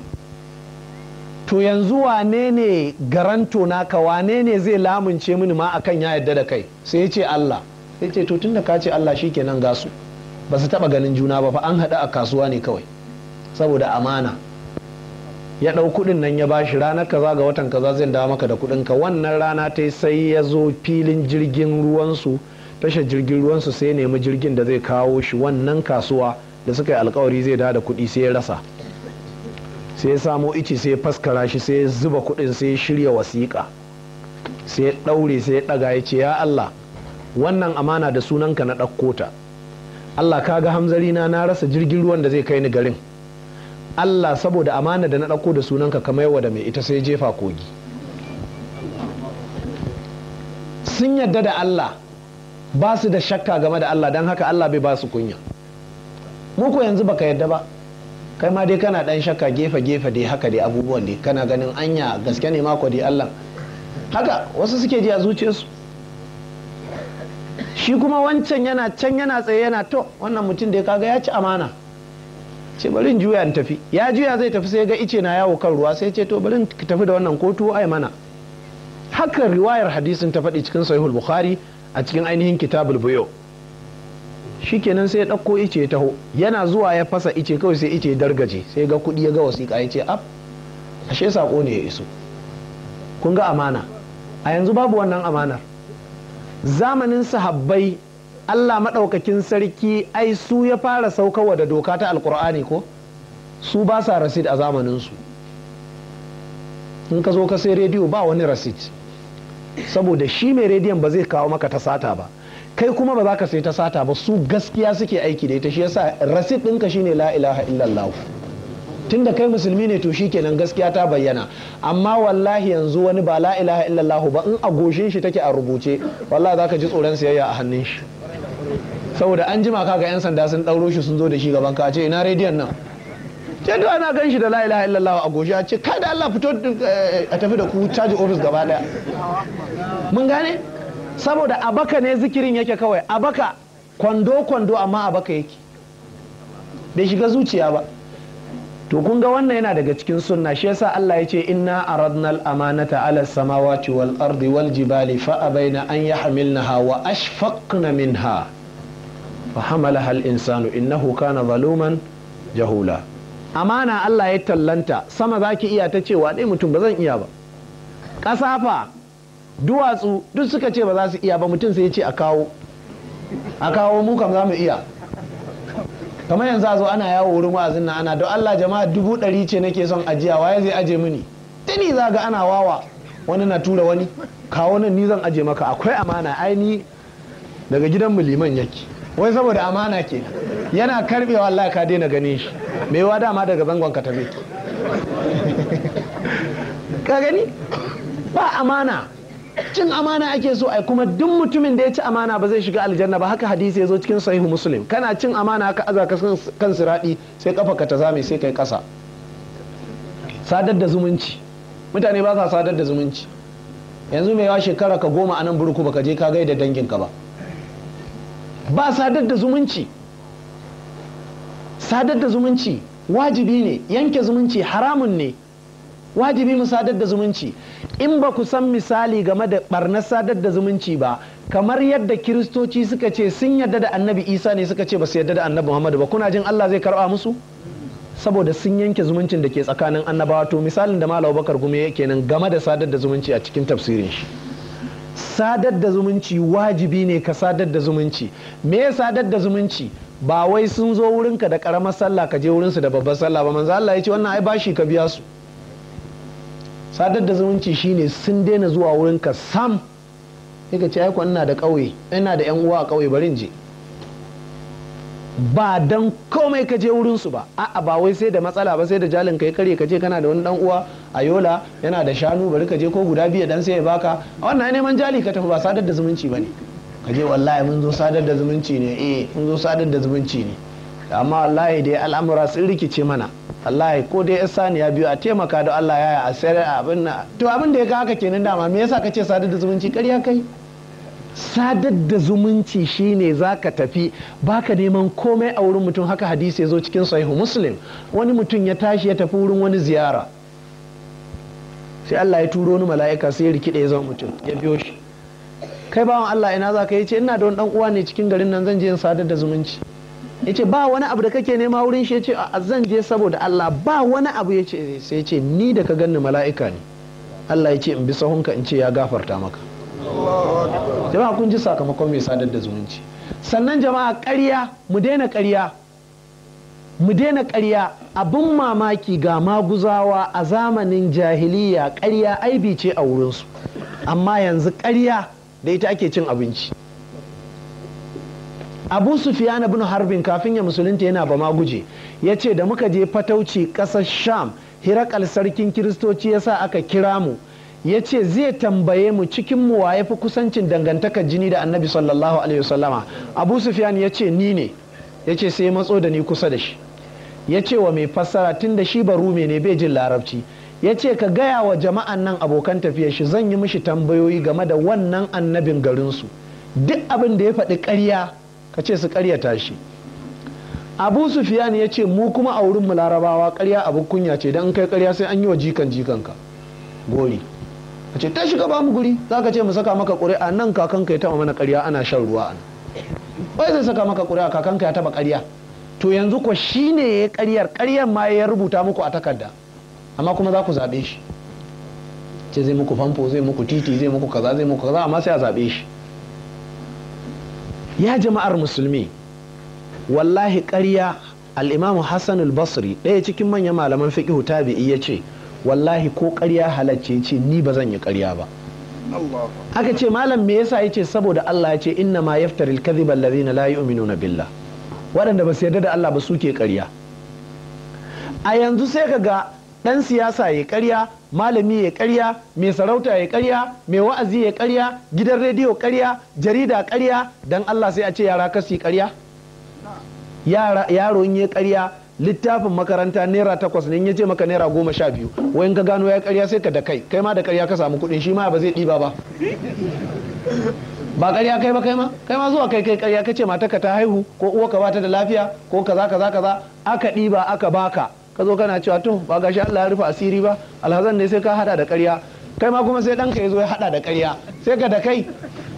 to yanzu wane ne garanto naka wane ne zai lamunce mini ma akan ya yadda da kai sai ya ce Allah sai ce to da ka ce Allah shikenan gasu ba su taba ganin juna ba fa an haɗu a kasuwa ne kawai saboda amana ya ɗau kuɗin nan ya bashi ranar kaza ga watan kaza zai dawo maka da kuɗin ka wannan rana ta sai ya zo filin jirgin ruwansu tashar jirgin ruwansu sai ya nemi jirgin da zai kawo shi wannan kasuwa da suka yi alkawari zai dawo da kuɗi sai ya rasa sai ya samo ice sai faskara shi sai ya zuba kudin sai ya shirya wasiƙa sai ya ɗaure sai ya ɗaga ya ce ya Allah wannan amana da sunanka na ɗauko ta Allah ka ga hamzarina na rasa jirgin ruwan da zai kai ni garin Allah saboda amana da na ɗauko da sunanka kamar yawa da mai ita sai jefa kogi sun yadda da Allah ba su da shakka game da Allah don haka Allah bai ba su kunya muku yanzu baka yadda ba kai ma dai kana dan shakka gefe gefe dai haka dai abubuwan dai kana ganin anya gaske ne mako dai Allah haka wasu suke ji a zuciyarsu shi kuma wancan yana can yana tsaye yana to wannan mutum da ya kaga ya ci amana ce bari juya in tafi ya juya zai tafi sai ga ice na yawo kan ruwa sai ce to bari tafi da wannan kotu ai mana haka riwayar hadisin ta faɗi cikin sahihul bukhari a cikin ainihin kitabul buyo shikenan sai ya ɗauko ice ya taho yana zuwa ya fasa ice kawai sai ice dargaje sai ga kuɗi ya ga wasiƙa ya ce ab ashe sako ne ya iso kun ga amana a yanzu babu wannan amanar zamanin sahabbai Allah maɗaukakin sarki ai su ya fara wa da doka ta alkur'ani ko su ba sa rasid a zamaninsu in ka zo ka sai rediyo ba wani rasid saboda shi mai rediyon ba zai kawo maka ta sata ba kai kuma ba za ka sai ta sata ba su gaskiya suke aiki da ita shi yasa rasid ɗinka shine la ilaha illallah tunda kai musulmi ne to shikenan gaskiya ta bayyana amma wallahi yanzu wani ba la ilaha illallah ba in a goshin shi take a rubuce wallahi za ka ji tsoron siyayya a hannun shi saboda an jima kaga yan sanda sun ɗauro shi sun zo da shi gaban ka ce ina rediyon nan ce da ana gan shi da la ilaha illallah a goshi a ce kada Allah fito eh, a tafi da ku caji ofis gaba daya mun gane saboda abaka ne zikirin yake kawai abaka kwando kwando amma abaka yake bai shiga zuciya ba to kun ga wannan yana daga cikin sunna shi yasa Allah ya ce inna aradna al-amanata ala samawati wal ardi wal jibali fa abaina an yahmilnaha wa ashfaqna minha fa hamalaha al-insanu innahu kana zaluman jahula amana Allah ya tallanta sama zaki iya ta cewa dai mutum ba zan iya ba ƙasa fa duwatsu duk suka ce ba za su iya ba mutum sai ya ce a kawo a kawo mu kam za mu iya kamar yanzu a zo ana yawo wurin wa'azin na ana don Allah jama'a dubu ɗari ce nake son ajiya ya zai aje mini tuni za ga ana wawa wani na tura wani kawo nan ni zan aje maka akwai amana ai daga gidan mu liman yake wai saboda amana ke yana karbewa Allah ka daina ganin shi me wa dama daga zangon ka tabe ka gani ba amana cin amana ake so ai kuma duk mutumin da ya ci amana ba zai shiga aljanna ba haka hadisi ya zo cikin sahih muslim kana cin amana ka aza ka kan siradi sai kafa ka ta zame sai kai kasa sadar da zumunci mutane ba sa sadar da zumunci yanzu mai yawa shekara ka goma anan nan burku baka je ka dangin ka ba ba sadar da zumunci sadar da zumunci wajibi ne yanke zumunci haramun ne wajibi mu sadar da zumunci in ba ku san misali game da barnar sadar da zumunci ba kamar yadda kiristoci suka ce sun yadda da annabi isa ne suka ce ba su yadda da annabi muhammadu ba kuna jin allah zai karba musu saboda sun yanke zumuncin da ke tsakanin annaba wato misalin da malam bakar gume yake nan game da sadar da zumunci a cikin tafsirin shi sadar da zumunci wajibi ne ka sadar da zumunci me sadar da zumunci ba wai sun zo wurinka da karamar sallah ka je wurinsu da babbar sallah ba manzo Allah ya ce wannan ai bashi ka biya su sadar da zumunci shine sun daina zuwa wurinka sam ka ce aiko ina da ƙauye ina da yan uwa a ƙauye barin je ba dan komai ka je wurinsu ba a'a ba wai sai da matsala ba sai da jalin kai kare ka je kana da wani dan uwa a yola yana da shanu bari ka je ko guda biyu dan sai ya baka wannan neman jali ka tafi ba sadar da zumunci ne ka je wallahi mun zo sadar da zumunci ne eh mun zo sadar da zumunci ne amma wallahi dai al'amura sun rikice mana wallahi ko dai yan ya biyu a taimaka da Allah ya a sayar abin na to abin da ya ga haka kenan dama me yasa kace sadar da zumunci ƙarya kai sadar da zumunci shine zaka tafi baka neman komai a wurin mutum haka hadisi ya zo cikin sahihu muslim wani mutum ya tashi ya tafi wurin wani ziyara sai Allah ya turo ni mala'ika sai ya rikide ya zama mutum ya biyo shi kai bawan Allah ina zaka yi ce ina da wani dan uwa ne cikin garin nan zan je in sadar da zumunci ya ce ba wani abu da kake nema wurin shi ya ce a zan je saboda Allah ba wani abu ya ce sai ya ce ni da ka ganni mala'ika ne Allah ya ce in bi sahunka in ce ya gafarta maka jama'a kun ji sakamakon mai sadar da zumunci sannan jama'a ƙarya mu daina ƙarya mu daina ƙarya abin mamaki ga maguzawa a zamanin jahiliya ƙarya aibi ce a wurinsu amma yanzu ƙarya da ita ake cin abinci abu sufiyan ibn harbin kafin ya musulunta yana ba ma guje ya ce da muka je fatauci ƙasar sham hirakal sarkin kiristoci ya sa aka kira mu ya ce zai tambaye mu cikin mu ya fi kusancin dangantakar jini da annabi sallallahu alaihi wasallama abu sufiyan ya ce ni ne ya ce sai matso da ni kusa da shi ya ce wa mai fassara tun da shi barume ne bai jin larabci ya ce ka gaya wa jama'an nan abokan tafiya shi zan yi mishi tambayoyi game da wannan annabin garinsu duk abin da ya faɗi ƙarya ka ce su karya shi abu sufiyan ya ce mu kuma a wurinmu larabawa karya abin kunya ce don kai karya sai an yi wa jikan jikanka gori a ce ta shiga ba mu guri za ka ce mu saka maka ƙuri'a nan kakan ka ya taba mana karya ana shan ruwa ana wai zai saka maka ƙuri'a ka ya taba karya to yanzu ko shi ne ya karyar karyar ma ya rubuta muku a takarda amma kuma za ku zaɓe shi ce zai muku famfo zai muku titi zai muku kaza zai muku kaza amma sai a zaɓe shi ya jama'ar musulmi wallahi ƙarya al'imamu hassan al-basri ɗaya cikin manyan malaman fiƙihu tabi'i ya ce wallahi ko ƙarya halacce ce ni ba zan yi ƙarya ba aka ce malam me yasa ya ce saboda Allah ya ce inna ma yaftari al-kadhiba alladhina la yu'minuna billah waɗanda ba su yarda da Allah ba suke ƙarya a yanzu sai ka ga ɗan siyasa ya ƙarya malami ya karya mai sarauta ya karya mai wa'azi ya karya gidan rediyo karya jarida karya don Allah sai a ce yara kasi karya yaro in ya karya littafin makaranta naira takwas ne in ya maka naira goma sha biyu wayan ka gano ya karya sai ka da kai kai ma da karya ka samu kuɗin shi ma ba zai ɗiba ba ba karya kai ba kai ma kai ma zuwa kai kai karya mata ka ta haihu ko ka ba ta da lafiya ko kaza kaza kaza aka ɗiba aka baka ka zo kana cewa to ba gashi Allah ya rufe asiri ba alhazan ne sai ka hada da ƙarya kai ma kuma sai dan ya zo ya hada da ƙarya sai ka da kai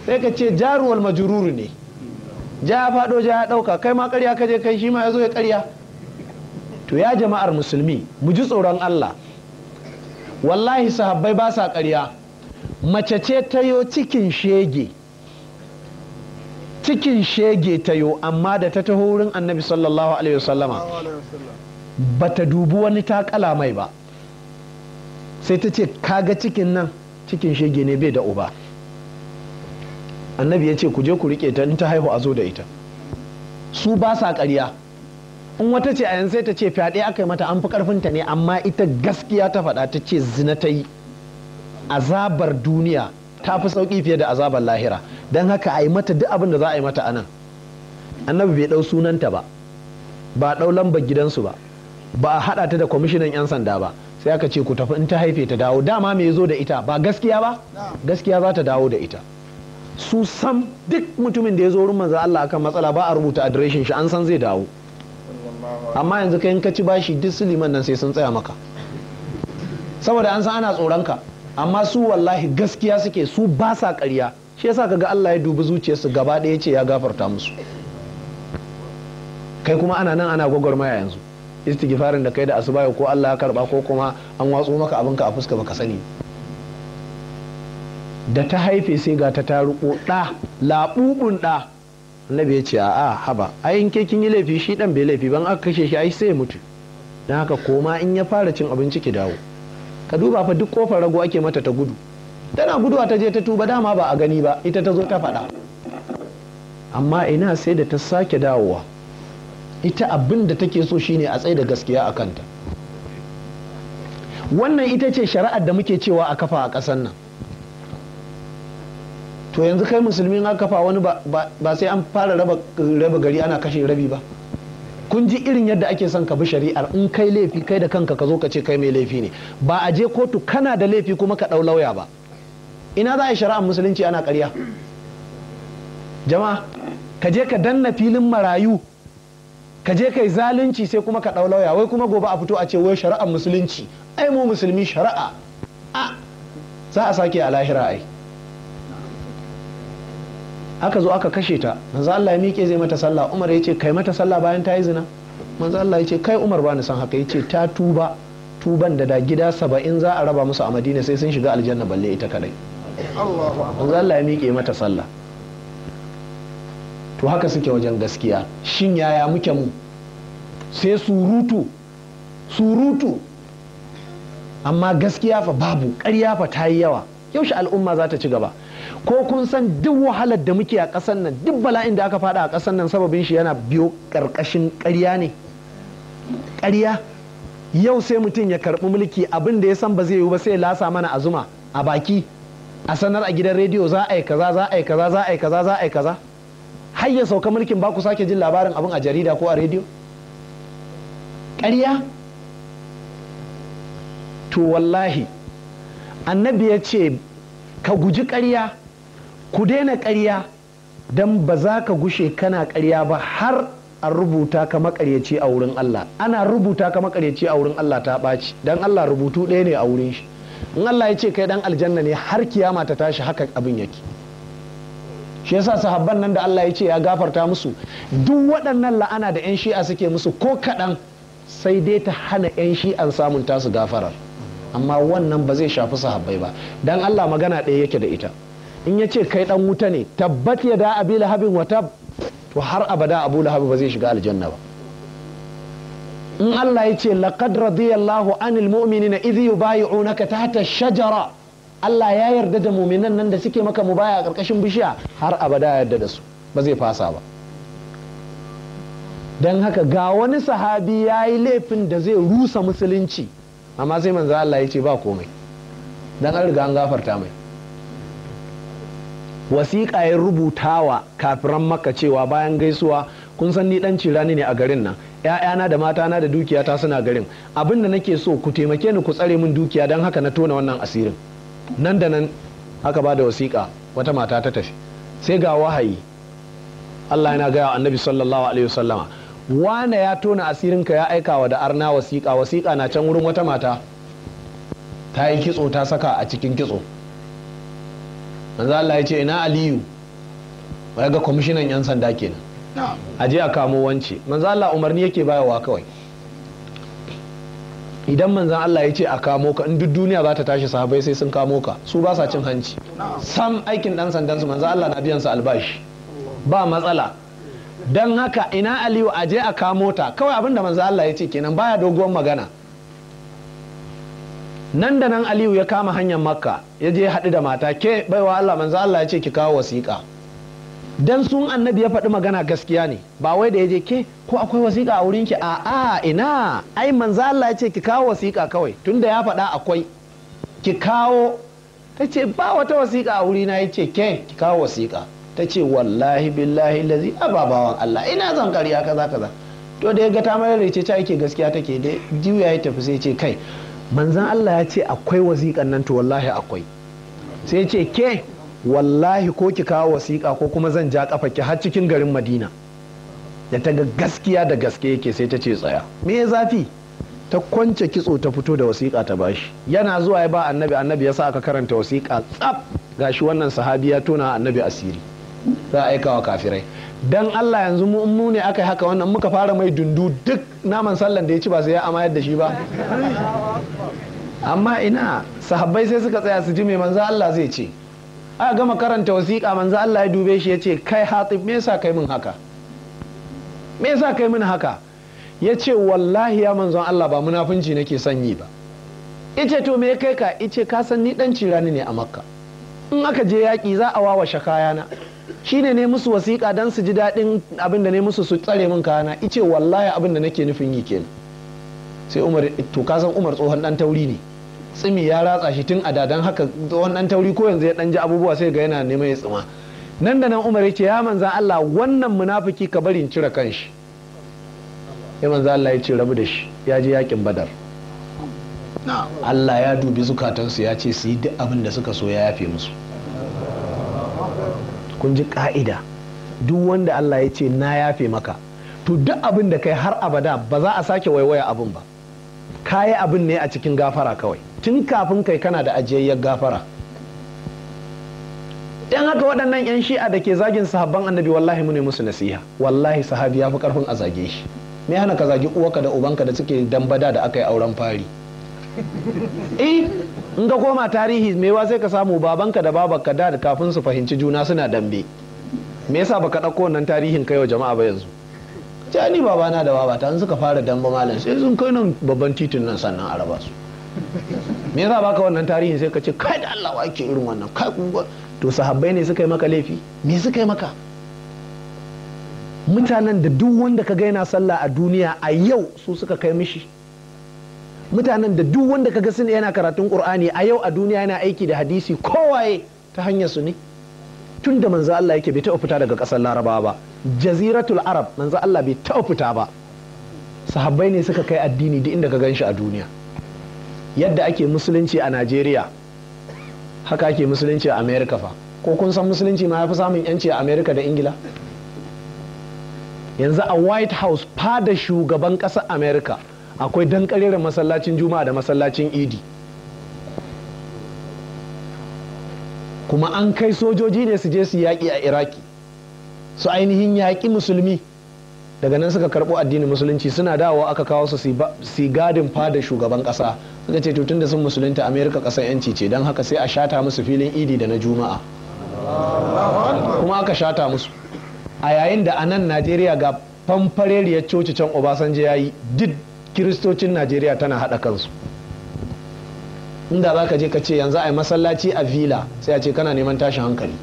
sai ka ce jaruwal majururu ne ja ya faɗo ja ya ɗauka kai ma ƙarya ka je kai shi ma ya zo ya ƙarya to ya jama'ar musulmi mu ji tsoron Allah wallahi sahabbai ba sa ƙarya mace ce tayo cikin shege cikin shege tayo amma da ta taho wurin annabi sallallahu alaihi wasallama bata dubi wani takala mai ba sai ta ce kaga cikin nan cikin shege ne bai da uba annabi ya ce ku je ku rike ta in ta haihu a zo da ita su ba sa ƙarya in wata ce a yanzu sai ta ce fyaɗe aka yi mata an fi ƙarfinta ne amma ita gaskiya ta faɗa ta ce zina ta yi azabar duniya ta fi sauƙi fiye da azabar lahira don haka a yi mata duk abin da za a yi mata anan annabi bai ɗau sunanta ba ba ɗau lambar gidansu ba ba a haɗa ta da kwamishinan 'yan sanda ba sai aka ce ku tafi in ta haife ta dawo dama me zo da ita ba gaskiya ba gaskiya za ta dawo da ita su sam duk mutumin da ya zo wurin za' Allah akan matsala ba a rubuta adireshin shi an san zai dawo amma yanzu kai in ka ci bashi duk suliman nan sai sun tsaya maka saboda an san ana tsoron ka amma su wallahi gaskiya suke su ba sa ƙarya shi yasa kaga Allah ya dubi zuciyarsu gaba ɗaya ce ya gafarta musu kai kuma ana nan ana gwagwarmaya yanzu istighfarin da kai da asuba ko Allah ya karba ko kuma an watso maka abin ka a fuska baka sani da ta haife sai ga ta taruko ɗa labubun ɗa annabi ya ce a'a haba in ke kin yi laifi shi dan bai laifi ban aka kashe shi ai sai mutu dan haka koma in ya fara cin abinci ki dawo ka duba fa duk kofar rago ake mata ta gudu tana guduwa ta je ta tuba dama ba a gani ba ita ta zo ta faɗa amma ina sai da ta sake dawowa ita abin da take so shine a tsaye da gaskiya a kanta wannan ita ce shari'ar da muke cewa a kafa a ƙasar nan to yanzu kai musulmin aka kafa wani ba sai an fara raba gari ana kashe rabi ba kun ji irin yadda ake son ka bi shari'ar in kai laifi kai da kanka ka zo ka ce kai mai laifi ne ba a je kotu kana da laifi kuma ka ɗau lauya ba ina za a yi shari'ar musulunci ana karya jama'a ka je ka danna filin marayu ka je kai zalunci sai kuma ka ɗau lauya wai kuma gobe a fito a ce wai shari'ar musulunci ai mu musulmi shari'a a za a sake a lahira ai aka zo aka kashe ta manzo Allah ya miƙe zai mata sallah Umar ya ce kai mata sallah bayan ta yi zina manzo Allah ya ce kai Umar ba ni san haka ya ce ta tuba tuban da da gida saba'in za a raba musu a Madina sai sun shiga aljanna balle ita kadai manzo Allah ya miƙe mata sallah to haka suke wajen gaskiya shin yaya muke mu sai surutu surutu amma gaskiya fa babu ƙarya fa ta yi yawa yaushe al'umma za ta ci gaba ko kun san duk wahalar da muke a ƙasar nan duk bala'in da aka faɗa a ƙasar nan sababin shi yana biyo ƙarƙashin ƙarya ne ƙarya yau sai mutum ya karɓi mulki abin da ya san ba zai yi ba sai lasa mana azuma a baki a sanar a gidan rediyo za a yi kaza za a yi kaza za a yi kaza za a yi kaza har ya sauka mulkin ba ku sake jin labarin abin a jarida ko a rediyo ƙarya to wallahi annabi ya ce ka guji ƙarya ku daina ƙarya don ba za ka gushe kana ƙarya ba har a rubuta ka makaryaci a wurin Allah ana rubuta ka makaryaci a wurin Allah ta ɓaci don Allah rubutu ɗaya ne a wurin shi in Allah ya ce kai ɗan aljanna ne har kiyama ta tashi haka abin yake shi yasa sahabban nan da Allah ya ce ya gafarta musu duk waɗannan la'ana da 'yan shi'a suke musu ko kaɗan sai dai ta hana 'yan shi'an samun tasu gafarar amma wannan ba zai shafi sahabbai ba dan Allah magana ɗaya yake da ita in ya ce kai ɗan wuta ne tabbat ya da abi lahabin wata to har abada abu lahabi ba zai shiga aljanna ba in Allah ya ce laqad radiyallahu anil mu'minina idh yubayi'unaka tahta shajara Allah ya yarda da muminan nan da suke maka mu baya ƙarƙashin bishiya har abada ya yarda da su ba zai fasa ba don haka ga wani sahabi ya yi laifin da zai rusa musulunci amma sai manzo Allah ya ce ba komai don an riga an gafarta mai wasiƙa ya rubutawa kafiran maka cewa bayan gaisuwa kun san ni dan cirani ne a garin nan ‘ya'yana da matana da dukiya ta suna garin abin da nake so ku taimake ni ku tsare min dukiya don haka na tona wannan asirin nan da nan aka ba da wasiƙa wata mata ta tafi sai ga wahayi Allah yana gaya annabi sallallahu alaihi wasallama wane ya tona asirinka ya aika wa da arna wasiƙa wasiƙa na can wurin wata mata ta yi kitso ta saka a cikin kitso manzo Allah ya ce ina aliyu ga kwamishinan yan sanda kenan a je a kamo wance manzo Allah umarni yake bayawa kawai idan manzan Allah ya ce a kamo ka in duk duniya za ta tashi sahabai sai sun kamo ka su ba sa cin hanci sam aikin dan sandan su manzan Allah na biyan su albashi ba matsala dan haka ina Aliyu a je a kamo ta kawai abin da manzan Allah ya ce kenan baya doguwan magana nan da nan Aliyu ya kama hanyar Makka ya je haɗu da mata ke baiwa Allah manzan Allah ya ce ki kawo wasiƙa dan sun annabi ya faɗi magana gaskiya ne ba wai da ya je ke ko akwai wasiƙa a wurinki a a ina ai manzo Allah ya ce ki kawo wasiƙa kawai tunda ya faɗa akwai ki kawo ta ce ba wata wasiƙa a wurina ya ce ke ki kawo wasiƙa ta ce wallahi billahi lazi ababawan Allah ina zan karya kaza kaza to da ya ga ta mayar ce ta yake gaskiya take da juya ya tafi sai ce kai manzan Allah ya ce akwai wasiƙan nan to wallahi akwai sai ya ce ke wallahi ko ki kawo wasiƙa ko kuma zan ja ƙafa ki har cikin garin madina da ta ga gaskiya da gaske yake sai ta ce tsaya me ya zafi ta kwance kitso ta fito da wasiƙa ta bashi yana zuwa ya ba annabi annabi ya sa aka karanta wasiƙa tsaf gashi wannan sahabi ya tona annabi asiri za a aika wa kafirai dan Allah yanzu mu mu ne aka yi haka wannan muka fara mai dundu duk naman sallan da ya ci ba sai ya amayar da shi ba amma ina sahabbai sai suka tsaya su ji mai manzo Allah zai ce a gama karanta wasiƙa manzo Allah ya dube shi ya ce kai hatib me yasa kai min haka me yasa kai min haka ya ce wallahi ya manzo Allah ba munafunci nake sanyi yi ba ice to me kai ka ice ka san ni dan cirani ne a makka in aka je yaki za a wawashe kayana shine ne musu wasiƙa dan su ji daɗin abin da ne musu su tsare min kayana ice wallahi abin da nake nufin yi kenan sai umar to ka san umar tsohon dan tauri ne tsimi ya ratsa shi tun a da don haka wannan tauri ko yanzu ya dan ji abubuwa sai ga yana neman ya tsima nan da nan umar yace ya manza Allah wannan munafuki ka bari in cire kanshi ya manza Allah ya ce rabu da shi ya je yakin badar Allah ya dubi zukatansu ya ce su yi duk abin da suka so ya yafe musu kun ji ka'ida duk wanda Allah ya ce na yafe maka to duk abin da kai har abada ba za a sake waiwaya abin ba kayi abin ne a cikin gafara kawai tun kafin kai kana da ajiyayyar gafara dan haka waɗannan 'yan shi'a da ke zagin sahabban annabi wallahi mu ne musu nasiha wallahi sahabi ya fi karfin a zage shi me hana ka zagi uwarka da ubanka da suke dambada da aka yi auren fari eh in ka koma tarihi mewa sai ka samu babanka da babanka da kafin su fahimci juna suna dambe me yasa baka ɗauko wannan tarihin kai wa jama'a ba yanzu ni babana da babata in suka fara damba malam sai sun kai nan babban titin nan sannan a su me yasa baka wannan tarihin sai ka ce kai da Allah wa ake irin wannan kai to sahabbai ne suka yi maka laifi me suka yi maka mutanen da duk wanda ka gaina sallah a duniya a yau su suka kai mishi mutanen da duk wanda ka ga sun yana karatun qur'ani a yau a duniya yana aiki da hadisi kowaye ta hanyar su ne tun da manzo Allah yake bai taɓa fita daga ƙasar Laraba ba jaziratul arab manzo Allah bai taɓa fita ba sahabbai ne suka kai addini duk inda ka gan shi a duniya yadda ake musulunci a najeriya haka ake musulunci a Amerika fa ko kun san musulunci ma ya fi samun yanci a Amerika da ingila yanzu a white house fada shugaban ƙasar amerika akwai dan masallacin juma'a da masallacin idi kuma an kai sojoji ne su je su yaƙi a iraki su ainihin yaƙi musulmi daga nan suka karɓo addinin musulunci suna dawo aka kawo su si gadin fada shugaban kasa suka ce tutun da sun musulunta amerika kasar yanci ce don haka sai a shata musu filin idi da na juma'a kuma aka shata musu a yayin da a nan najeriya ga fanfareriyar coci can obasanjo ya yi duk kiristocin najeriya tana haɗa kansu inda za ka je ka ce yanzu a yi masallaci a vila sai a ce kana neman tashin hankali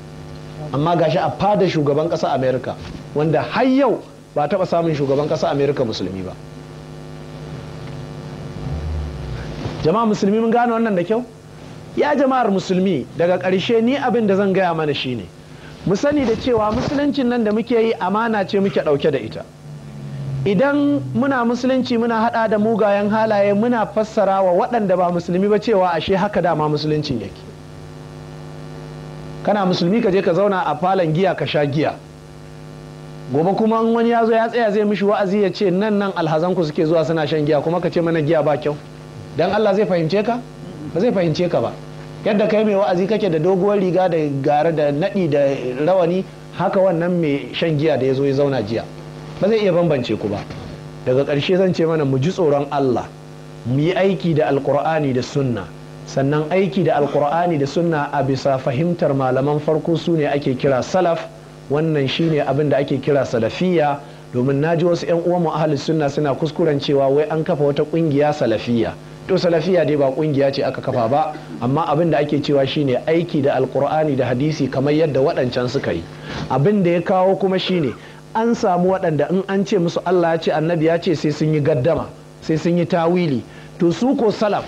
amma gashi a fada shugaban kasa amerika wanda har yau ba taɓa samun shugaban ƙasa amerika musulmi ba jama'a musulmi mun gane wannan da kyau ya jama'ar musulmi daga ƙarshe ni abin da zan gaya mana shine mu sani da cewa musuluncin nan da muke yi amana ce muke ɗauke da ita idan muna musulunci muna haɗa da mugayen halaye muna fassara wa waɗanda ba musulmi ba cewa ashe haka dama musuluncin yake kana musulmi ka je ka zauna a falon giya ka sha giya gobe kuma in wani ya zo ya tsaya zai mishi wa'azi ya ce nan nan alhazan ku suke zuwa suna shan giya kuma ka ce mana giya ba kyau dan Allah zai fahimce ka ba zai fahimce ka ba yadda kai mai wa'azi kake da doguwar riga da gare da nadi da rawani haka wannan mai shan giya da ya zo ya zauna jiya ba zai iya bambance ku ba daga ƙarshe zan ce mana mu ji tsoron Allah mu yi aiki da alkur'ani da sunna sannan aiki da alkur'ani da sunna a bisa fahimtar malaman farko su ne ake kira salaf wannan shine abin da ake kira salafiya domin na ji wasu 'yan uwan ahalus sunna suna kuskuren cewa wai an kafa wata kungiya salafiya to salafiya dai ba kungiya ce aka kafa ba amma abin da ake cewa shine aiki da alkur'ani da hadisi kamar yadda waɗancan suka yi abin da ya kawo kuma shine an samu waɗanda in an ce musu Allah ya ce annabi ya ce sai sun yi gaddama sai sun yi tawili to su ko salaf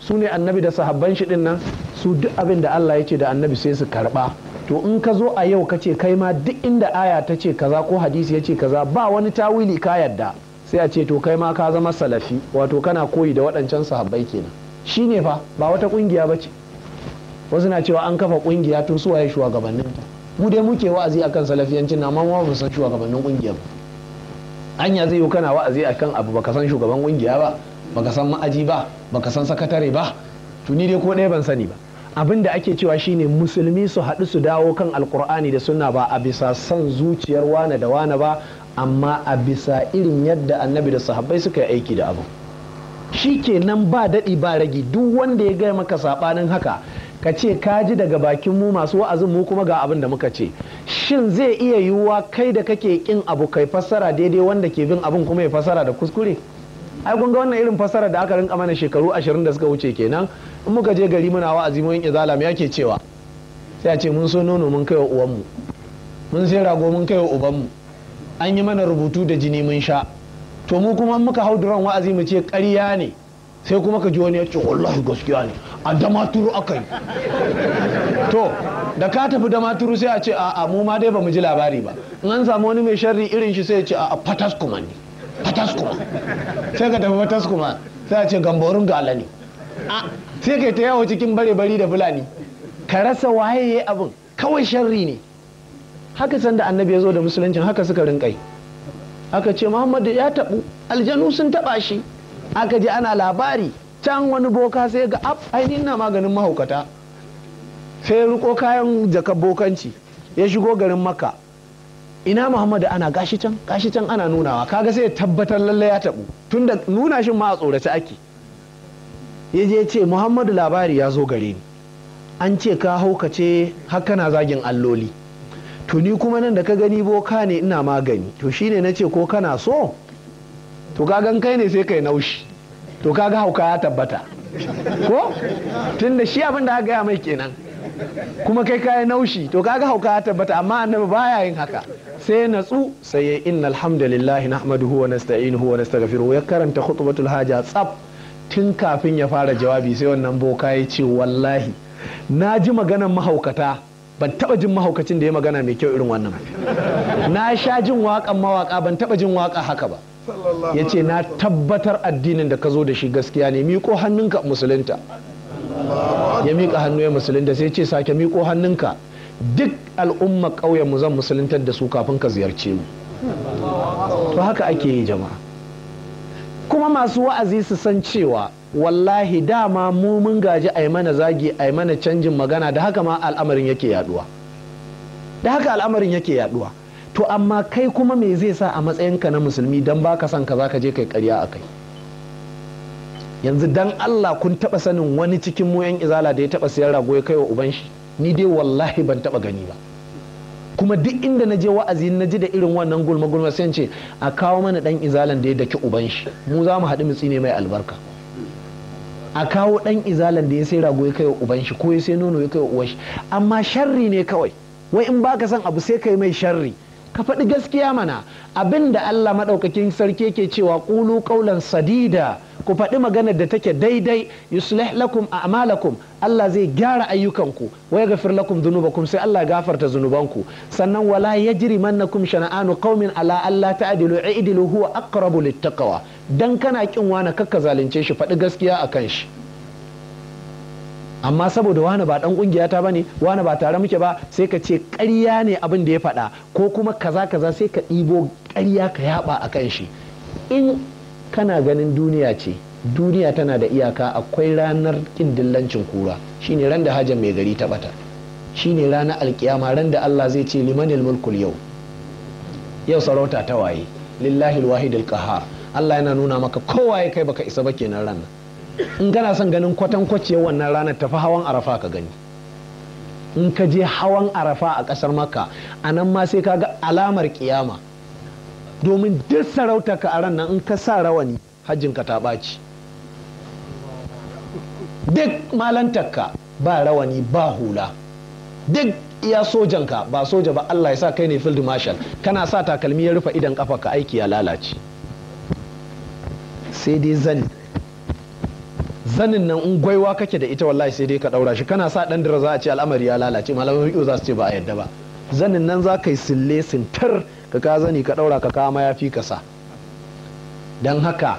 su ne annabi da sahabban shi din nan su duk abin da Allah ya ce da annabi sai su karba to in ka zo a yau kace kai ma duk inda aya ta ce kaza ko hadisi ya ce kaza ba wani tawili ka yadda sai a ce to kai ma ka zama salafi wato kana koyi da waɗancan sahabbai kenan ne fa ba wata kungiya ce. wasu na cewa an kafa kungiya tun su waye shugabannin ta mu dai muke wa'azi akan salafiyancin na amma ba san shugabannin kungiyar anya zai yi kana wa'azi akan abu baka san shugaban kungiya ba baka san ma'aji ba baka san sakatare ba tuni dai ko ɗaya ban sani ba abin da ake cewa shine musulmi su haɗu su dawo kan alkur'ani da suna ba a bisa son zuciyar wane da wane ba amma a bisa irin yadda annabi da sahabbai suka yi aiki da abu shi ke nan ba daɗi ba ragi duk wanda ya gaya maka saɓanin haka ka ce ka ji daga bakin mu masu wa'azin mu kuma ga abin da muka ce shin zai iya yiwuwa kai da kake kin abu kai fassara daidai wanda ke bin abin kuma ya fassara da kuskure ai kun ga wannan irin fasara da aka rinka mana shekaru ashirin da suka wuce kenan in muka je gari muna wa'azi mun izala me yake cewa sai a ce mun so nono mun kai wa uwanmu mun sai rago mun kai wa ubanmu an yi mana rubutu da jini mun sha to mu kuma muka hau duran wa'azi mu ce ƙarya ne sai kuma ka ji wani ya ce wallahi gaskiya ne a damaturu aka yi to da ka tafi damaturu sai a ce a mu ma dai bamu ji labari ba in an samu wani mai sharri irin shi sai ya ce a fatas kuma ne fataskuma sai ka tafi fataskuma sai a ce gamborin ne sai kai ta yawo cikin bare bari da fulani ka rasa waye abin kawai sharri ne haka sanda annabi ya zo da musuluncin haka suka rinkai aka ce muhammadu ya taɓu aljanu sun taɓa shi aka ji ana labari can wani boka sai ga ab ainihin na maganin mahaukata sai ya riko kayan jaka bokanci ya shigo garin Makka. ina muhammadu ana gashi can gashi can ana nunawa kaga sai tabbatar lallai ya tabu tunda nuna shi ma a tsorata ake ya je ce muhammadu labari ya zo gare ni an ce ka haukace har kana zagin alloli to ni kuma nan da ka gani boka ne ina magani to shine na ce ko kana so to gan kai ne sai kai naushi to kaga hauka ya tabbata ko tun da shi abin da gaya mai kenan kuma kai kayan naushi to kaga hauka ya tabbata amma annabi baya yin haka sai natsu sai ya inna alhamdulillahi na sta'inu huwa na stagafiru ya karanta khutbatul haja tsaf tun kafin ya fara jawabi sai wannan boka ya ce wallahi na ji maganan mahaukata ban taba jin mahaukacin da ya magana mai kyau irin wannan na sha jin waƙan mawaƙa ban taba jin waƙa haka ba ya ce na tabbatar addinin da ka zo da shi gaskiya ne miƙo hannunka musulunta ya miƙa hannu ya musulunta sai ce sake miƙo hannunka duk al'umma ƙauyen mu zan musuluntar da su kafin ka ziyarce mu to haka ake yi jama'a kuma masu wa'azi su san cewa wallahi dama mu mun gaji a mana zagi a mana canjin magana da haka ma al'amarin yake yaduwa da haka al'amarin yake yaduwa to amma kai kuma me zai sa a matsayinka na musulmi dan baka son ka zaka je kai karya a kai yanzu dan Allah kun taba sanin wani cikin mu izala da ya taba siyar rago ya kai wa uban shi ni dai wallahi ban taba gani ba kuma duk inda na je wa'azi na ji da irin wannan gulma gulma sai ce a kawo mana dan izalan da ya daki uban shi mu za mu haɗu mu tsine mai albarka a kawo dan izalan da ya sai rago ya kai wa uban shi ko ya sai nono ya kai wa uwan shi amma sharri ne kawai wai in baka san abu sai kai mai sharri ka faɗi gaskiya mana abinda Allah maɗaukakin sarki yake cewa ƙulu ƙaulan sadida ku faɗi maganar da take daidai yuslih lakum a'malakum Allah zai gyara ayyukanku wa yaghfir lakum dhunubakum sai Allah gafarta zunubanku sannan wala ya kum shana'anu qaumin ala alla ta'dilu i'dilu huwa aqrabu littaqwa dan kana kin wani kakka zalunce shi faɗi gaskiya akan shi amma saboda wani ba dan kungiya ta bane wani ba tare muke ba sai ka ce ƙarya ne abin da ya faɗa ko kuma kaza kaza sai ka ɗibo ƙarya ka yaba akan shi in kana ganin duniya ce duniya tana da iyaka akwai ranar ƙindillancin kura shine ran da hajjan mai gari ta bata shine ranar alkiyama ran da Allah zai ce limanil mulkul yau yau sarauta ta waye lillahi wahidil kaha Allah yana nuna maka kowa ya kai baka isa ba kenan ranar in kana son ganin kwatan kwace wannan ranar tafi hawan arafa ka gani in ka je hawan arafa a kasar makka anan ma sai ka ga alamar kiyama domin duk sarauta ka a ran nan in ka sa rawani hajjinka ta ɓaci duk malantarka ba rawani ba hula duk iya sojanka ba soja ba Allah ya sa kai ne field marshal kana sa takalmi ya rufe idan kafa ka aiki ya lalace sai dai zani zanin nan in gwaiwa kake da ita wallahi sai dai ka daura shi kana sa dan dira za a ce al'amari ya lalace malaman fiqh za su ce ba a yadda ba zanin nan za ka yi sille sintar ka ka zani ka ɗaura ka kama ya fi kasa don haka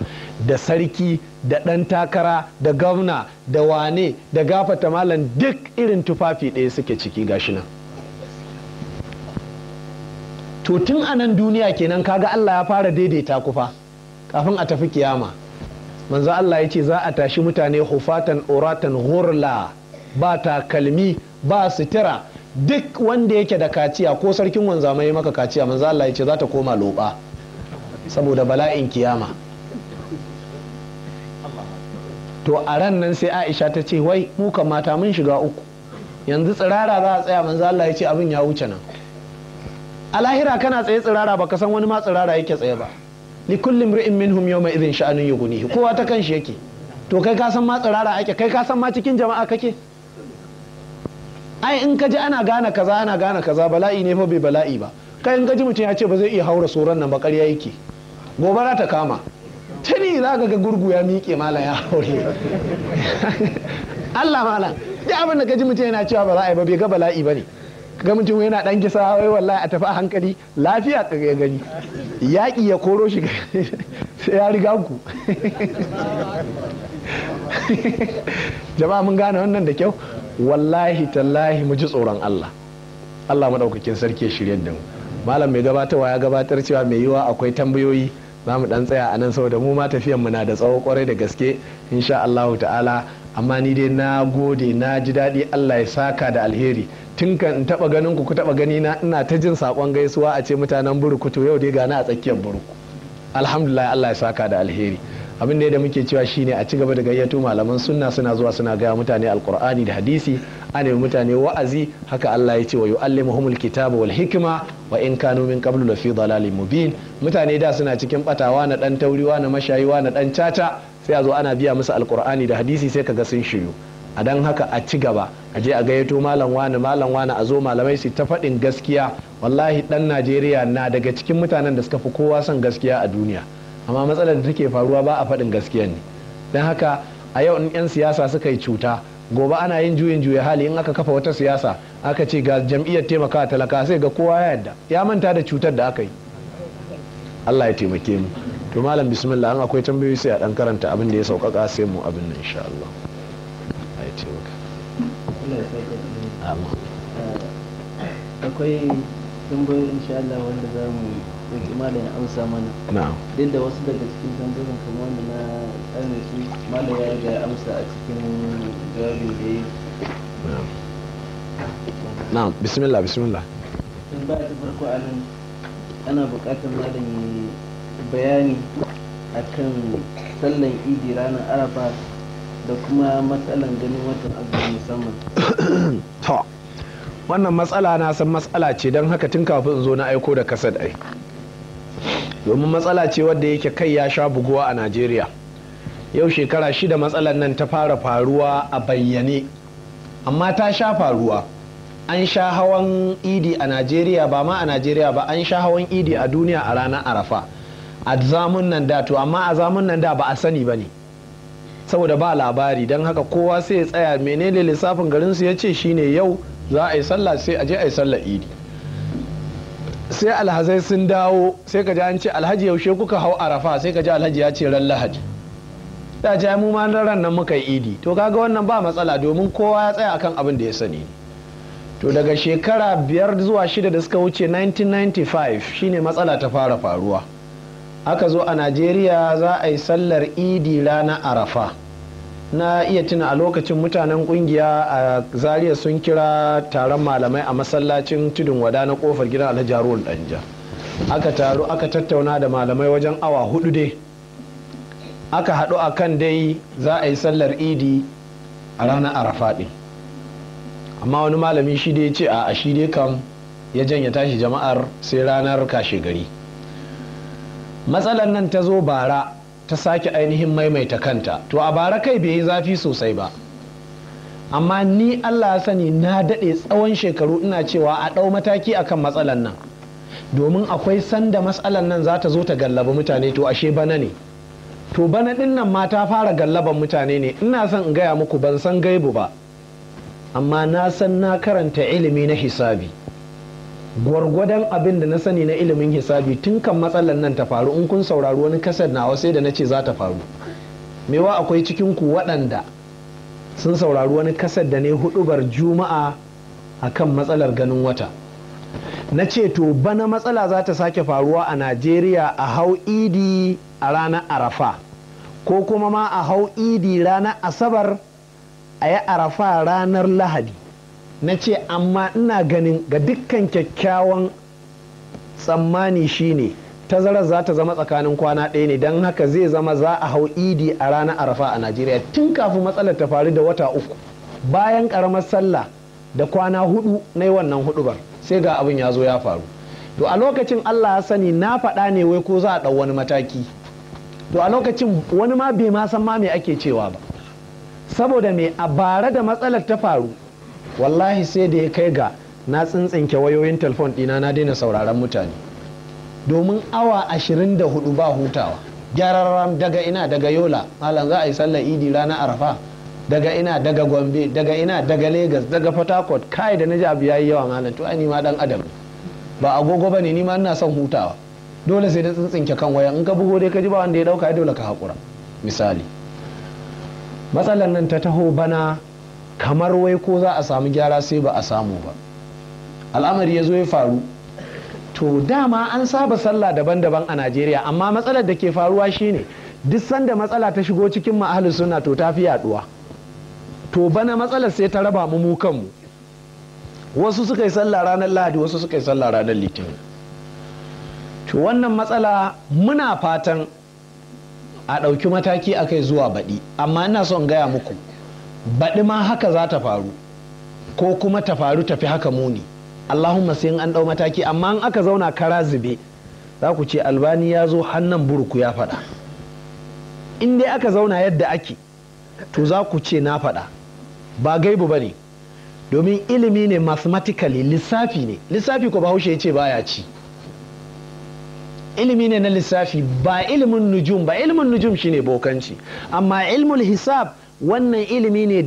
da sarki da ɗan takara da gwamna da wane da gafata malam duk irin tufafi ɗaya suke ciki gashi nan to tun a nan duniya kenan kaga allah ya fara daidaita kufa kafin a tafi kiyama manzo allah ya ce za a tashi mutane hufatan oratan hurla ba takalmi ba sutura duk wanda yake da kaciya ko sarkin wanzamai maka kaciya manzo Allah ya ce za ta koma loba saboda bala'in kiyama to a ran nan sai Aisha ta ce wai mu kan mata mun shiga uku yanzu tsirara za a tsaya manzo Allah ya ce abin ya wuce nan a lahira kana tsaye tsirara baka san wani ma tsirara yake tsaye ba li kullum ri'in minhum yawma idhin sha'anun yughnihi kowa ta kanshi yake to kai ka san ma tsirara ake kai ka san ma cikin jama'a kake ai in ka ji ana gane kaza ana gane kaza bala'i ne fa bai bala'i ba kai in ka ji mutum ya ce ba zai iya haura soran nan ba ƙarya yake Gobe za ta kama tuni za ka ga gurgu ya miƙe mala ya haure Allah mala duk abin da ka ji mutum yana cewa bala'i ba bai ga bala'i ba ne ga mutum yana dan gisa wai wallahi a tafi a hankali lafiya ga gani yaƙi ya koro shi sai ya riga ku jama'a mun gane wannan da kyau wallahi tallahi mu ji tsoron Allah Allah madaukakin sarki shiryar shirye da mu malam mai gabatarwa ya gabatar cewa mai yiwa akwai tambayoyi za mu dan tsaya a nan saboda mu ma tafiyan mu na da tsawo kwarai da gaske insha Allah ta'ala amma ni dai na gode na ji daɗi Allah ya saka da alheri tun kan taba ganin ku ku taba gani na ina ta jin sakon gaisuwa a ce mutanen burkutu yau dai gana a tsakiyar burku alhamdulillah Allah ya saka da alheri abin da muke cewa shi ne a cigaba da gayyato malaman sunna suna zuwa suna gaya mutane alkur'ani da hadisi a nemi mutane wa'azi haka Allah ya ce wa yu'allimuhumul kitaba wal hikima wa in kanu min qablu lafi dalalin mubin mutane da suna cikin batawa na dan tauriwa na mashayiwa na dan caca sai a zo ana biya musu alkur'ani da hadisi sai kaga sun shiru a don haka a ci gaba a je a gayyato malam wani malam wani a zo malamai su ta faɗin gaskiya wallahi dan najeriya na daga cikin mutanen da suka fi kowa son gaskiya a duniya amma matsalar da take faruwa ba a faɗin gaskiya ne don haka a yau in 'yan siyasa suka yi cuta gobe ana yin juyin juya hali in aka kafa wata siyasa aka ce ga jam'iyyar taimaka talaka sai ga kowa ya yadda ya manta da cutar da aka yi allah ya taimake mu to malam bismillah an akwai tambayoyi sai a dan karanta abin da ya sauƙaƙa sai mu abin nan insha allah
eh, akwai tambayoyi insha allah wanda za mu malam ya amsa mana na'am din da wasu daga cikin tambayoyin kamar wanda na tsane su malam ya ga amsa a cikin jawabin da yi
na'am bismillah bismillah
tun ba ta farko anan ana buƙatar malam bayani akan sallan idi ranar arafa da kuma matsalan ganin watan azumi musamman
wannan matsala na san matsala ce don haka tun kafin zo na aiko da kasad ai domin matsala ce wadda yake kai ya sha buguwa a najeriya yau shekara shida matsalar nan ta fara faruwa a bayyane amma ta sha faruwa an sha hawan idi a najeriya ba ma a najeriya ba an sha hawan idi a duniya a ranar arafa a zamun nan da to amma a zamun nan da ba a sani ba ne saboda ba labari don haka kowa sai ya tsaya menene lissafin garinsu ya ce shine yau za a yi sallah sai a je a yi sallah idi sai alhazai sun dawo sai ka ji an ce alhaji yaushe kuka hau arafa sai ka ji alhaji ya ce ran lahadi da ce mu ma ran nan muka yi idi to kaga wannan ba matsala domin kowa ya tsaya akan abin da ya sani to daga shekara biyar zuwa shida da suka wuce 1995 shine matsala ta fara faruwa aka zo a najeriya za a yi sallar idi ranar arafa na iya tuna a lokacin mutanen kungiya a Zariya sun kira taron malamai a masallacin tudun wada na kofar gidan alhaji danja aka taru aka tattauna da malamai wajen awa hudu dai aka haɗu a kan dai za a yi sallar idi a ranar arafa ɗin amma wani malami shi dai ce a shi dai kam ya janya tashi jama'ar sai ranar kashe gari matsalar nan ta zo bara ta sake ainihin maimaita kanta to a bara kai bai yi zafi sosai ba amma ni allah ya sani na daɗe tsawon shekaru ina cewa a ɗau mataki akan matsalan nan domin akwai sanda matsalan nan za ta zo ta gallaba mutane to ashe bana ne to bana ɗin nan ma ta fara gallaban mutane ne ina son in gaya muku ban san gaibu ba amma na san na karanta ilimi na hisabi gwargwadon abin da na sani na ilimin hisabi tun kan matsalar nan ta faru in kun saurari wani kasar na sai da na ce za ta faru mewa akwai cikin ku waɗanda sun saurari wani kasar da ne hudubar juma'a a kan matsalar ganin wata na ce to bana matsala za ta sake faruwa a najeriya a hau idi a ranar arafa ko kuma ma a hau idi ranar asabar a yi arafa ranar lahadi na ce amma ina ganin ga dukkan kyakkyawan tsammani shine tazarar za ta zama tsakanin kwana ɗaya ne don haka zai zama za a hau idi a ranar arafa a najeriya tun kafin matsalar ta faru da wata uku bayan karamar sallah da kwana hudu na wannan hudu hudubar sai ga abin ya zo ya faru to a lokacin allah ya sani na faɗa ne wai ko za a ɗau wani mataki to a lokacin wani ma bai ma san ma me ake cewa ba saboda me a bara da matsalar ta faru wallahi sai da ya kai ga na tsintsinke wayoyin telefon dina na daina sauraron mutane domin awa ashirin da hudu ba hutawa gyararram daga ina daga yola malam za a yi sallar idi rana arafa daga ina daga gombe daga ina daga lagos daga port harcourt kai da na ji abu yayi yawa malam to ma dan adam ba agogo bane ni ma ina son hutawa dole sai na tsintsinke kan waya in ka bugo dai ka ji ba wanda ya dauka dole ka hakura misali matsalar nan ta taho bana kamar wai ko za a samu gyara sai ba a samu ba al'amari ya zo ya faru to dama an saba sallah daban-daban a najeriya amma matsalar da ke faruwa shine duk sanda matsala ta shigo cikin ma'ahal suna to ta fi yaduwa to bana matsalar sai ta raba mu mu kanmu wasu suka yi sallah ranar lahadi wasu suka yi sallah ranar litinin to wannan matsala muna fatan a ɗauki mataki a kai zuwa baɗi amma ina son gaya muku baɗi ma haka za ta faru ko kuma ta faru tafi haka muni allahumma sai an ɗau mataki amma in aka zauna kara zube za ku ce albani ya zo hannan burku ya faɗa in aka zauna yadda ake to za ku ce na faɗa ba gaibu ba ne domin ilimi ne mathematically lissafi ne lissafi ko bahaushe ya ce baya ci ilimi ne na lissafi ba ilimin nujum ba ilimin nujum shine bokanci amma ilmul hisab wannan ilimi ne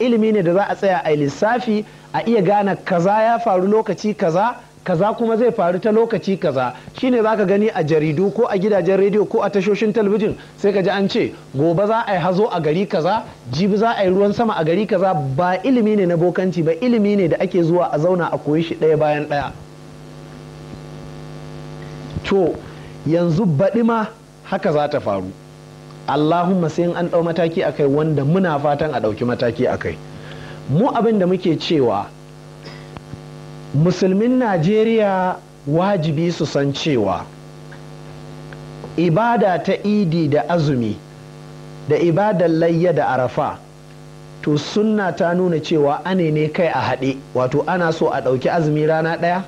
ilimi ne da za a tsaya a lissafi a iya gane kaza ya faru lokaci kaza kaza kuma zai faru ta lokaci kaza shine zaka gani a jaridu ko a gidajen rediyo ko a tashoshin talabijin sai ka ji an ce gobe za a yi hazo a gari kaza jibi za a yi ruwan sama a gari kaza ba ilimi ne na bokanci ba ilimi ne da ake zuwa a zauna a koyi shi ɗaya bayan ɗaya to yanzu baɗi ma haka za ta faru allahumma sai an ɗau mataki akai wanda muna fatan a ɗauki mataki a kai. mu abin da muke cewa musulmin najeriya wajibi su san cewa ibada ta idi da azumi da ibadar layya da arafa to sunna ta nuna cewa ane ne kai a haɗe wato ana so a ɗauki azumi rana ɗaya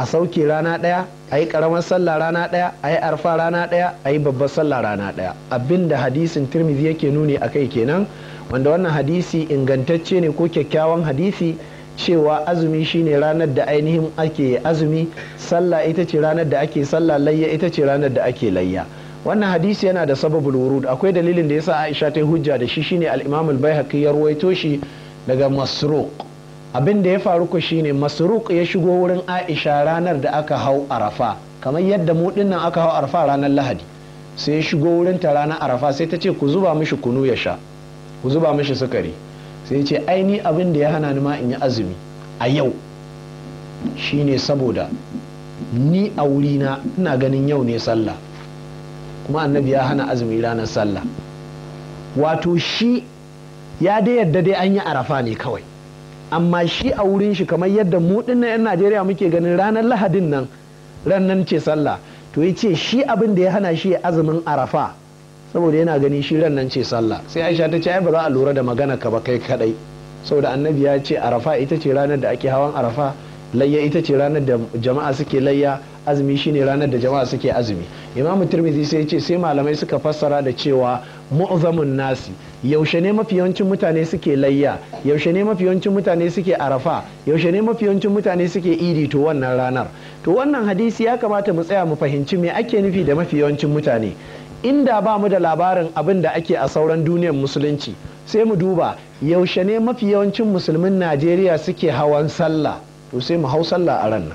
a sauke rana ɗaya a yi ƙaramar sallah rana ɗaya a yi arfa rana ɗaya a yi babbar sallah rana ɗaya abin da hadisin tirmidhi yake nuni a kai kenan wanda wannan hadisi ingantacce ne ko kyakkyawan hadisi cewa azumi shine ranar da ainihin ake azumi sallah ita ce ranar da ake sallah layya ita ce ranar da ake layya wannan hadisi yana da sababul wurud akwai dalilin da yasa Aisha ta hujja da shi shine al-Imam al-Baihaqi ya ruwaito shi daga Masruq abin da ya faru ku shine masruq ya shigo wurin aisha ranar da aka hau arafa kamar yadda mu dinnan aka hau arafa ranar lahadi sai ya shigo wurin ta ranar arafa sai ta ce ku zuba mishi kunu ya sha ku zuba mishi sukari sai ce ai ni abin da ya hana ni ma in yi azumi a yau shine saboda ni a wuri na ina ganin yau ne sallah kuma annabi ya hana azumi ranar sallah wato shi ya dai yadda dai an yi arafa ne kawai amma shi a wurin shi kamar yadda mu din na yan Najeriya muke ganin ranar Lahadin nan rannan ce sallah to ya ce shi abin da ya hana shi azumin Arafa saboda yana gani shi rannan ce sallah sai Aisha ta ce ai ba za a lura da magana ka ba kai kadai saboda annabi ya ce Arafa ita ce ranar da ake hawan Arafa layya ita ce ranar da jama'a suke layya azumi shine ranar da jama'a suke azumi imamu tirmidhi sai ya ce sai malamai suka fassara da cewa mu'zamun nasi yaushe ne mafi yawancin mutane suke layya yaushe ne mafi yawancin mutane suke arafa yaushe ne mafi mutane suke idi to wannan ranar to wannan hadisi ya kamata mu tsaya mu fahimci me ake nufi da mafi yawancin mutane inda ba mu da labarin abin da ake a sauran duniyar musulunci sai mu duba yaushe ne mafi yawancin musulmin najeriya suke hawan sallah to sai mu hau sallah a ran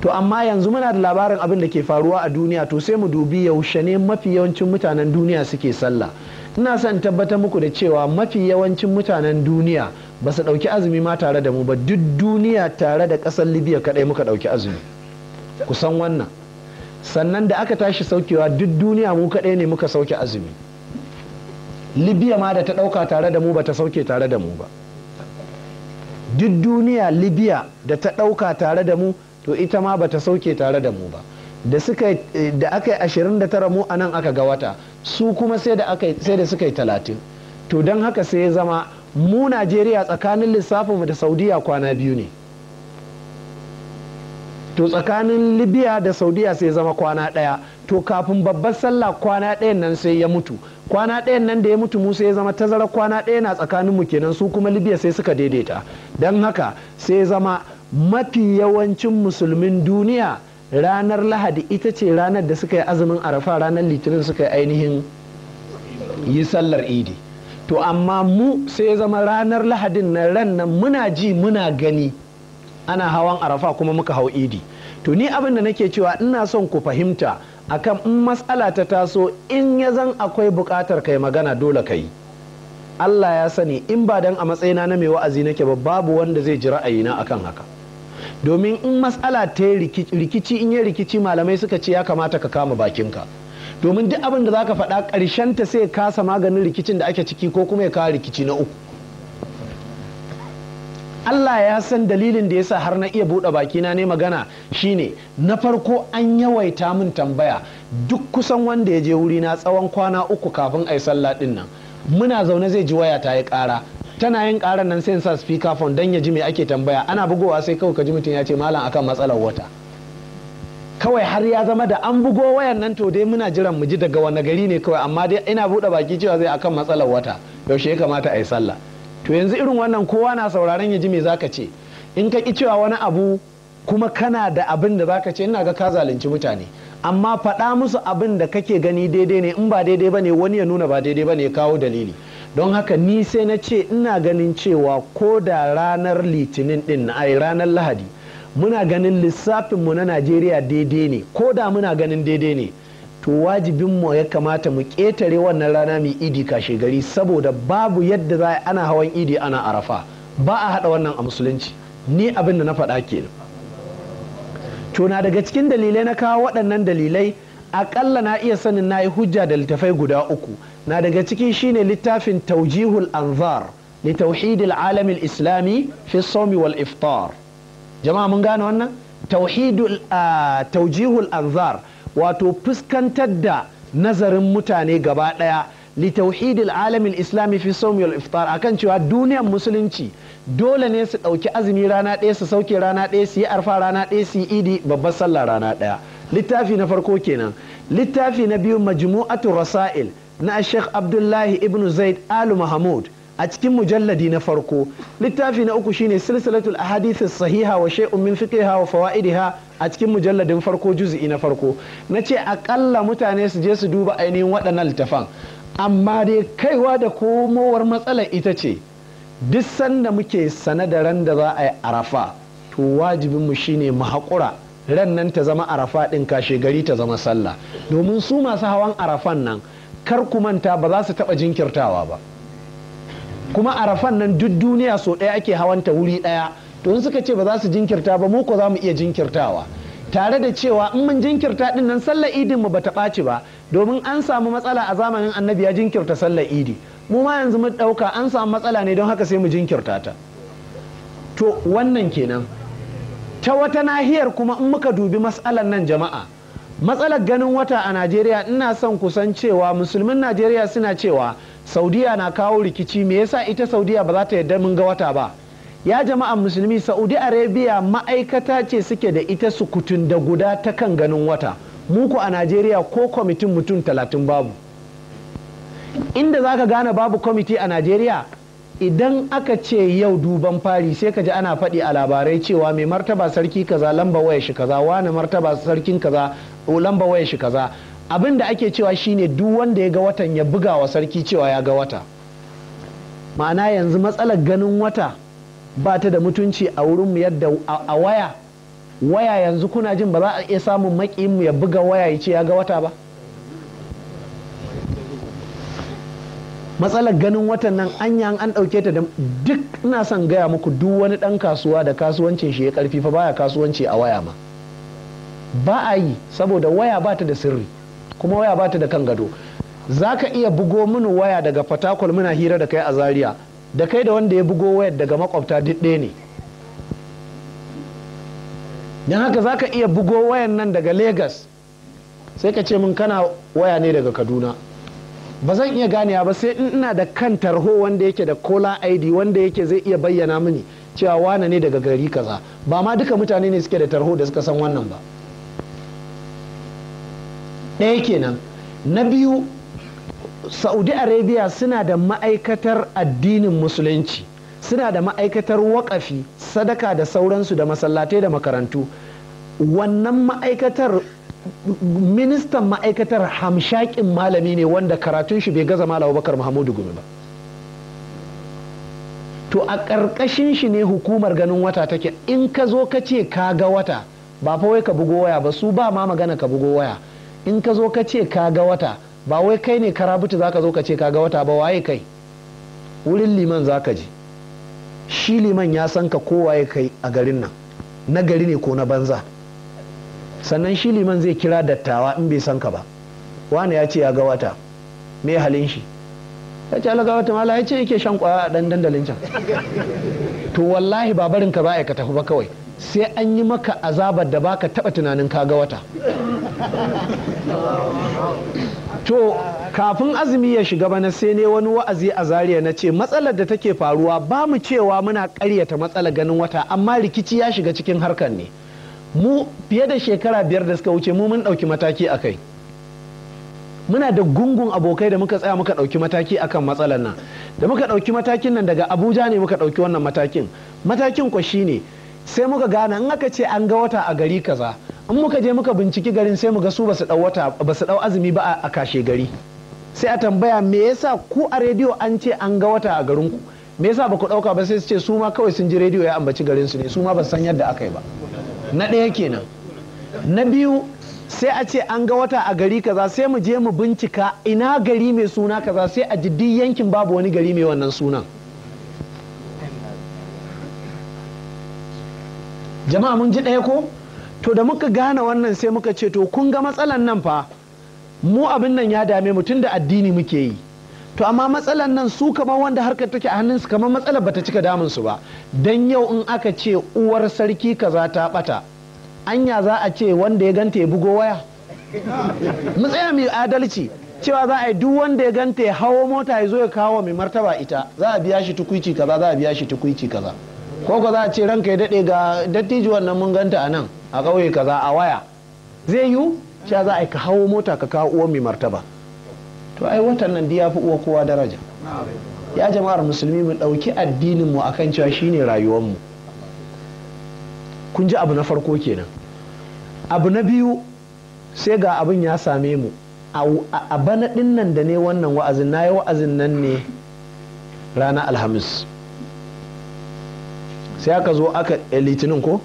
to amma yanzu muna da labarin abin da ke faruwa a duniya to sai mu dubi yaushe ne mafi yawancin mutanen duniya suke sallah ina son tabbatar muku da cewa mafi yawancin mutanen duniya ba su ɗauki azumi ma tare da mu ba duk duniya tare da ƙasar libya kaɗai muka ɗauki azumi ku san wannan sannan da aka tashi saukewa duk duniya mu kaɗai ne muka sauke azumi libya ma da ta ɗauka tare da mu ba ta sauke tare da mu ba duk duniya libya da ta ɗauka tare da mu to ita ma bata sauke tare da mu ba da suka da aka yi ashirin da tara mu anan aka ga wata su kuma sai da aka sai da suka yi talatin to don haka sai ya zama mu najeriya tsakanin lissafinmu da saudiya kwana biyu ne to tsakanin libya da saudiya sai zama kwana ɗaya to kafin babbar sallah kwana daya nan sai ya mutu kwana ɗayan nan da ya mutu mu sai ya zama tazara kwana ɗaya na tsakanin mu kenan su kuma libya sai suka daidaita don haka sai ya zama mafi yawancin musulmin duniya ranar lahadi ita ce ranar da suka yi azumin arafa ranar litinin suka yi ainihin yi sallar idi to amma mu sai zama ranar lahadin na ran nan muna ji muna gani ana hawan arafa kuma muka hau idi to ni abin da nake cewa ina son ku fahimta akan in matsala ta taso in ya zan akwai bukatar kai magana dole ka Allah ya sani in ba dan a matsayina na mai wa'azi nake ba babu wanda zai ji ra'ayina akan haka domin in matsala ta rikici in yi rikici malamai suka ce ya kamata ka kama bakinka domin duk abin da za ka faɗa ƙarshen ta sai kasa maganin rikicin da ake ciki ko kuma ya kawo rikici na uku Allah ya san dalilin da ya sa har na iya buɗe bakina ne magana shine na farko an yawaita min tambaya duk kusan wanda ya je wuri na tsawon kwana uku kafin a yi sallah ɗin nan muna zaune zai ji waya ta yi ƙara tana yin karan nan sai sa speaker phone dan ya ji me ake tambaya ana bugowa sai kawai ka ji mutum ya ce malam akan matsalar wata kawai har ya zama da an bugo wayan nan to dai muna jiran mu ji daga wani gari ne kawai amma dai ina buɗe baki cewa zai akan matsalar wata yaushe ya kamata a yi sallah to yanzu irin wannan kowa na sauraron ya ji me zaka ce in ka ki cewa wani abu kuma kana da abin da zaka ce ina ga ka zalunci mutane amma faɗa musu abin da kake gani daidai ne in ba daidai bane wani ya nuna ba daidai bane ya kawo dalili don haka ni sai na ce ina ganin cewa ko da ranar litinin din ai ranar lahadi muna ganin lissafinmu na najeriya daidai ne ko da muna ganin daidai ne to wajibinmu ya kamata mu ƙetare wannan rana mai idi kashe gari saboda babu yadda za a ana hawan idi ana arafa ba a haɗa wannan a musulunci ni abin da na faɗa kenan to na daga cikin dalilai na kawo waɗannan dalilai akalla na iya sanin na yi hujja da littafai guda uku na daga ciki shine littafin taujihul anzar li tauhidil alamil islami fi somi wal iftar jama'a mun gane wannan taujihul anzar wato fuskantar da nazarin mutane gaba ɗaya li tauhidil alamil islami fi somi wal iftar akan cewa duniyar musulunci dole ne su ɗauki azumi rana ɗaya su sauke rana ɗaya su yi arfa rana ɗaya su yi idi babbar sallah rana ɗaya littafi na farko kenan littafi na biyu majmu'atu rasail na Sheikh Abdullahi ibn Zaid Al Mahmud a cikin mujalladi na farko littafi na uku shine silsilatul ahadith sahiha wa shay'un min fiqhiha wa fawaidiha a cikin mujalladin farko juz'i na farko nace akalla mutane su je su duba ainihin waɗannan littafan amma dai kaiwa da komowar matsalar ita ce duk sanda muke sanadaran da za a yi arafa to wajibinmu shine mu haƙura ran nan ta zama arafa ɗin kashe gari ta zama sallah domin su masu hawan arafan nan kar ku manta ba za su taɓa jinkirtawa ba kuma arafan nan duk duniya so ɗaya ake hawanta wuri ɗaya to in suka ce ba za su jinkirta ba mu ko za mu iya jinkirtawa tare da cewa in mun jinkirta din nan sallar idin mu bata ɓaci ba domin an samu matsala a zamanin annabi ya jinkirta sallar idi mu ma yanzu mu ɗauka an samu matsala ne don haka sai mu jinkirta ta to wannan kenan ta wata nahiyar kuma in muka dubi matsalar nan jama'a matsalar ganin wata a najeriya ina son kusan cewa musulmin najeriya suna cewa saudiya na kawo rikici me yasa ita saudiya ba za ta yarda mun ga wata ba ya jama'a musulmi saudi arabia ma'aikata ce suke da ita su kutun da guda ta kan ganin wata muku a najeriya ko kwamitin mutum talatin babu inda za ka gane babu kwamiti a najeriya idan aka ce yau duban fari sai ka ji ana faɗi a labarai cewa mai martaba sarki kaza lamba waya shi kaza wani martaba sarkin kaza lamba waya shi kaza abin da ake cewa shine duk wanda ya ga watan ya buga wa sarki cewa ya ga wata ma'ana yanzu matsalar ganin wata ba ta da mutunci a wurin mu yadda a waya waya yanzu kuna jin ba za a iya samun maƙiyin mu ya buga waya ya ce ya ga wata ba matsalar ganin watan nan anya an ɗauke ta da duk ina son gaya muku duk wani ɗan kasuwa da kasuwancin shi ya karfi fa baya kasuwanci a waya ma ba a yi saboda waya ba ta da sirri kuma waya ba ta da kan gado za ka iya bugo mini waya daga fatakwal muna hira da kai a zaria da kai da wanda ya bugo wayar daga makwabta duk ɗaya ne don haka za ka iya bugo wayan nan daga Legas sai ka ce min kana waya ne daga kaduna ba zan iya ganewa ba sai in ina da kan tarho wanda yake da kola id wanda yake zai iya bayyana mini cewa wane ne daga gari kaza ba ma duka mutane ne suke da tarho da suka san wannan ba ɗaya kenan na biyu saudi arabia suna da ma'aikatar addinin musulunci suna da ma'aikatar waƙafi sadaka da sauransu da masallatai da makarantu wannan ma'aikatar ministan ma'aikatar hamshakin malami ne wanda karatun shi bai gaza Malam bakar muhammadu gumi ba to a
ƙarƙashin
shi ne hukumar ganin wata take in ka zo ka ce ka ga wata ba fa wai ka bugo waya ba su ba ma magana ka bugo waya in ka zo ka ce ka ga wata ba wai kai ne karabutu za ka zo ka ce ka ga wata ba waye kai wurin liman za ka ji shi liman ya san ka kowaye kai a garin nan na gari ne ko na banza sannan shi liman zai kira dattawa in bai san ka ba wani ya ce ya ga wata me halin shi ya ce alaga wata mala ya ce yake shan kwaya a dan dandalin can to wallahi ba barin ka ba ka tafi ba kawai sai an yi maka azabar da baka taba tunanin ka ga wata to kafin azumi ya shiga bana sai ne wani wa'azi a zariya na ce matsalar da take faruwa ba mu cewa muna karyata matsalar ganin wata amma rikici ya shiga cikin harkar ne mu fiye da shekara biyar da suka wuce mu mun ɗauki mataki a kai muna da gungun abokai da muka tsaya muka ɗauki mataki akan matsalar nan da muka ɗauki matakin nan daga abuja ne muka ɗauki wannan matakin matakin kwa shi ne sai muka gane in aka ce an ga wata a gari kaza in muka je muka binciki garin sai mu ga su basu ɗau azumi ba a kashe gari sai a tambaya me yasa ku a rediyo an ce an ga wata a garin ku me yasa ba ku ɗauka ba sai su ce su ma kawai sun ji rediyo ya ambaci garin su ne su ma ba san yadda aka yi ba na ɗaya kenan na biyu sai a ce an ga wata a gari kaza sai mu je mu bincika ina gari mai suna kaza sai a ji yankin babu wani gari mai wannan sunan jama'a mun ji ɗaya ko to da muka gane wannan sai muka ce to kun ga matsalan nan fa mu abin nan ya dame mu tun da addini muke yi to amma matsalan nan su kamar wanda harkar take a hannunsu kamar matsalar bata cika damun su ba dan yau in aka ce uwar sarki kaza ta bata anya za a ce wanda ya ganta ya bugo waya mu tsaya mai adalci cewa za a yi duk wanda ya ganta ya hawo mota ya zo ya kawo mai martaba ita za a biya shi tukuici kaza za a biya shi tukuici kaza ko ko za a ce ranka ya dade ga dattijo wannan mun ganta anan, a kauye kaza a waya zai yiwu cewa za a yi ka hawo mota ka kawo uwar mai martaba to ai watan nan ya fi uwa kowa daraja ya jama'ar musulmi mu ɗauki addinin mu akan cewa shine rayuwar mu kun ji abu na farko kenan abu na biyu sai ga abin ya same mu a bana ɗinnan nan da ne wannan wa'azin na yi wa'azin nan ne rana alhamis sai aka zo aka eh, litinin ko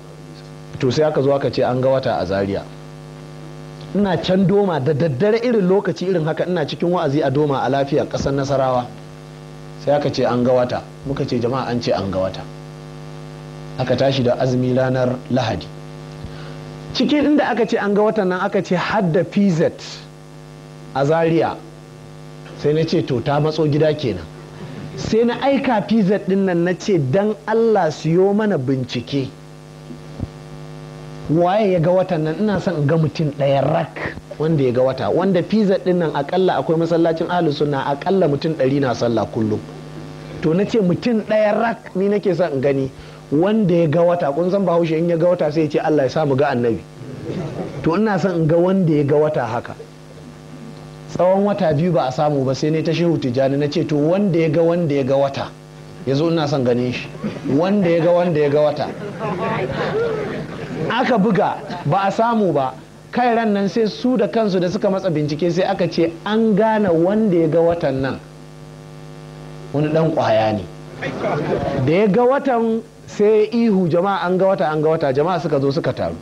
to sai aka zo aka ce an ga wata a zaria ina can doma da daddare irin lokaci irin haka ina cikin wa'azi a doma a lafiyar ƙasar nasarawa sai aka ce an ga wata muka ce jama'a an ce an ga wata aka tashi da azumi ranar lahadi cikin inda aka ce an ga watan nan aka ce hadda pz a zaria sai na ce to ta matso gida kenan sai na aika pz din nan na ce don allah siyo mana bincike waye ya ga watan nan ina son ga mutum ɗaya rak wanda ya ga wata wanda pizza ɗin nan akalla akwai masallacin ahlu sunna akalla mutum ɗari na sallah kullum to na ce mutum ɗaya rak ni nake son in gani wanda ya ga wata kun san bahaushe in ya ga wata sai ya ce Allah ya sa mu ga annabi to ina son in ga wanda ya ga wata haka tsawon wata biyu ba a samu ba sai ne ta shehu tijjani na ce to wanda ya ga wanda ya ga wata ya ina son ganin shi wanda ya ga wanda ya ga wata aka buga ba a samu ba kai ran nan sai su da kansu da suka matsa bincike sai aka ce an gane wanda ya ga watan nan wani dan kwaya ne da ya ga watan sai ihu jama'a an ga wata an ga wata jama'a suka zo suka taru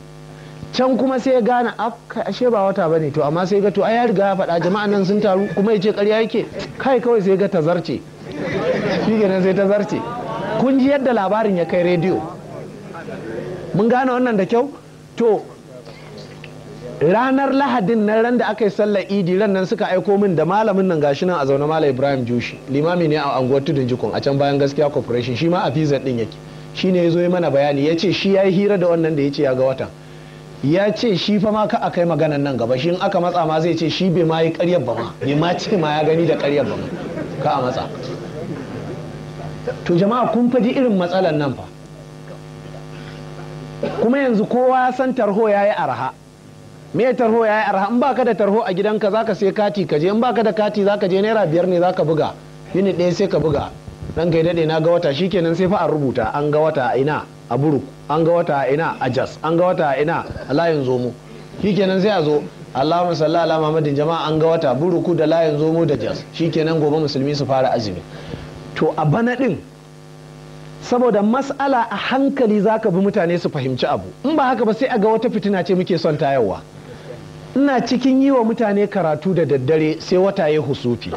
can kuma sai ya gane ashe ba wata bane to amma sai ga to ai ya riga ya faɗa jama'a nan sun taru kuma ya ce ƙarya yake kai kawai sai ga tazarce shi kenan sai tazarce kun ji yadda labarin ya kai rediyo mun gane wannan da kyau to ranar lahadin na ran da aka yi sallar idi ran nan suka aiko min da malamin nan gashi nan a zaune malam ibrahim joshi limami ne a anguwar tudun Jikon, a can bayan gaskiya corporation shi ma a pizza din yake shi ne ya zo yi mana bayani ya ce shi ya yi hira da wannan da ya ce ya ga watan ya ce shi fa ma ka a kai maganan nan gaba shi in aka matsa ma zai ce shi bai ma yi karyar ba ma bai ma ce ma ya gani da karyar ba ma ka a matsa to jama'a kun faji irin matsalan nan fa kuma yanzu kowa ya san tarho ya yi arha me tarho ya yi arha in baka da tarho a gidanka zaka sai kati ka je in baka da kati zaka je naira biyar ne zaka buga yini ɗaya sai ka buga dan kai daɗe na ga wata shikenan sai fa a rubuta an ga wata a ina a buruk an ga wata a ina a jas an ga wata a ina a layin zomo shikenan sai a zo Allahumma salli ala Muhammadin jama'a an ga wata buruku da layin zomo da jas shikenan gobe musulmi su fara azumi to a bana din saboda mas'ala a hankali za ka bi mutane su fahimci abu in ba haka ba sai a ga wata fitina ce muke son tayarwa ina cikin yi wa mutane karatu da daddare sai wata ya husufi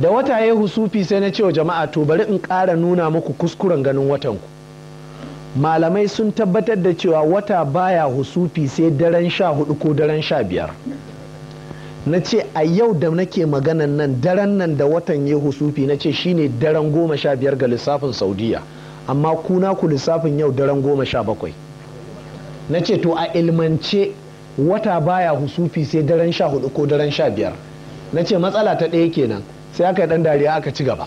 da wata ya husufi sai na ce wa jama'a to bari in ƙara nuna muku kuskuren ganin watan ku malamai sun tabbatar da cewa wata baya husufi sai daren sha hudu ko daren sha biyar na ce a yau da nake maganan nan daren nan da watan yehu sufi na ce shine daren goma sha biyar ga lissafin saudiya amma kuna ku lissafin yau daren goma sha bakwai na ce to a ilmance wata baya husufi sai daren sha hudu ko daren sha biyar na ce matsala ta ɗaya kenan sai aka yi ɗan dariya aka ci gaba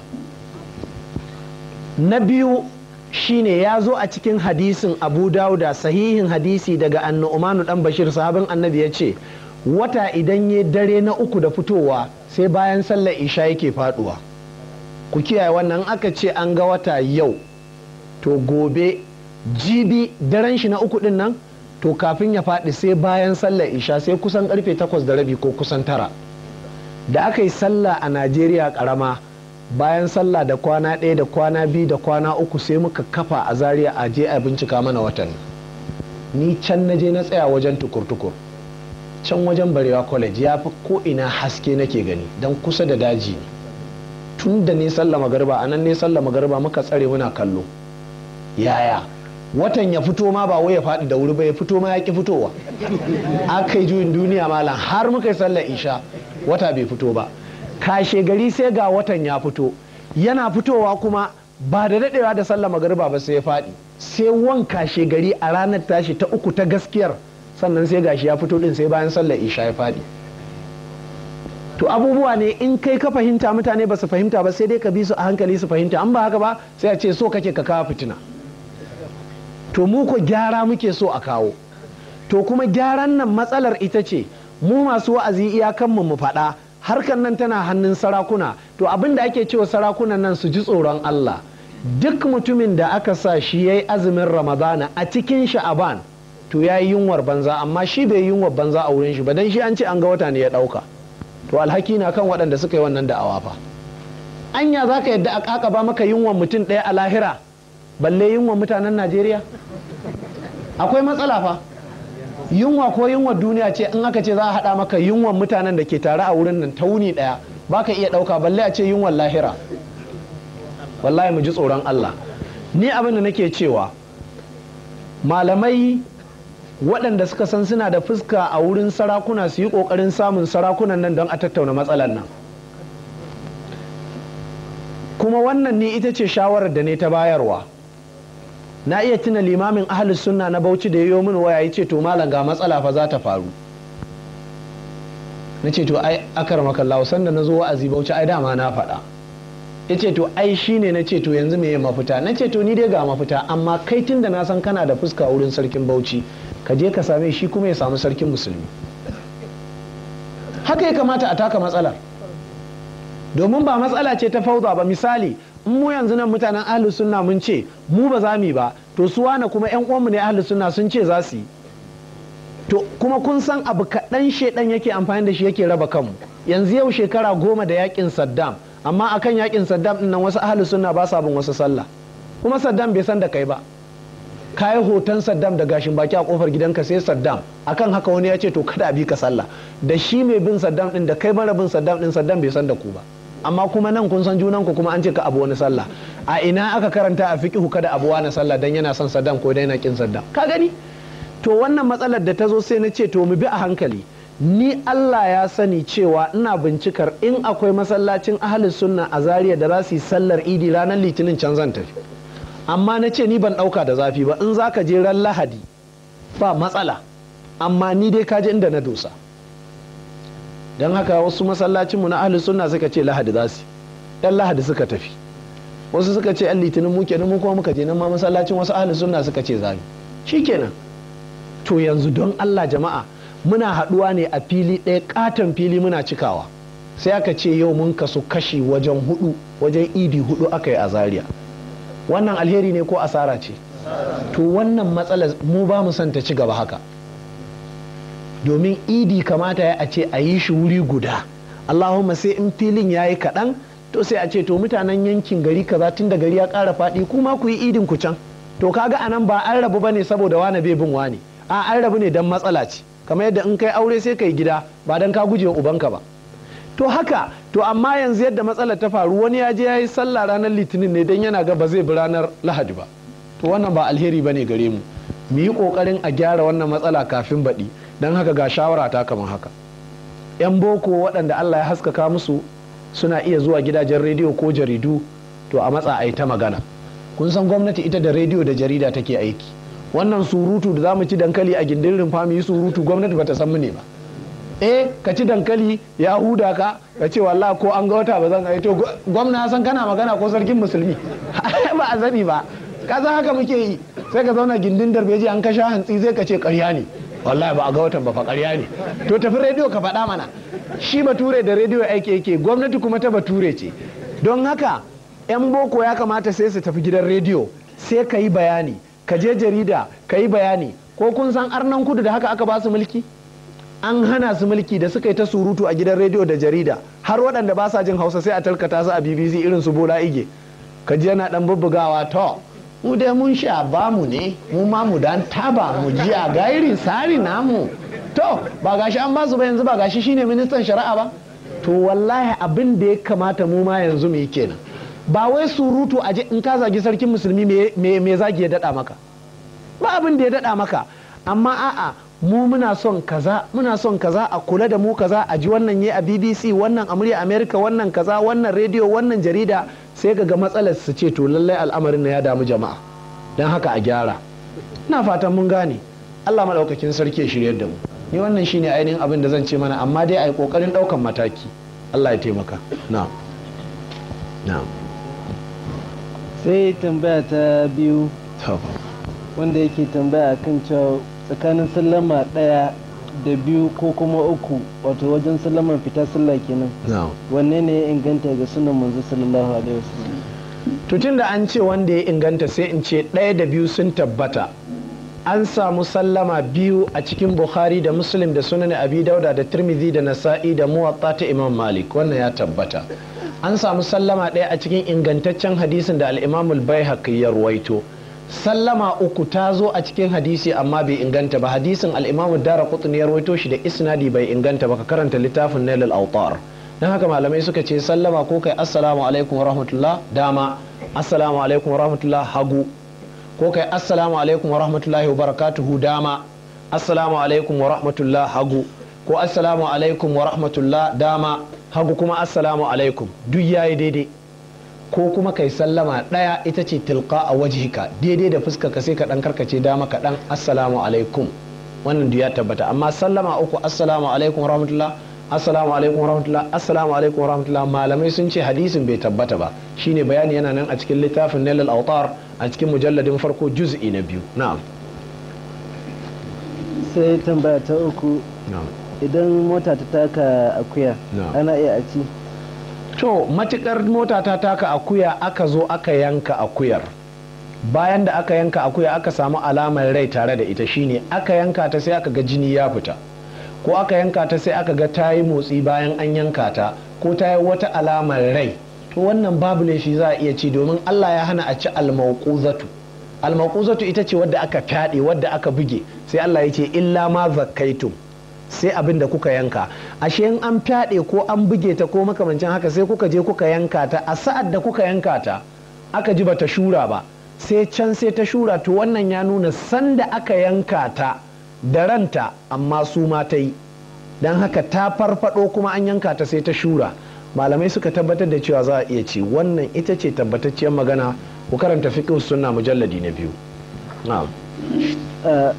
na biyu shine ya zo a cikin hadisin abu dauda sahihin hadisi daga annu umanu dan bashir sahabin annabi ya ce wata idan ya dare na uku da fitowa sai bayan sallar isha yake faduwa ku kiyaye wannan aka ce an ga wata yau to gobe jibi daren shi na uku din nan to kafin ya faɗi sai bayan sallar isha sai kusan karfe takwas da rabi ko kusan tara da aka yi sallah a najeriya karama bayan sallah da kwana ɗaya da kwana biyu da kwana uku sai muka kafa a zaria a je a bincika mana watan ni can na je na tsaya wajen tukur-tukur can wajen barewa college ya fi ko ina haske nake gani don kusa da daji ne tun da ne sallama a nan ne sallama muka tsare muna kallo yaya watan ya fito ma ba ya faɗi da wuri ba ya fito ma ya ki fitowa aka yi juyin duniya malam har muka yi sallar isha wata bai fito ba kashe gari sai ga watan ya fito yana fitowa kuma ba da daɗewa da sallar magariba ba sai ya faɗi sai wanka shegari a ranar tashi ta uku ta gaskiyar sannan sai gashi ya fito din sai bayan sallar isha ya faɗi to abubuwa ne in kai ka fahimta mutane ba su fahimta ba sai dai ka bi su a hankali su fahimta an ba haka ba sai a ce so kake ka kawo fitina to mu ko gyara muke so a kawo to kuma gyaran nan matsalar ita ce mu masu wa'azi kanmu mu faɗa harkar nan tana hannun sarakuna to abin da ake cewa sarakunan nan su ji tsoron Allah duk mutumin da aka sa shi yayi azumin Ramadana a cikin Sha'aban to ya yi yunwar banza amma shi bai yi yunwar banza a wurin shi ba dan shi an ce an ga wata ne ya ɗauka to alhaki na kan waɗanda suka yi wannan da'awa fa anya za ka yadda a ba maka yunwar mutum ɗaya a lahira balle yunwar mutanen najeriya akwai matsala fa yunwa ko yunwar duniya ce in aka ce za a haɗa maka yunwar mutanen da ke tare a wurin nan ta wuni ɗaya ba ka iya ɗauka balle a ce yunwar lahira wallahi mu ji tsoron allah ni abin da nake cewa malamai waɗanda suka san suna da fuska a wurin sarakuna su yi ƙoƙarin samun sarakunan nan don a tattauna matsalar nan kuma wannan ne ita ce shawarar da ne ta bayarwa na iya tuna limamin ahalus sunna na bauchi da yayo min waya ya ce to malam ga matsala fa za ta faru na ce to ai akar makalla sanda na zo wa'azi bauchi ai dama na faɗa ya ce to ai shi ne na ce to yanzu me mafita na ce to ni dai ga mafita amma kai tun da na san kana da fuska wurin sarkin bauchi ka je ka same shi kuma ya samu sarkin musulmi haka ya kamata a taka matsalar domin ba matsala ce ta fauza ba misali in mu yanzu nan mutanen ahlus sunna mun ce mu ba za mu ba to su wane kuma yan uwanmu ne ahlus sunna sun ce za su yi to kuma kun san abu kaɗan shedan yake amfani da shi yake raba kanmu yanzu yau shekara goma da yakin saddam amma akan yakin saddam ɗin nan wasu ahlus sunna ba sa bin wasu sallah kuma saddam bai san da kai ba ka hoton saddam da gashin baki a kofar gidanka sai saddam akan haka wani ya ce to kada bi ka sallah da shi mai bin saddam din da kai mara bin saddam din saddam bai san da ku ba amma kuma nan kun san junanku kuma an ce ka abu wani sallah a ina aka karanta a fiqhu kada abu wani sallah dan yana son saddam ko dai yana kin saddam ka gani to wannan matsalar da ta zo sai na ce to mu bi a hankali ni Allah ya sani cewa ina bincikar in akwai masallacin ahalin sunna a Zariya da za su yi sallar idi ranar litinin can zan tafi amma na ce ni ban ɗauka da zafi ba in za ka je ran lahadi ba matsala amma ni dai ka je inda na dosa don haka wasu masallacinmu na ahli sunna suka ce lahadi za su ɗan lahadi suka tafi wasu suka ce an litinin mu kenan mu kuma muka je nan ma masallacin wasu ahli sunna suka ce zafi shikenan to yanzu don Allah jama'a muna haɗuwa ne a fili ɗaya katon fili muna cikawa sai aka ce yau mun kasu kashi wajen hudu wajen idi hudu aka yi a zaria wannan alheri ne ko asara ce to wannan matsalar mu ba mu son ta ci gaba haka domin idi kamata ya a ce a yi shi wuri guda allahumma sai in filin ya yi kaɗan to sai a ce to mutanen yankin gari kaza tun da gari ya ƙara faɗi kuma ku yi idin ku can to kaga anan ba an rabu bane saboda wane bai bin wane a an rabu ne don matsala ce kamar yadda in kai aure sai kai gida ba dan ka guje ubanka ba to haka to amma yanzu yadda matsalar ta faru wani ya je ya yi sallah ranar litinin ne don yana ga ba zai bi ranar lahadi ba to wannan ba alheri ba ne gare mu mu yi kokarin a gyara wannan matsala kafin baɗi don haka ga shawara ta kamar haka yan boko waɗanda allah ya haskaka musu suna iya zuwa gidajen rediyo ko jaridu to a matsa a yi ta magana kun san gwamnati ita da rediyo da jarida take aiki wannan surutu da za mu ci dankali a gindin rumfa mu yi surutu gwamnati bata san mu ne ba eh ka ci dankali ya huda ka ka ce wallah ko an ga wata ba zan to gwamna san kana magana ko sarkin musulmi ba a zani ba ka san haka muke yi sai ka zauna gindin darbeji an kasha hantsi zai ka ce ƙarya ne wallahi ba a ga watan ba fa ƙarya ne to tafi rediyo ka faɗa mana shi bature da rediyo aiki yake gwamnati kuma ta bature ce don haka 'yan boko ya kamata sai su tafi gidan rediyo sai ka yi bayani ka je jarida ka yi bayani ko kun san arnan kudu da haka aka ba su mulki an hana su mulki da suka yi ta surutu a gidan rediyo da jarida har waɗanda ba sa jin hausa sai a talkata su a bbc irin su bola ige kaji yana dan bubbugawa to mu dai mun sha ba mu ne mu ma mu dan taba mu ji a gairi sari namu to ba gashi an ba su ba yanzu ba gashi shine ministan shari'a ba to wallahi abin da ya kamata mu ma yanzu mu yi kenan ba wai surutu a in ka zagi sarkin musulmi me zagi ya dada maka ba abin da ya daɗa maka amma a'a mu muna son kaza muna son kaza a kula da mu kaza a ji wannan ya a bbc wannan amurya america wannan kaza wannan rediyo wannan jarida sai ga ga matsalar su ce to lallai al'amarin na ya damu jama'a don haka a gyara ina fatan mun gane allah maɗaukakin sarki ya shirya da mu ni wannan shine ainihin abin da zan ce mana amma dai a yi ƙoƙarin ɗaukan mataki allah ya taimaka na
na sai tambaya ta biyu wanda yake tambaya kan cewa tsakanin sallama ɗaya da biyu ko kuma uku wato wajen sallaman fita sallah kenan wanne ne ya inganta ga sunan manzo sallallahu alaihi wasallam tun da an ce
wanda ya inganta sai in ce ɗaya da biyu sun tabbata an samu sallama biyu a cikin bukhari da muslim da sunan abi dauda da tirmidhi da nasa'i da muwatta ta imam malik wannan ya tabbata an samu sallama ɗaya a cikin ingantaccen hadisin da al-imamul bai ya ruwaito sallama uku ta zo a cikin hadisi amma bai inganta ba hadisin al'imamu dara qutni ya rawaito shi da isnadi bai inganta ba ka karanta littafin nailal autar don haka malamai suka ce sallama ko kai assalamu alaikum rahmatullah dama assalamu alaikum rahmatullah hagu ko kai assalamu alaikum rahmatullahi wa barakatuhu dama assalamu alaikum rahmatullah hagu ko assalamu alaikum rahmatullah dama hagu kuma assalamu alaikum duk yayi daidai ko kuma kai sallama ɗaya ita ce tilka a wajihika daidai da fuska ka sai ka ɗan karkace dama ka ɗan assalamu alaikum wannan ya tabbata amma sallama uku assalamu alaikum rahmatullah assalamu alaikum rahmatullah assalamu alaikum rahmatullah malamai sun ce hadisin bai tabbata ba shine bayani yana nan a cikin littafin nailal autar a cikin mujalladin farko juz'i na biyu na'am
sai tambaya ta uku idan mota ta taka akuya ana iya a ci
to matukar mota ta taka akuya aka zo aka yanka akuyar bayan da aka yanka akuya aka samu alamar rai tare da ita shine aka yanka ta sai aka ga jini ya fita ko aka yanka ta sai aka ga ta yi motsi bayan an yanka ta ko ta yi wata alamar rai to wannan babu shi za a iya ci domin allah ya hana a ci almauquzatu almauquzatu ita ce wadda aka fyaɗe wadda aka buge sai allah ya ce illa ma zakkaitum sai abin da kuka yanka ashe in an fyaɗe ko an buge ta ko makamancin haka sai kuka je kuka yanka ta a sa'ad da kuka yanka ta aka ji bata shura ba sai can sai ta shura to wannan ya nuna sanda aka yanka ta da ranta amma su ma ta yi don haka ta farfado kuma an yanka ta sai ta shura malamai suka tabbatar da cewa za a iya ce wannan ita ce tabbatacciyar magana ku karanta fiqh sunna mujalladi na biyu
eh,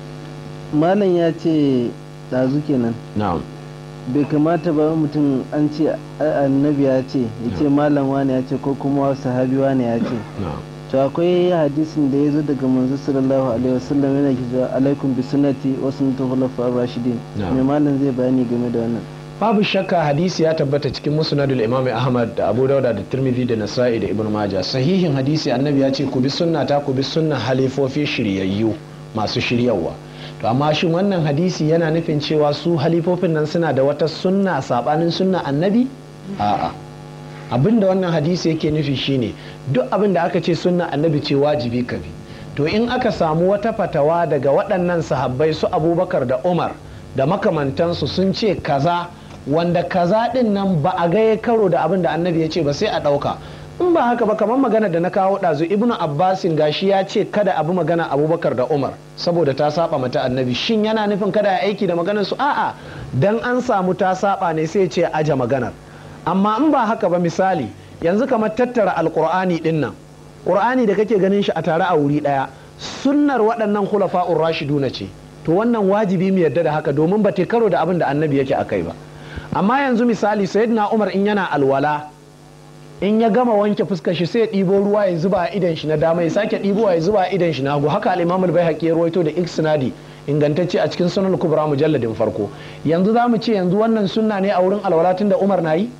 malam ya ce ɗazu kenan na'am bai kamata ba mutum an ce annabi ya ce ya ce malam wani ya ce ko kuma sahabi wani ya ce to akwai hadisin da ya zo daga manzo sallallahu alaihi wasallam yana ki zuwa alaikum bi sunnati wa sunnati khulafa rashidin me malam zai bayani game da wannan
babu shakka hadisi ya tabbata cikin musnadul imam ahmad da abu dauda da tirmidhi da nasa'i da ibnu majah sahihin hadisi annabi ya ce ku bi sunnata ku bi sunnan halifofin shiryayyu masu shiryawa to amma shin wannan hadisi yana nufin cewa su halifofin nan suna da wata sunna sabanin sunna annabi a'a abin wannan hadisi yake nufi shine duk abinda aka ce sunna annabi ce wajibi ka bi to in aka samu wata fatawa daga waɗannan sahabbai su abubakar da umar da makamantansu sun ce kaza wanda kaza ɗin nan ba a gaye karo da abinda annabi ya ce ba sai a ɗauka in ba haka ba kamar magana da na kawo ɗazu ibnu abbasin gashi ya ce kada abu magana abubakar da umar saboda ta saba mata annabi shin yana nufin kada ya aiki da maganar su a'a dan an samu ta saba ne sai ce aja maganar amma in ba haka ba misali yanzu kamar tattara alkur'ani din nan qur'ani da kake ganin shi a tare a wuri daya sunnar waɗannan khulafa'ur rashiduna ce to wannan wajibi mu yarda da haka domin ba karo da abin da annabi yake akai ba amma yanzu misali sayyidina umar in yana alwala in ya gama wanke fuskar shi sai ya ɗibo ruwa ya zuba a idan shi na dama ya sake ɗibo ya zuba a idan shi na hagu haka alimamul bai al-baihaqi ya da da sinadi ingantacce a cikin sunan kubra mujalladin farko yanzu za mu ce yanzu wannan sunna ne a wurin alwalatin da umar na yi.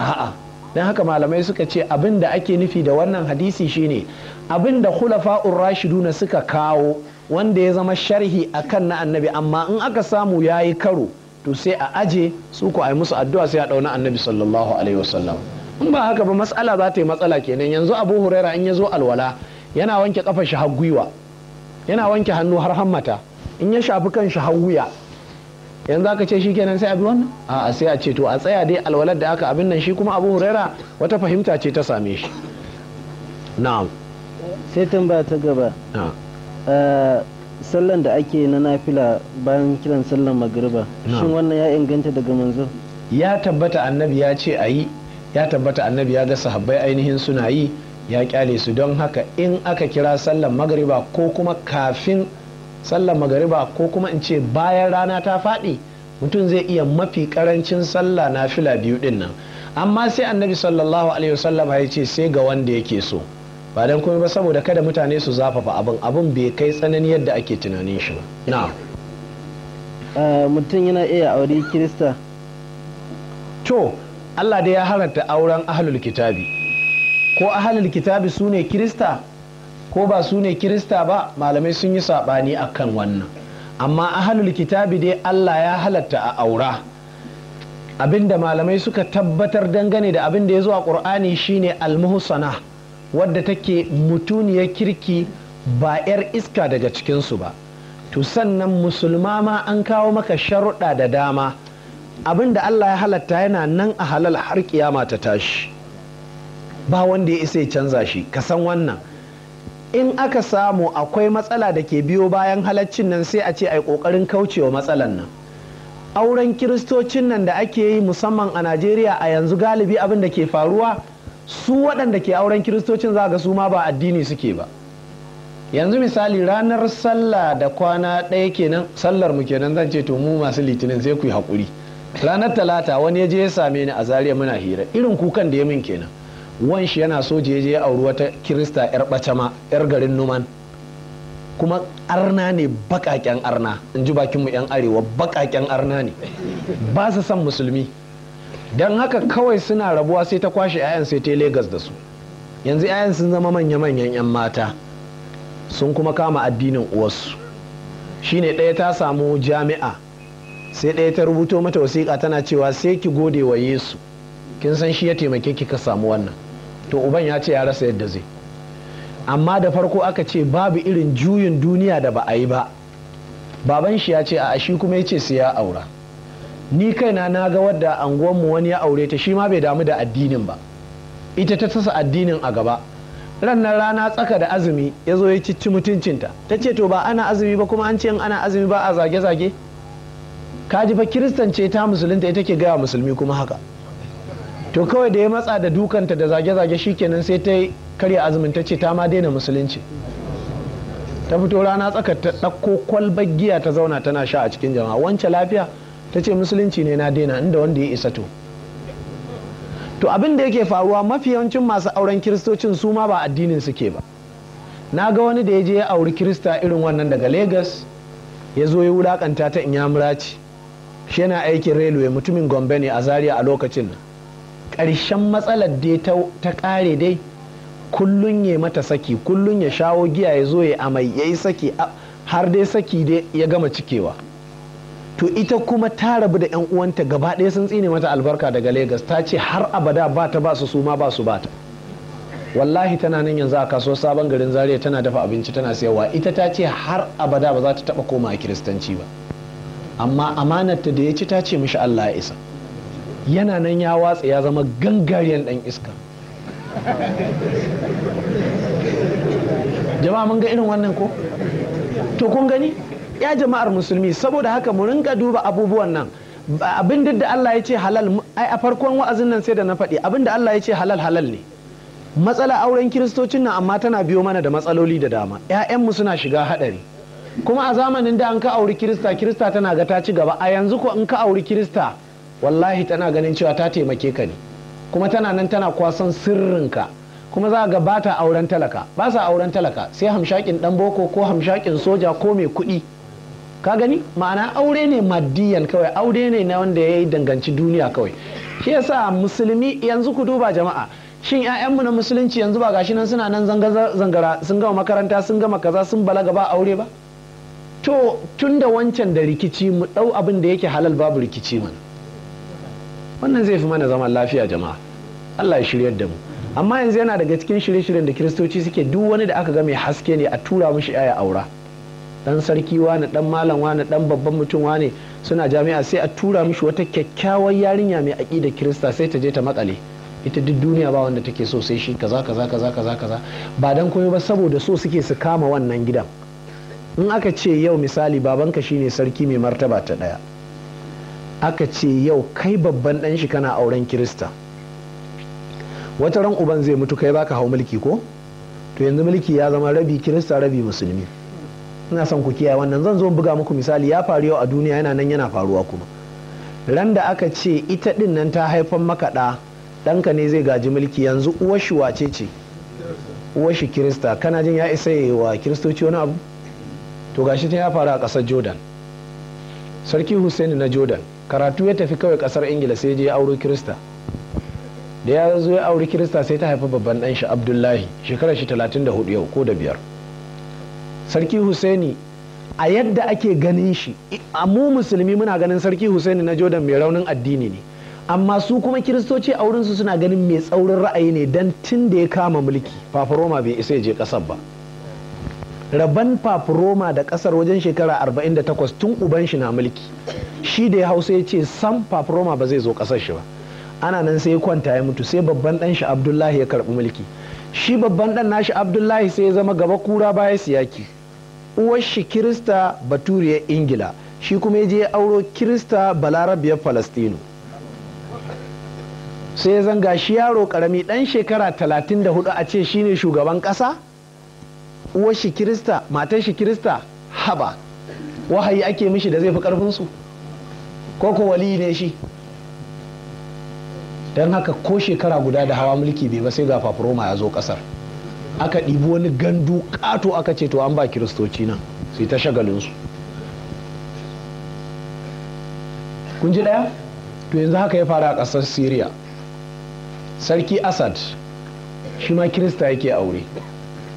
a'a dan haka malamai suka ce abin da ake nufi da wannan hadisi shine abin da khulafa'ur rashiduna suka kawo wanda ya zama sharhi akan na annabi amma in aka samu yayi karo to sai a aje su ko ai musu addu'a sai a dauna annabi sallallahu alaihi wasallam in ba haka ba matsala za ta yi matsala kenan yanzu abu huraira in ya zo alwala yana wanke kafar shi har gwiwa yana wanke hannu har hammata in ya shafi kan shi har wuya yanzu aka ce shi kenan sai a bi wannan a sai a ce to a tsaya dai alwalar da aka abin nan shi kuma abu huraira wata fahimta ce ta same shi na'am
sai tambaya ta gaba ah, sallan da ake na nafila bayan kiran sallan magariba shin wannan ya inganta daga manzo
ya tabbata annabi ya ce a yi ya tabbata annabi ya ga sahabbai ainihin suna yi ya kyale su don haka in aka kira sallan magariba ko kuma kafin sallan magariba ko kuma in ce bayan rana ta faɗi mutum zai iya mafi karancin sallah na fila biyu din nan amma sai annabi sallallahu alaihi wasallam ya ce sai ga wanda yake so ba dan kuma ba saboda kada mutane su zafafa abin abin bai kai tsanani yadda ake tunanin shi na
eh, mutum yana iya aure kirista to Allah dai
ya haranta auren ahlul kitabi ko ahlul kitabi su ne kirista ko ba su ne kirista ba malamai sun yi saɓani a kan wannan amma ahlul kitabi dai Allah ya halatta a aura abinda malamai suka tabbatar dangane da abin da ya zo a ƙur'ani shine almuhsana wadda take mutuniyar kirki ba 'yar iska daga cikinsu ba to sannan musulma ma an kawo maka sharuɗa da dama abin da Allah ya halatta yana nan a halal har kiyama ta tashi ba wanda ya isa ya canza shi ka san wannan in aka samu akwai matsala da ke biyo bayan halaccin nan sai a ce a yi ƙoƙarin kaucewa matsalan nan auren kiristocin nan da ake yi musamman a najeriya a yanzu galibi abin da ke faruwa su waɗanda ke auren kiristocin za ga su ma ba addini suke ba yanzu misali ranar sallah da kwana ɗaya kenan sallar mu kenan zan ce to mu masu litinin sai ku yi haƙuri ranar talata wani ya je ya same ni a zariya muna hira irin kukan da ya min kenan wanshi yana so je je auri wata kirista yar bacama yar garin numan kuma arna ne bakaken arna in ji bakinmu yan arewa bakaken arna ne ba su son musulmi don haka kawai suna rabuwa sai ta kwashe 'ya'yan sai ta legas da su yanzu 'ya'yan sun zama manya-manyan 'yan mata sun kuma kama addinin uwarsu shine ɗaya ta samu jami'a sai ɗaya ta rubuto mata wasiƙa tana cewa sai ki gode wa yesu kin san shi ya taimake ki ka samu wannan to uban ya ce ya rasa yadda zai amma da farko aka ce babu irin juyin duniya da ba a yi ba baban shi ya ce a shi kuma ya ce sai ya aura ni kaina na ga wadda anguwanmu wani ya aure ta shi ma bai damu da addinin ba ita ta tasa addinin a gaba rannan rana tsaka da azumi ya zo ya cicci mutuncinta ta ce to ba ana azumi ba kuma an ce ana azumi ba a zage-zage kaji fa kiristan ta musulunta ita ke gaya musulmi kuma haka to kawai da ya matsa da dukanta da zage-zage shikenan sai ta karya azumin ta ce ta ma daina musulunci ta fito rana tsaka ta ɗauko kwalbar giya ta zauna tana sha a cikin jama'a wancan lafiya ta ce musulunci ne na daina inda wanda ya isa to to abin da yake faruwa mafi yawancin masu auren kiristocin su ma ba addinin suke ba na ga wani da ya je ya auri kirista irin wannan daga Legas ya zo ya wulakanta ta inyamuraci shi yana aikin railway mutumin gombe ne a zaria a lokacin nan ƙarshen matsalar dai ta ƙare dai kullum ya mata saki kullum ya shawo giya ya zo ya amai ya yi saki har dai saki dai ya gama cikewa to ita kuma ta rabu da 'yan uwanta gaba ɗaya sun tsine mata albarka daga lagos ta ce har abada ba ta ba su su ma ba su ba ta wallahi tana nan yanzu a kaso sabon garin zaria tana dafa abinci tana sayarwa ita ta ce har abada ba za ta taba koma a kiristanci ba amma amanarta da ya ci ta ce mishi Allah ya isa yana nan ya watsa ya zama gangariyan dan iska jama'a mun ga irin wannan ko to kun gani ya jama'ar musulmi saboda haka mu rinka duba abubuwan nan abin da Allah ya ce halal ai a farkon wa'azin nan sai da na faɗi abin da Allah ya ce halal halal ne matsala auren kiristocin nan amma tana biyo mana da matsaloli da dama mu suna shiga haɗari kuma a zamanin da an ka auri kirista kirista tana ga ta ci gaba a yanzu ko in ka auri kirista wallahi tana ganin cewa ta taimake ka ne kuma tana nan tana kwasan sirrinka kuma za ga bata auren talaka ba sa auren talaka sai hamshakin dan boko ko hamshakin soja ko mai kuɗi ka gani ma'ana aure ne maddiyan kawai aure ne na wanda ya yi danganci duniya kawai shi yasa musulmi yanzu ku duba jama'a shin 'ya'yanmu na musulunci yanzu ba gashi nan suna nan zangara sun gama makaranta sun gama kaza sun balaga ba aure ba to tun da wancan da rikici mu ɗau abin da yake halal babu rikici mana wannan zai fi mana zaman lafiya jama'a Allah ya shiryar da mu amma yanzu yana daga cikin shirye-shiryen da kiristoci suke duk wani da aka ga mai haske ne a tura mishi yaya aura dan sarki wani dan malam wani dan babban mutum wani suna jami'a sai a tura mishi wata kyakkyawar yarinya mai aƙida kirista sai ta je ta makale ita duk duniya ba wanda take so sai shi kaza kaza kaza kaza ba dan komai ba saboda so suke su kama wannan gidan in aka ce yau misali babanka shine sarki mai martaba ta ɗaya aka ce yau kai babban ɗan shi kana auren kirista wata ran uban zai mutu kai baka hau mulki ko to yanzu mulki ya zama rabi kirista rabi musulmi ina son ku kiyaye wannan zan zo buga muku misali ya faru yau a duniya yana nan yana faruwa kuma ran da aka ce ita din nan ta haifan maka ɗa ɗanka ne zai gaji mulki yanzu uwar shi wace ce uwar shi kirista kana jin ya isa wa kiristoci wani abu to gashi ta ya faru a kasar jordan sarki hussein na jordan karatu ya tafi kawai kasar ingila sai je auro kirista da ya zo ya auri kirista sai ta haifi babban dan shi abdullahi shekarar shi 34 yau ko da biyar sarki husaini a yadda ake ganin shi a mu musulmi muna ganin sarki husaini na jordan mai raunin addini ne amma su kuma kiristoci a su suna ganin mai tsaurin ra'ayi ne don tun da ya kama mulki fafaroma bai isa ya je kasar ba rabban roma da kasar wajen shekara 48 tun uban shi na mulki shi da ya hausa ya ce san sam roma ba zai zo kasar shi ba ana nan sai kwanta ya mutu sai babban dan shi abdullahi ya karbi mulki shi babban dan nashi abdullahi sai ya zama gaba kura baya siyaki uwar shi kirista baturiyar ingila shi kuma ya je ya auro kirista balarabiya falastinu sai ya zanga shi yaro karami dan shekara 34 a ce shi ne shugaban kasa uwar shi kirista matar shi kirista haba wahayi ake mishi da zai fi karfinsu ko ko wali ne shi don haka ko shekara guda da hawa mulki bai ba sai ga fafroma ya zo kasar aka ɗibi wani gandu ƙato aka ce to an ba kiristoci nan su yi ta shagalinsu kun ji ɗaya to yanzu haka ya fara a ƙasar syria sarki assad shi ma kirista yake aure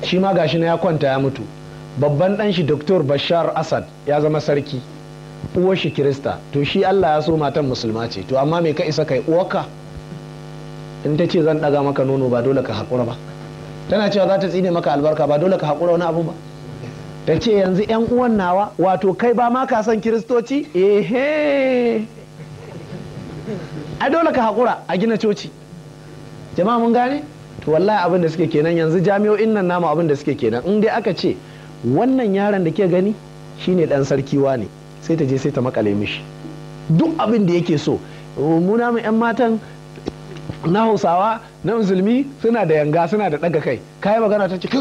shi ma gashi na ya kwanta ya mutu babban dan shi Dr. Bashar Asad ya zama sarki uwar shi Kirista to shi Allah ya so matan musulma ce to amma me ka isa kai uwarka in ta ce zan daga maka nono ba dole ka haƙura ba tana cewa za ta tsine maka albarka ba dole ka haƙura wani abu ba ta ce yanzu yan uwan nawa wato kai ba ma ka san kiristoci ehe ai dole ka haƙura a gina coci jama'a mun gane wallahi abin da suke kenan yanzu jami'o'in nan namu abin da suke kenan in dai aka ce wannan yaron da ke gani shine dan sarkiwa ne sai ta je sai ta makale mishi duk abin da yake so muna mu yan matan na hausawa na musulmi suna da yanga suna da daga kai kai magana ta ce ka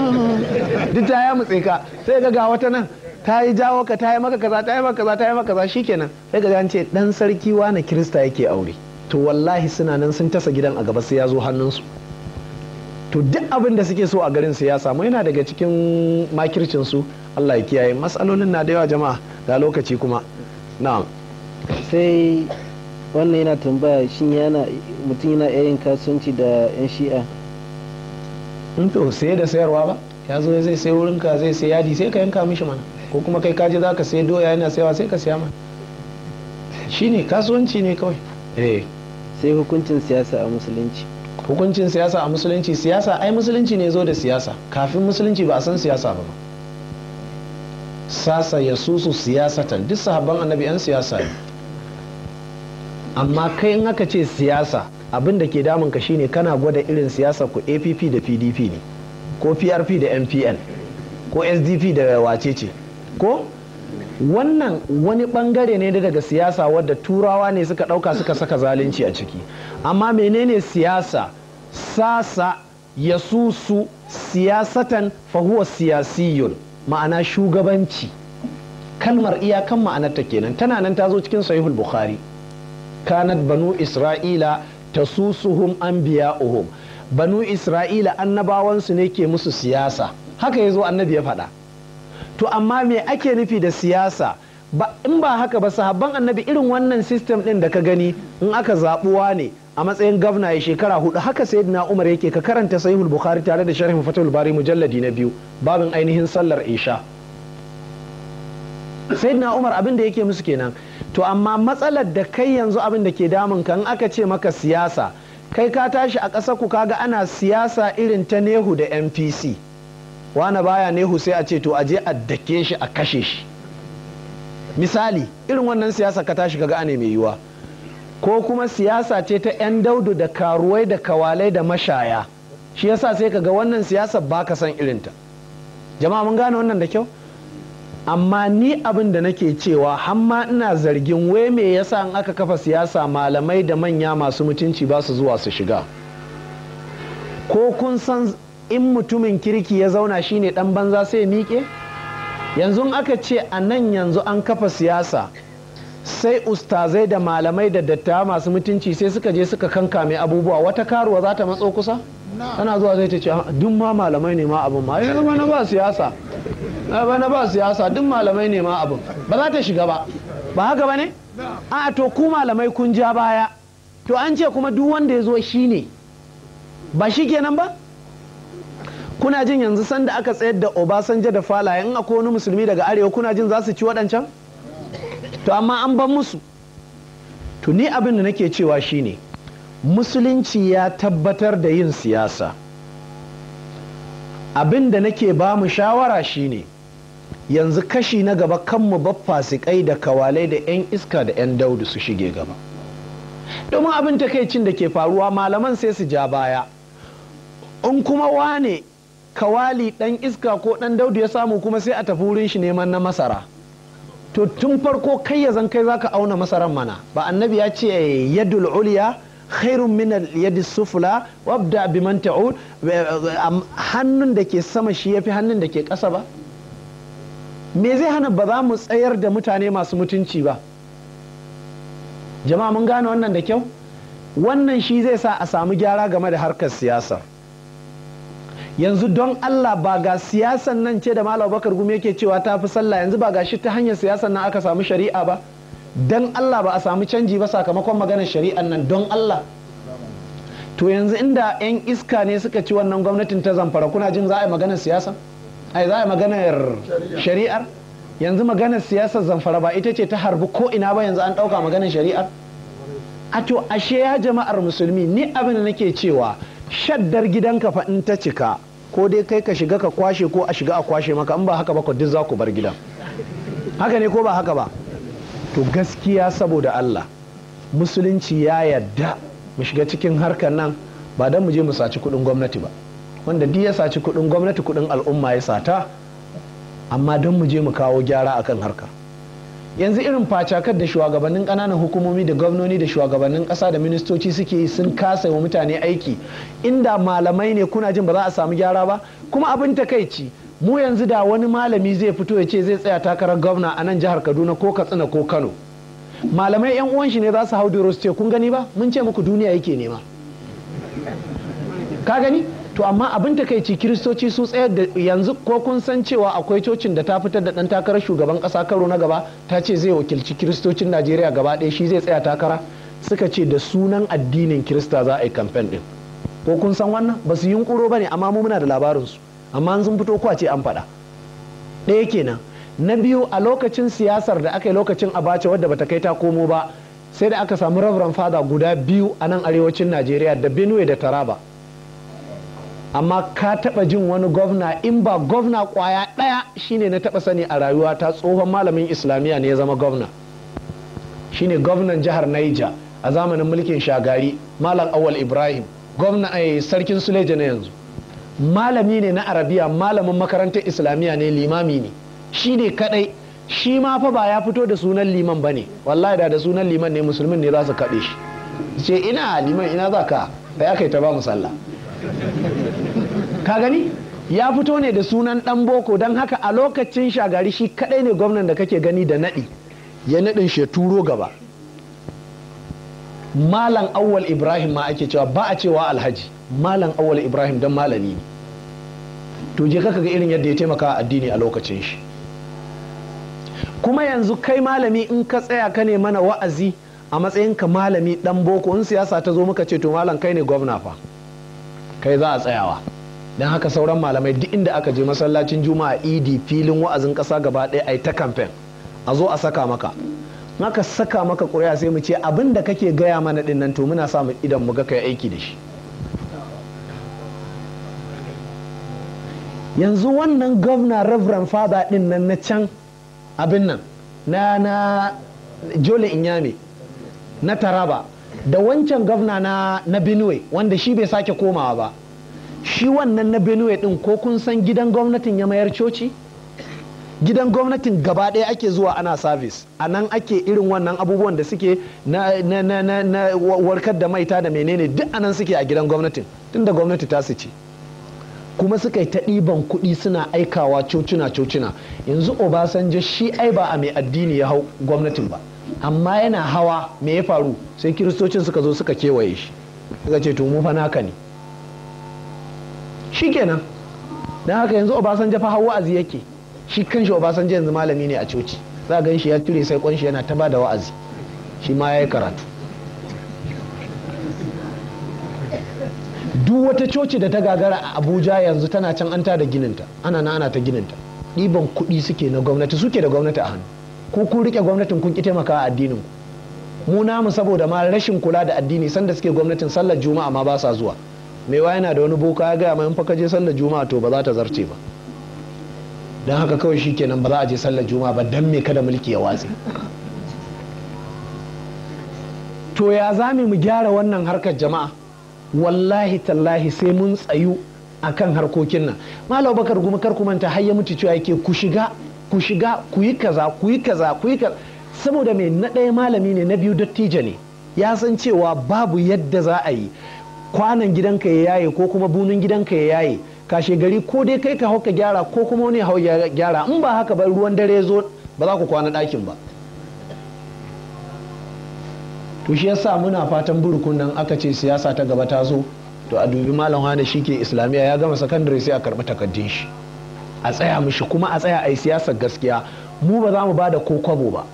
duk ta ya mutse ka sai ga ga wata nan ta yi jawo ka ta yi maka kaza ta yi maka kaza ta yi maka kaza shikenan sai ga an ce dan sarki wani kirista yake aure to wallahi suna nan sun tasa gidan a gaba sai ya zo hannunsu to duk abin da suke so a garin su ya samu yana daga cikin makircinsu. Allah ya kiyaye matsalolin na da yawa jama'a ga
lokaci kuma na. sai wannan yana tambaya shin yana mutum yana yayin kasuwanci da yan shi'a
in to sai da sayarwa ba ya zo zai sai wurin ka zai sai yadi sai ka yanka mishi mana ko kuma kai kaje ka sai doya yana sayawa sai ka siya mana shine kasuwanci ne kawai Eh, sai hukuncin siyasa a musulunci hukuncin siyasa a musulunci siyasa ai musulunci ne zo da siyasa kafin musulunci ba a san siyasa ba sasa ya susu siyasatan duk sahabban annabi 'yan siyasa ne amma kai in aka ce siyasa abin da ke damun ka shine kana gwada irin siyasa ku app da pdp ne ko prp da mpn ko sdp da wace ce ko wannan wani bangare ne daga siyasa wadda turawa ne suka ɗauka suka saka zalunci a ciki amma menene siyasa sasa ya susu siyasatan fahuwa siyasiyun ma'ana shugabanci kalmar iyakan ma'anarta kenan tana nan ta zo cikin sahihul bukhari kanat banu isra'ila an ta biya anbiya'uhum banu isra'ila annabawansu ne ke musu siyasa haka ya zo annabi ya faɗa to amma me ake nufi da siyasa in ba haka ba sahabban annabi irin wannan system din da ka gani in aka zaɓuwa ne a matsayin gwamna ya shekara hudu haka na umar yake ka karanta sahihul bukhari tare da sharhin fatul bari mujalladi na biyu babin ainihin sallar isha sayyidina umar abin da yake musu kenan to amma matsalar da kai yanzu abin da ke damun ka in aka ce maka siyasa kai ka tashi a ƙasa ku kaga ana siyasa irin ta nehu da mpc. wane baya ne sai a ce to je a dake shi a kashe shi misali irin wannan siyasa ka tashi kaga ane mai yiwa ko kuma siyasa ce ta 'yan daudu da karuwai da kawalai da mashaya shi yasa sai ka ga wannan siyasa ba ka san irinta jama'a mun gane wannan da kyau amma ni abin da nake cewa hamma ina zargin wai me yasa in aka kafa siyasa malamai da manya masu mutunci ba su zuwa su shiga ko kun san in mutumin kirki ya zauna shine dan banza sai ya miƙe yanzu aka ce a nan yanzu an kafa siyasa sai ustazai da malamai da dattawa masu mutunci sai suka je suka kankame abubuwa wata karuwa za ta matso kusa tana zuwa zai ta ce ah, duk ma malamai ne ma abin ma ya na ba siyasa na ba siyasa duk malamai ne ma abin ba za ta shiga ba ba haka ba ne a to ku malamai kun ja baya to an ce kuma duk wanda ya zo shi ne ba shi kenan ba kuna jin yanzu sanda aka tsayar da Obasanja da Fala in akwai wani musulmi daga arewa kuna jin za su ci waɗancan to amma an ban musu to ni abin da nake cewa shine musulunci ya tabbatar da yin siyasa abin da nake ba mu shawara shine yanzu kashi na gaba kanmu ba fasikai da kawalai da 'yan iska da 'yan daudu su shige gaba domin abin takaicin da ke faruwa malaman sai su ja baya in kuma wane kawali ɗan iska ko ɗan daudu ya samu kuma sai a tafi wurin shi neman na masara to tun farko kai ya zan kai zaka auna masaran mana ba annabi ya ce yadul uliya khairun min yadi sufula wabda biman ta'ud hannun da ke sama shi yafi hannun da ke ƙasa ba me zai hana ba za mu tsayar da mutane masu mutunci ba jama'a mun gane wannan da kyau wannan shi zai sa a samu gyara game da harkar siyasa yanzu don Allah ba ga siyasan nan ce da Malam Bakar Gumi yake cewa ta fi sallah yanzu ba ga shi ta hanyar siyasan nan aka samu shari'a ba don Allah ba a samu canji ba sakamakon maganar shari'an nan don Allah to yanzu inda 'yan iska ne suka ci wannan gwamnatin ta zamfara kuna jin za a yi maganar siyasa ai za a yi maganar shari'ar yanzu maganar siyasar zamfara ba ita ce ta harbi ko ina ba yanzu an ɗauka maganar shari'ar a to ashe ya jama'ar musulmi ni abin da nake cewa shaddar gidanka fa in ta cika ko dai kai ka shiga ka kwashe ko a shiga a kwashe maka in ba haka ba ku duk za ku bar gidan haka ne ko ba haka ba to gaskiya saboda Allah musulunci ya yadda mu shiga cikin harkar nan ba dan mu je mu saci kudin gwamnati ba wanda duk ya saci kudin gwamnati kudin al'umma ya sata amma don mu je mu kawo gyara akan harka yanzu irin facakar da shugabannin kananan hukumomi da gwamnoni da shugabannin kasa da ministoci suke yi sun kasa wa mutane aiki inda malamai ne kuna jin ba za a samu gyara ba kuma abin takaici mu yanzu da wani malami zai fito ya ce zai tsaya takarar gwamna a nan jihar kaduna ko katsina ko kano malamai yan uwan shi ne za su hau da kun gani ba mun ce muku duniya yake nema ka gani to amma abin takaici kiristoci su tsayar da yanzu ko kun san cewa akwai cocin da ta fitar da dan takarar shugaban kasa karo na gaba ta ce zai wakilci kiristocin najeriya gaba ɗaya shi zai tsaya takara suka ce da sunan addinin kirista za a yi kamfen din ko kun san wannan ba su yunkuro ba ne amma mu muna da labarin su amma sun fito kwace an faɗa ɗaya kenan na biyu a lokacin siyasar da aka yi lokacin abace wadda bata kai ta komo ba sai da aka samu reverend fada guda biyu a nan arewacin najeriya da benue da taraba amma ka taba jin wani gwamna in ba gwamna kwaya ɗaya shine na taba sani a rayuwa ta tsohon malamin islamiyya ne ya zama gwamna shine gwamnan jihar Niger a zamanin mulkin shagari malam awal ibrahim gwamna a eh, sarkin suleja na yanzu malami ne na arabiya malamin makarantar islamiyya ne limami ne shi ne kadai shi ma fa ba ya fito da sunan liman ba ne wallahi da da sunan liman ne musulmin ne za su kaɗe shi ce ina liman ina za ka ya kai ta ba musalla ka gani ya fito ne da sunan dan boko don haka a lokacin shagari shi kadai ne gwamnan da kake gani da naɗi ya naɗin shi turo gaba malam awwal ibrahim ma ake cewa ba a cewa alhaji malam awwal ibrahim don malami ne to je kaka ga irin yadda ya taimaka addini a lokacin shi kuma yanzu kai malami in ka tsaya ka ne mana wa'azi a matsayinka malami dan boko in siyasa ta zo muka ce to malam kai ne gwamna fa kai za a tsayawa don haka sauran malamai duk inda aka je masallacin juma'a idi filin wa'azin ƙasa gaba ɗaya a ta kamfen a zo a saka maka maka saka maka ƙuri'a sai mu ce abin da kake gaya mana ɗin nan to muna samu idan mu ga kai aiki da shi yanzu wannan gwamna reverend father ɗin nan na can abin nan na na jole inyame na taraba da wancan gwamna na benue wanda shi bai sake komawa ba shi wannan na benue din ko kun san gidan gwamnatin ya mayar coci gidan gwamnatin gaba ɗaya ake zuwa ana service a nan ake irin wannan abubuwan da suke na, warkar da maita da menene duk anan nan suke a gidan gwamnatin tunda gwamnati ta su ci. kuma suka yi ta ɗiban kuɗi suna aikawa cocina cocina yanzu obasanjo shi ai ba a mai addini ya hau gwamnatin ba amma yana hawa me ya faru sai kiristocin suka zo suka kewaye shi suka ce to mu fa naka ne shikenan don haka yanzu obasanja fa hawa azi yake shi kanshi obasanjo yanzu malami ne a coci za gan shi ya ture sai kwanshi yana ta bada wa'azi shi ma ya karatu duk wata coci da ta gagara a abuja yanzu tana can an da gininta ana na ana ta gininta ɗiban kuɗi suke na gwamnati suke da gwamnati a hannu ko kun rike gwamnatin kun ki taimaka addinin ku mu namu saboda ma rashin kula da addini sanda suke gwamnatin sallar juma'a ma ba sa zuwa mewa yana da wani boka ya gaya mai in fa ka sallar juma'a to ba za ta zarce ba don haka kawai shi kenan ba za a je sallar juma'a ba don me kada mulki ya watsi. to ya za mu gyara wannan harkar jama'a wallahi tallahi sai mun tsayu akan harkokin nan malam bakar gumi kar ku manta har ya mutu cewa yake ku shiga ku shiga ku yi kaza ku yi kaza ku yi kaza saboda mai na ɗaya malami ne na biyu dattijo ne ya san cewa babu yadda za a yi kwanan gidanka ya yaye ko kuma bunun gidanka ya yaye kashe gari ko dai kai ka hau ka gyara ko kuma wani hau gyara in ba haka ba ruwan dare zo ba za ku kwana ɗakin ba to shi yasa muna fatan burukun nan aka ce siyasa ta gaba ta zo to a dubi malam wani shi ke islamiyya ya gama sakandare sai a karɓi takardun shi a tsaya mishi kuma a tsaya a yi siyasar gaskiya mu ba za mu ba da ko kwabo ba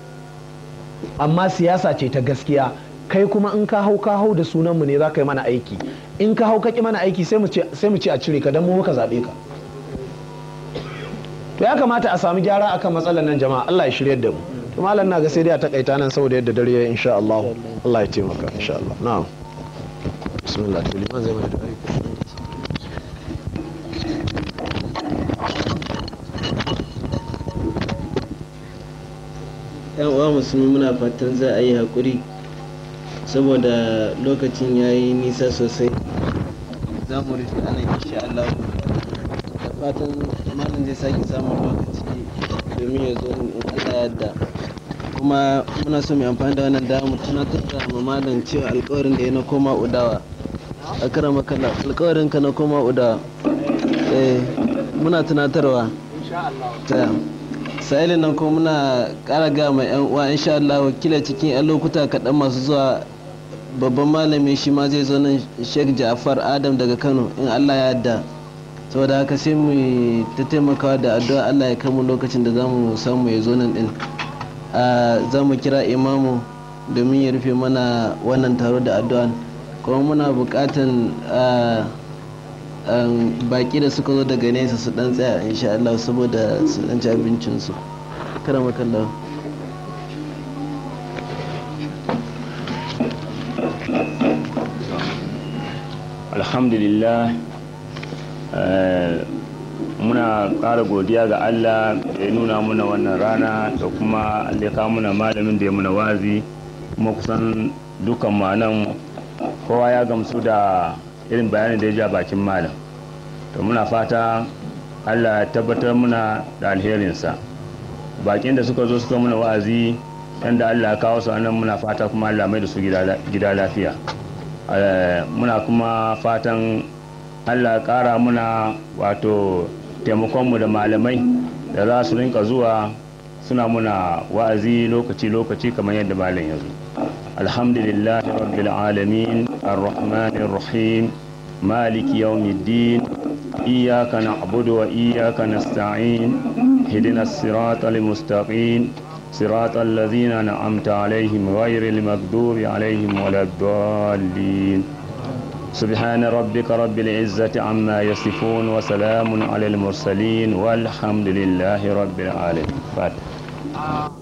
amma siyasa ce ta gaskiya kai kuma in ka hau ka hau da sunan mu ne za ka yi mana aiki in ka hau ka ki mana aiki sai mu ce a cire ka don mu muka zaɓe ka to ya kamata a sami gyara akan matsalar nan jama'a Allah ya shirya da mu to malam na ga sai dai a takaita nan saboda yadda dare ya insha Allah Allah ya taimaka insha Allah na'am bismillah to liman zai mai da aiki
yan uwa musulmi muna fatan za a yi haƙuri saboda lokacin ya yi nisa sosai za mu rufe ana insha Allah da fatan malam zai sake samun lokaci domin ya zo in Allah yadda kuma muna so mai amfani da wannan damu tunatar da malam cewa alkawarin da ya na koma udawa a kara makala alkawarin ka na koma udawa eh muna tunatarwa ta sa'ilin nan kuma muna kara ga mai yan uwa insha Allah kila cikin yan lokuta kaɗan masu zuwa babban malami shi ma zai zo nan sheikh ja'far adam daga kano in allah ya yadda saboda haka sai mu ta taimakawa da addu'a allah ya kama lokacin da za mu samu ya zo nan din za mu kira imamu domin ya rufe mana wannan taro da addu'a kuma muna bukatan baki da suka zo daga nesa su dan tsaya insha allah saboda su dan ci abincinsu
alhamdulillah eh, muna ƙara godiya ga allah da ya nuna muna wannan rana da kuma allaka muna malamin da ya muna wazi kuma kusan dukan manan kowa ya gamsu da irin bayanin da ya ja bakin malam to muna fata allah ya tabbatar muna da alherinsa bakin da suka zo suka muna wa'azi yadda allah ya kawo su anan muna fata kuma allah mai da su gida lafiya Eh, muna kuma fatan allah ƙara muna wato taimakonmu da malamai da za su rinka zuwa suna muna wa'azi lokaci-lokaci kamar yadda malam ya zo alhamdulillah rabbil alamin arrahmanir rahim maliki yawmiddin iyyaka na'budu wa iyyaka nasta'in ihdinas siratal mustaqim صراط الذين أنعمت عليهم غير المغضوب عليهم ولا الضالين سبحان ربك رب العزة عما يصفون وسلام على المرسلين والحمد لله رب العالمين
فاتح.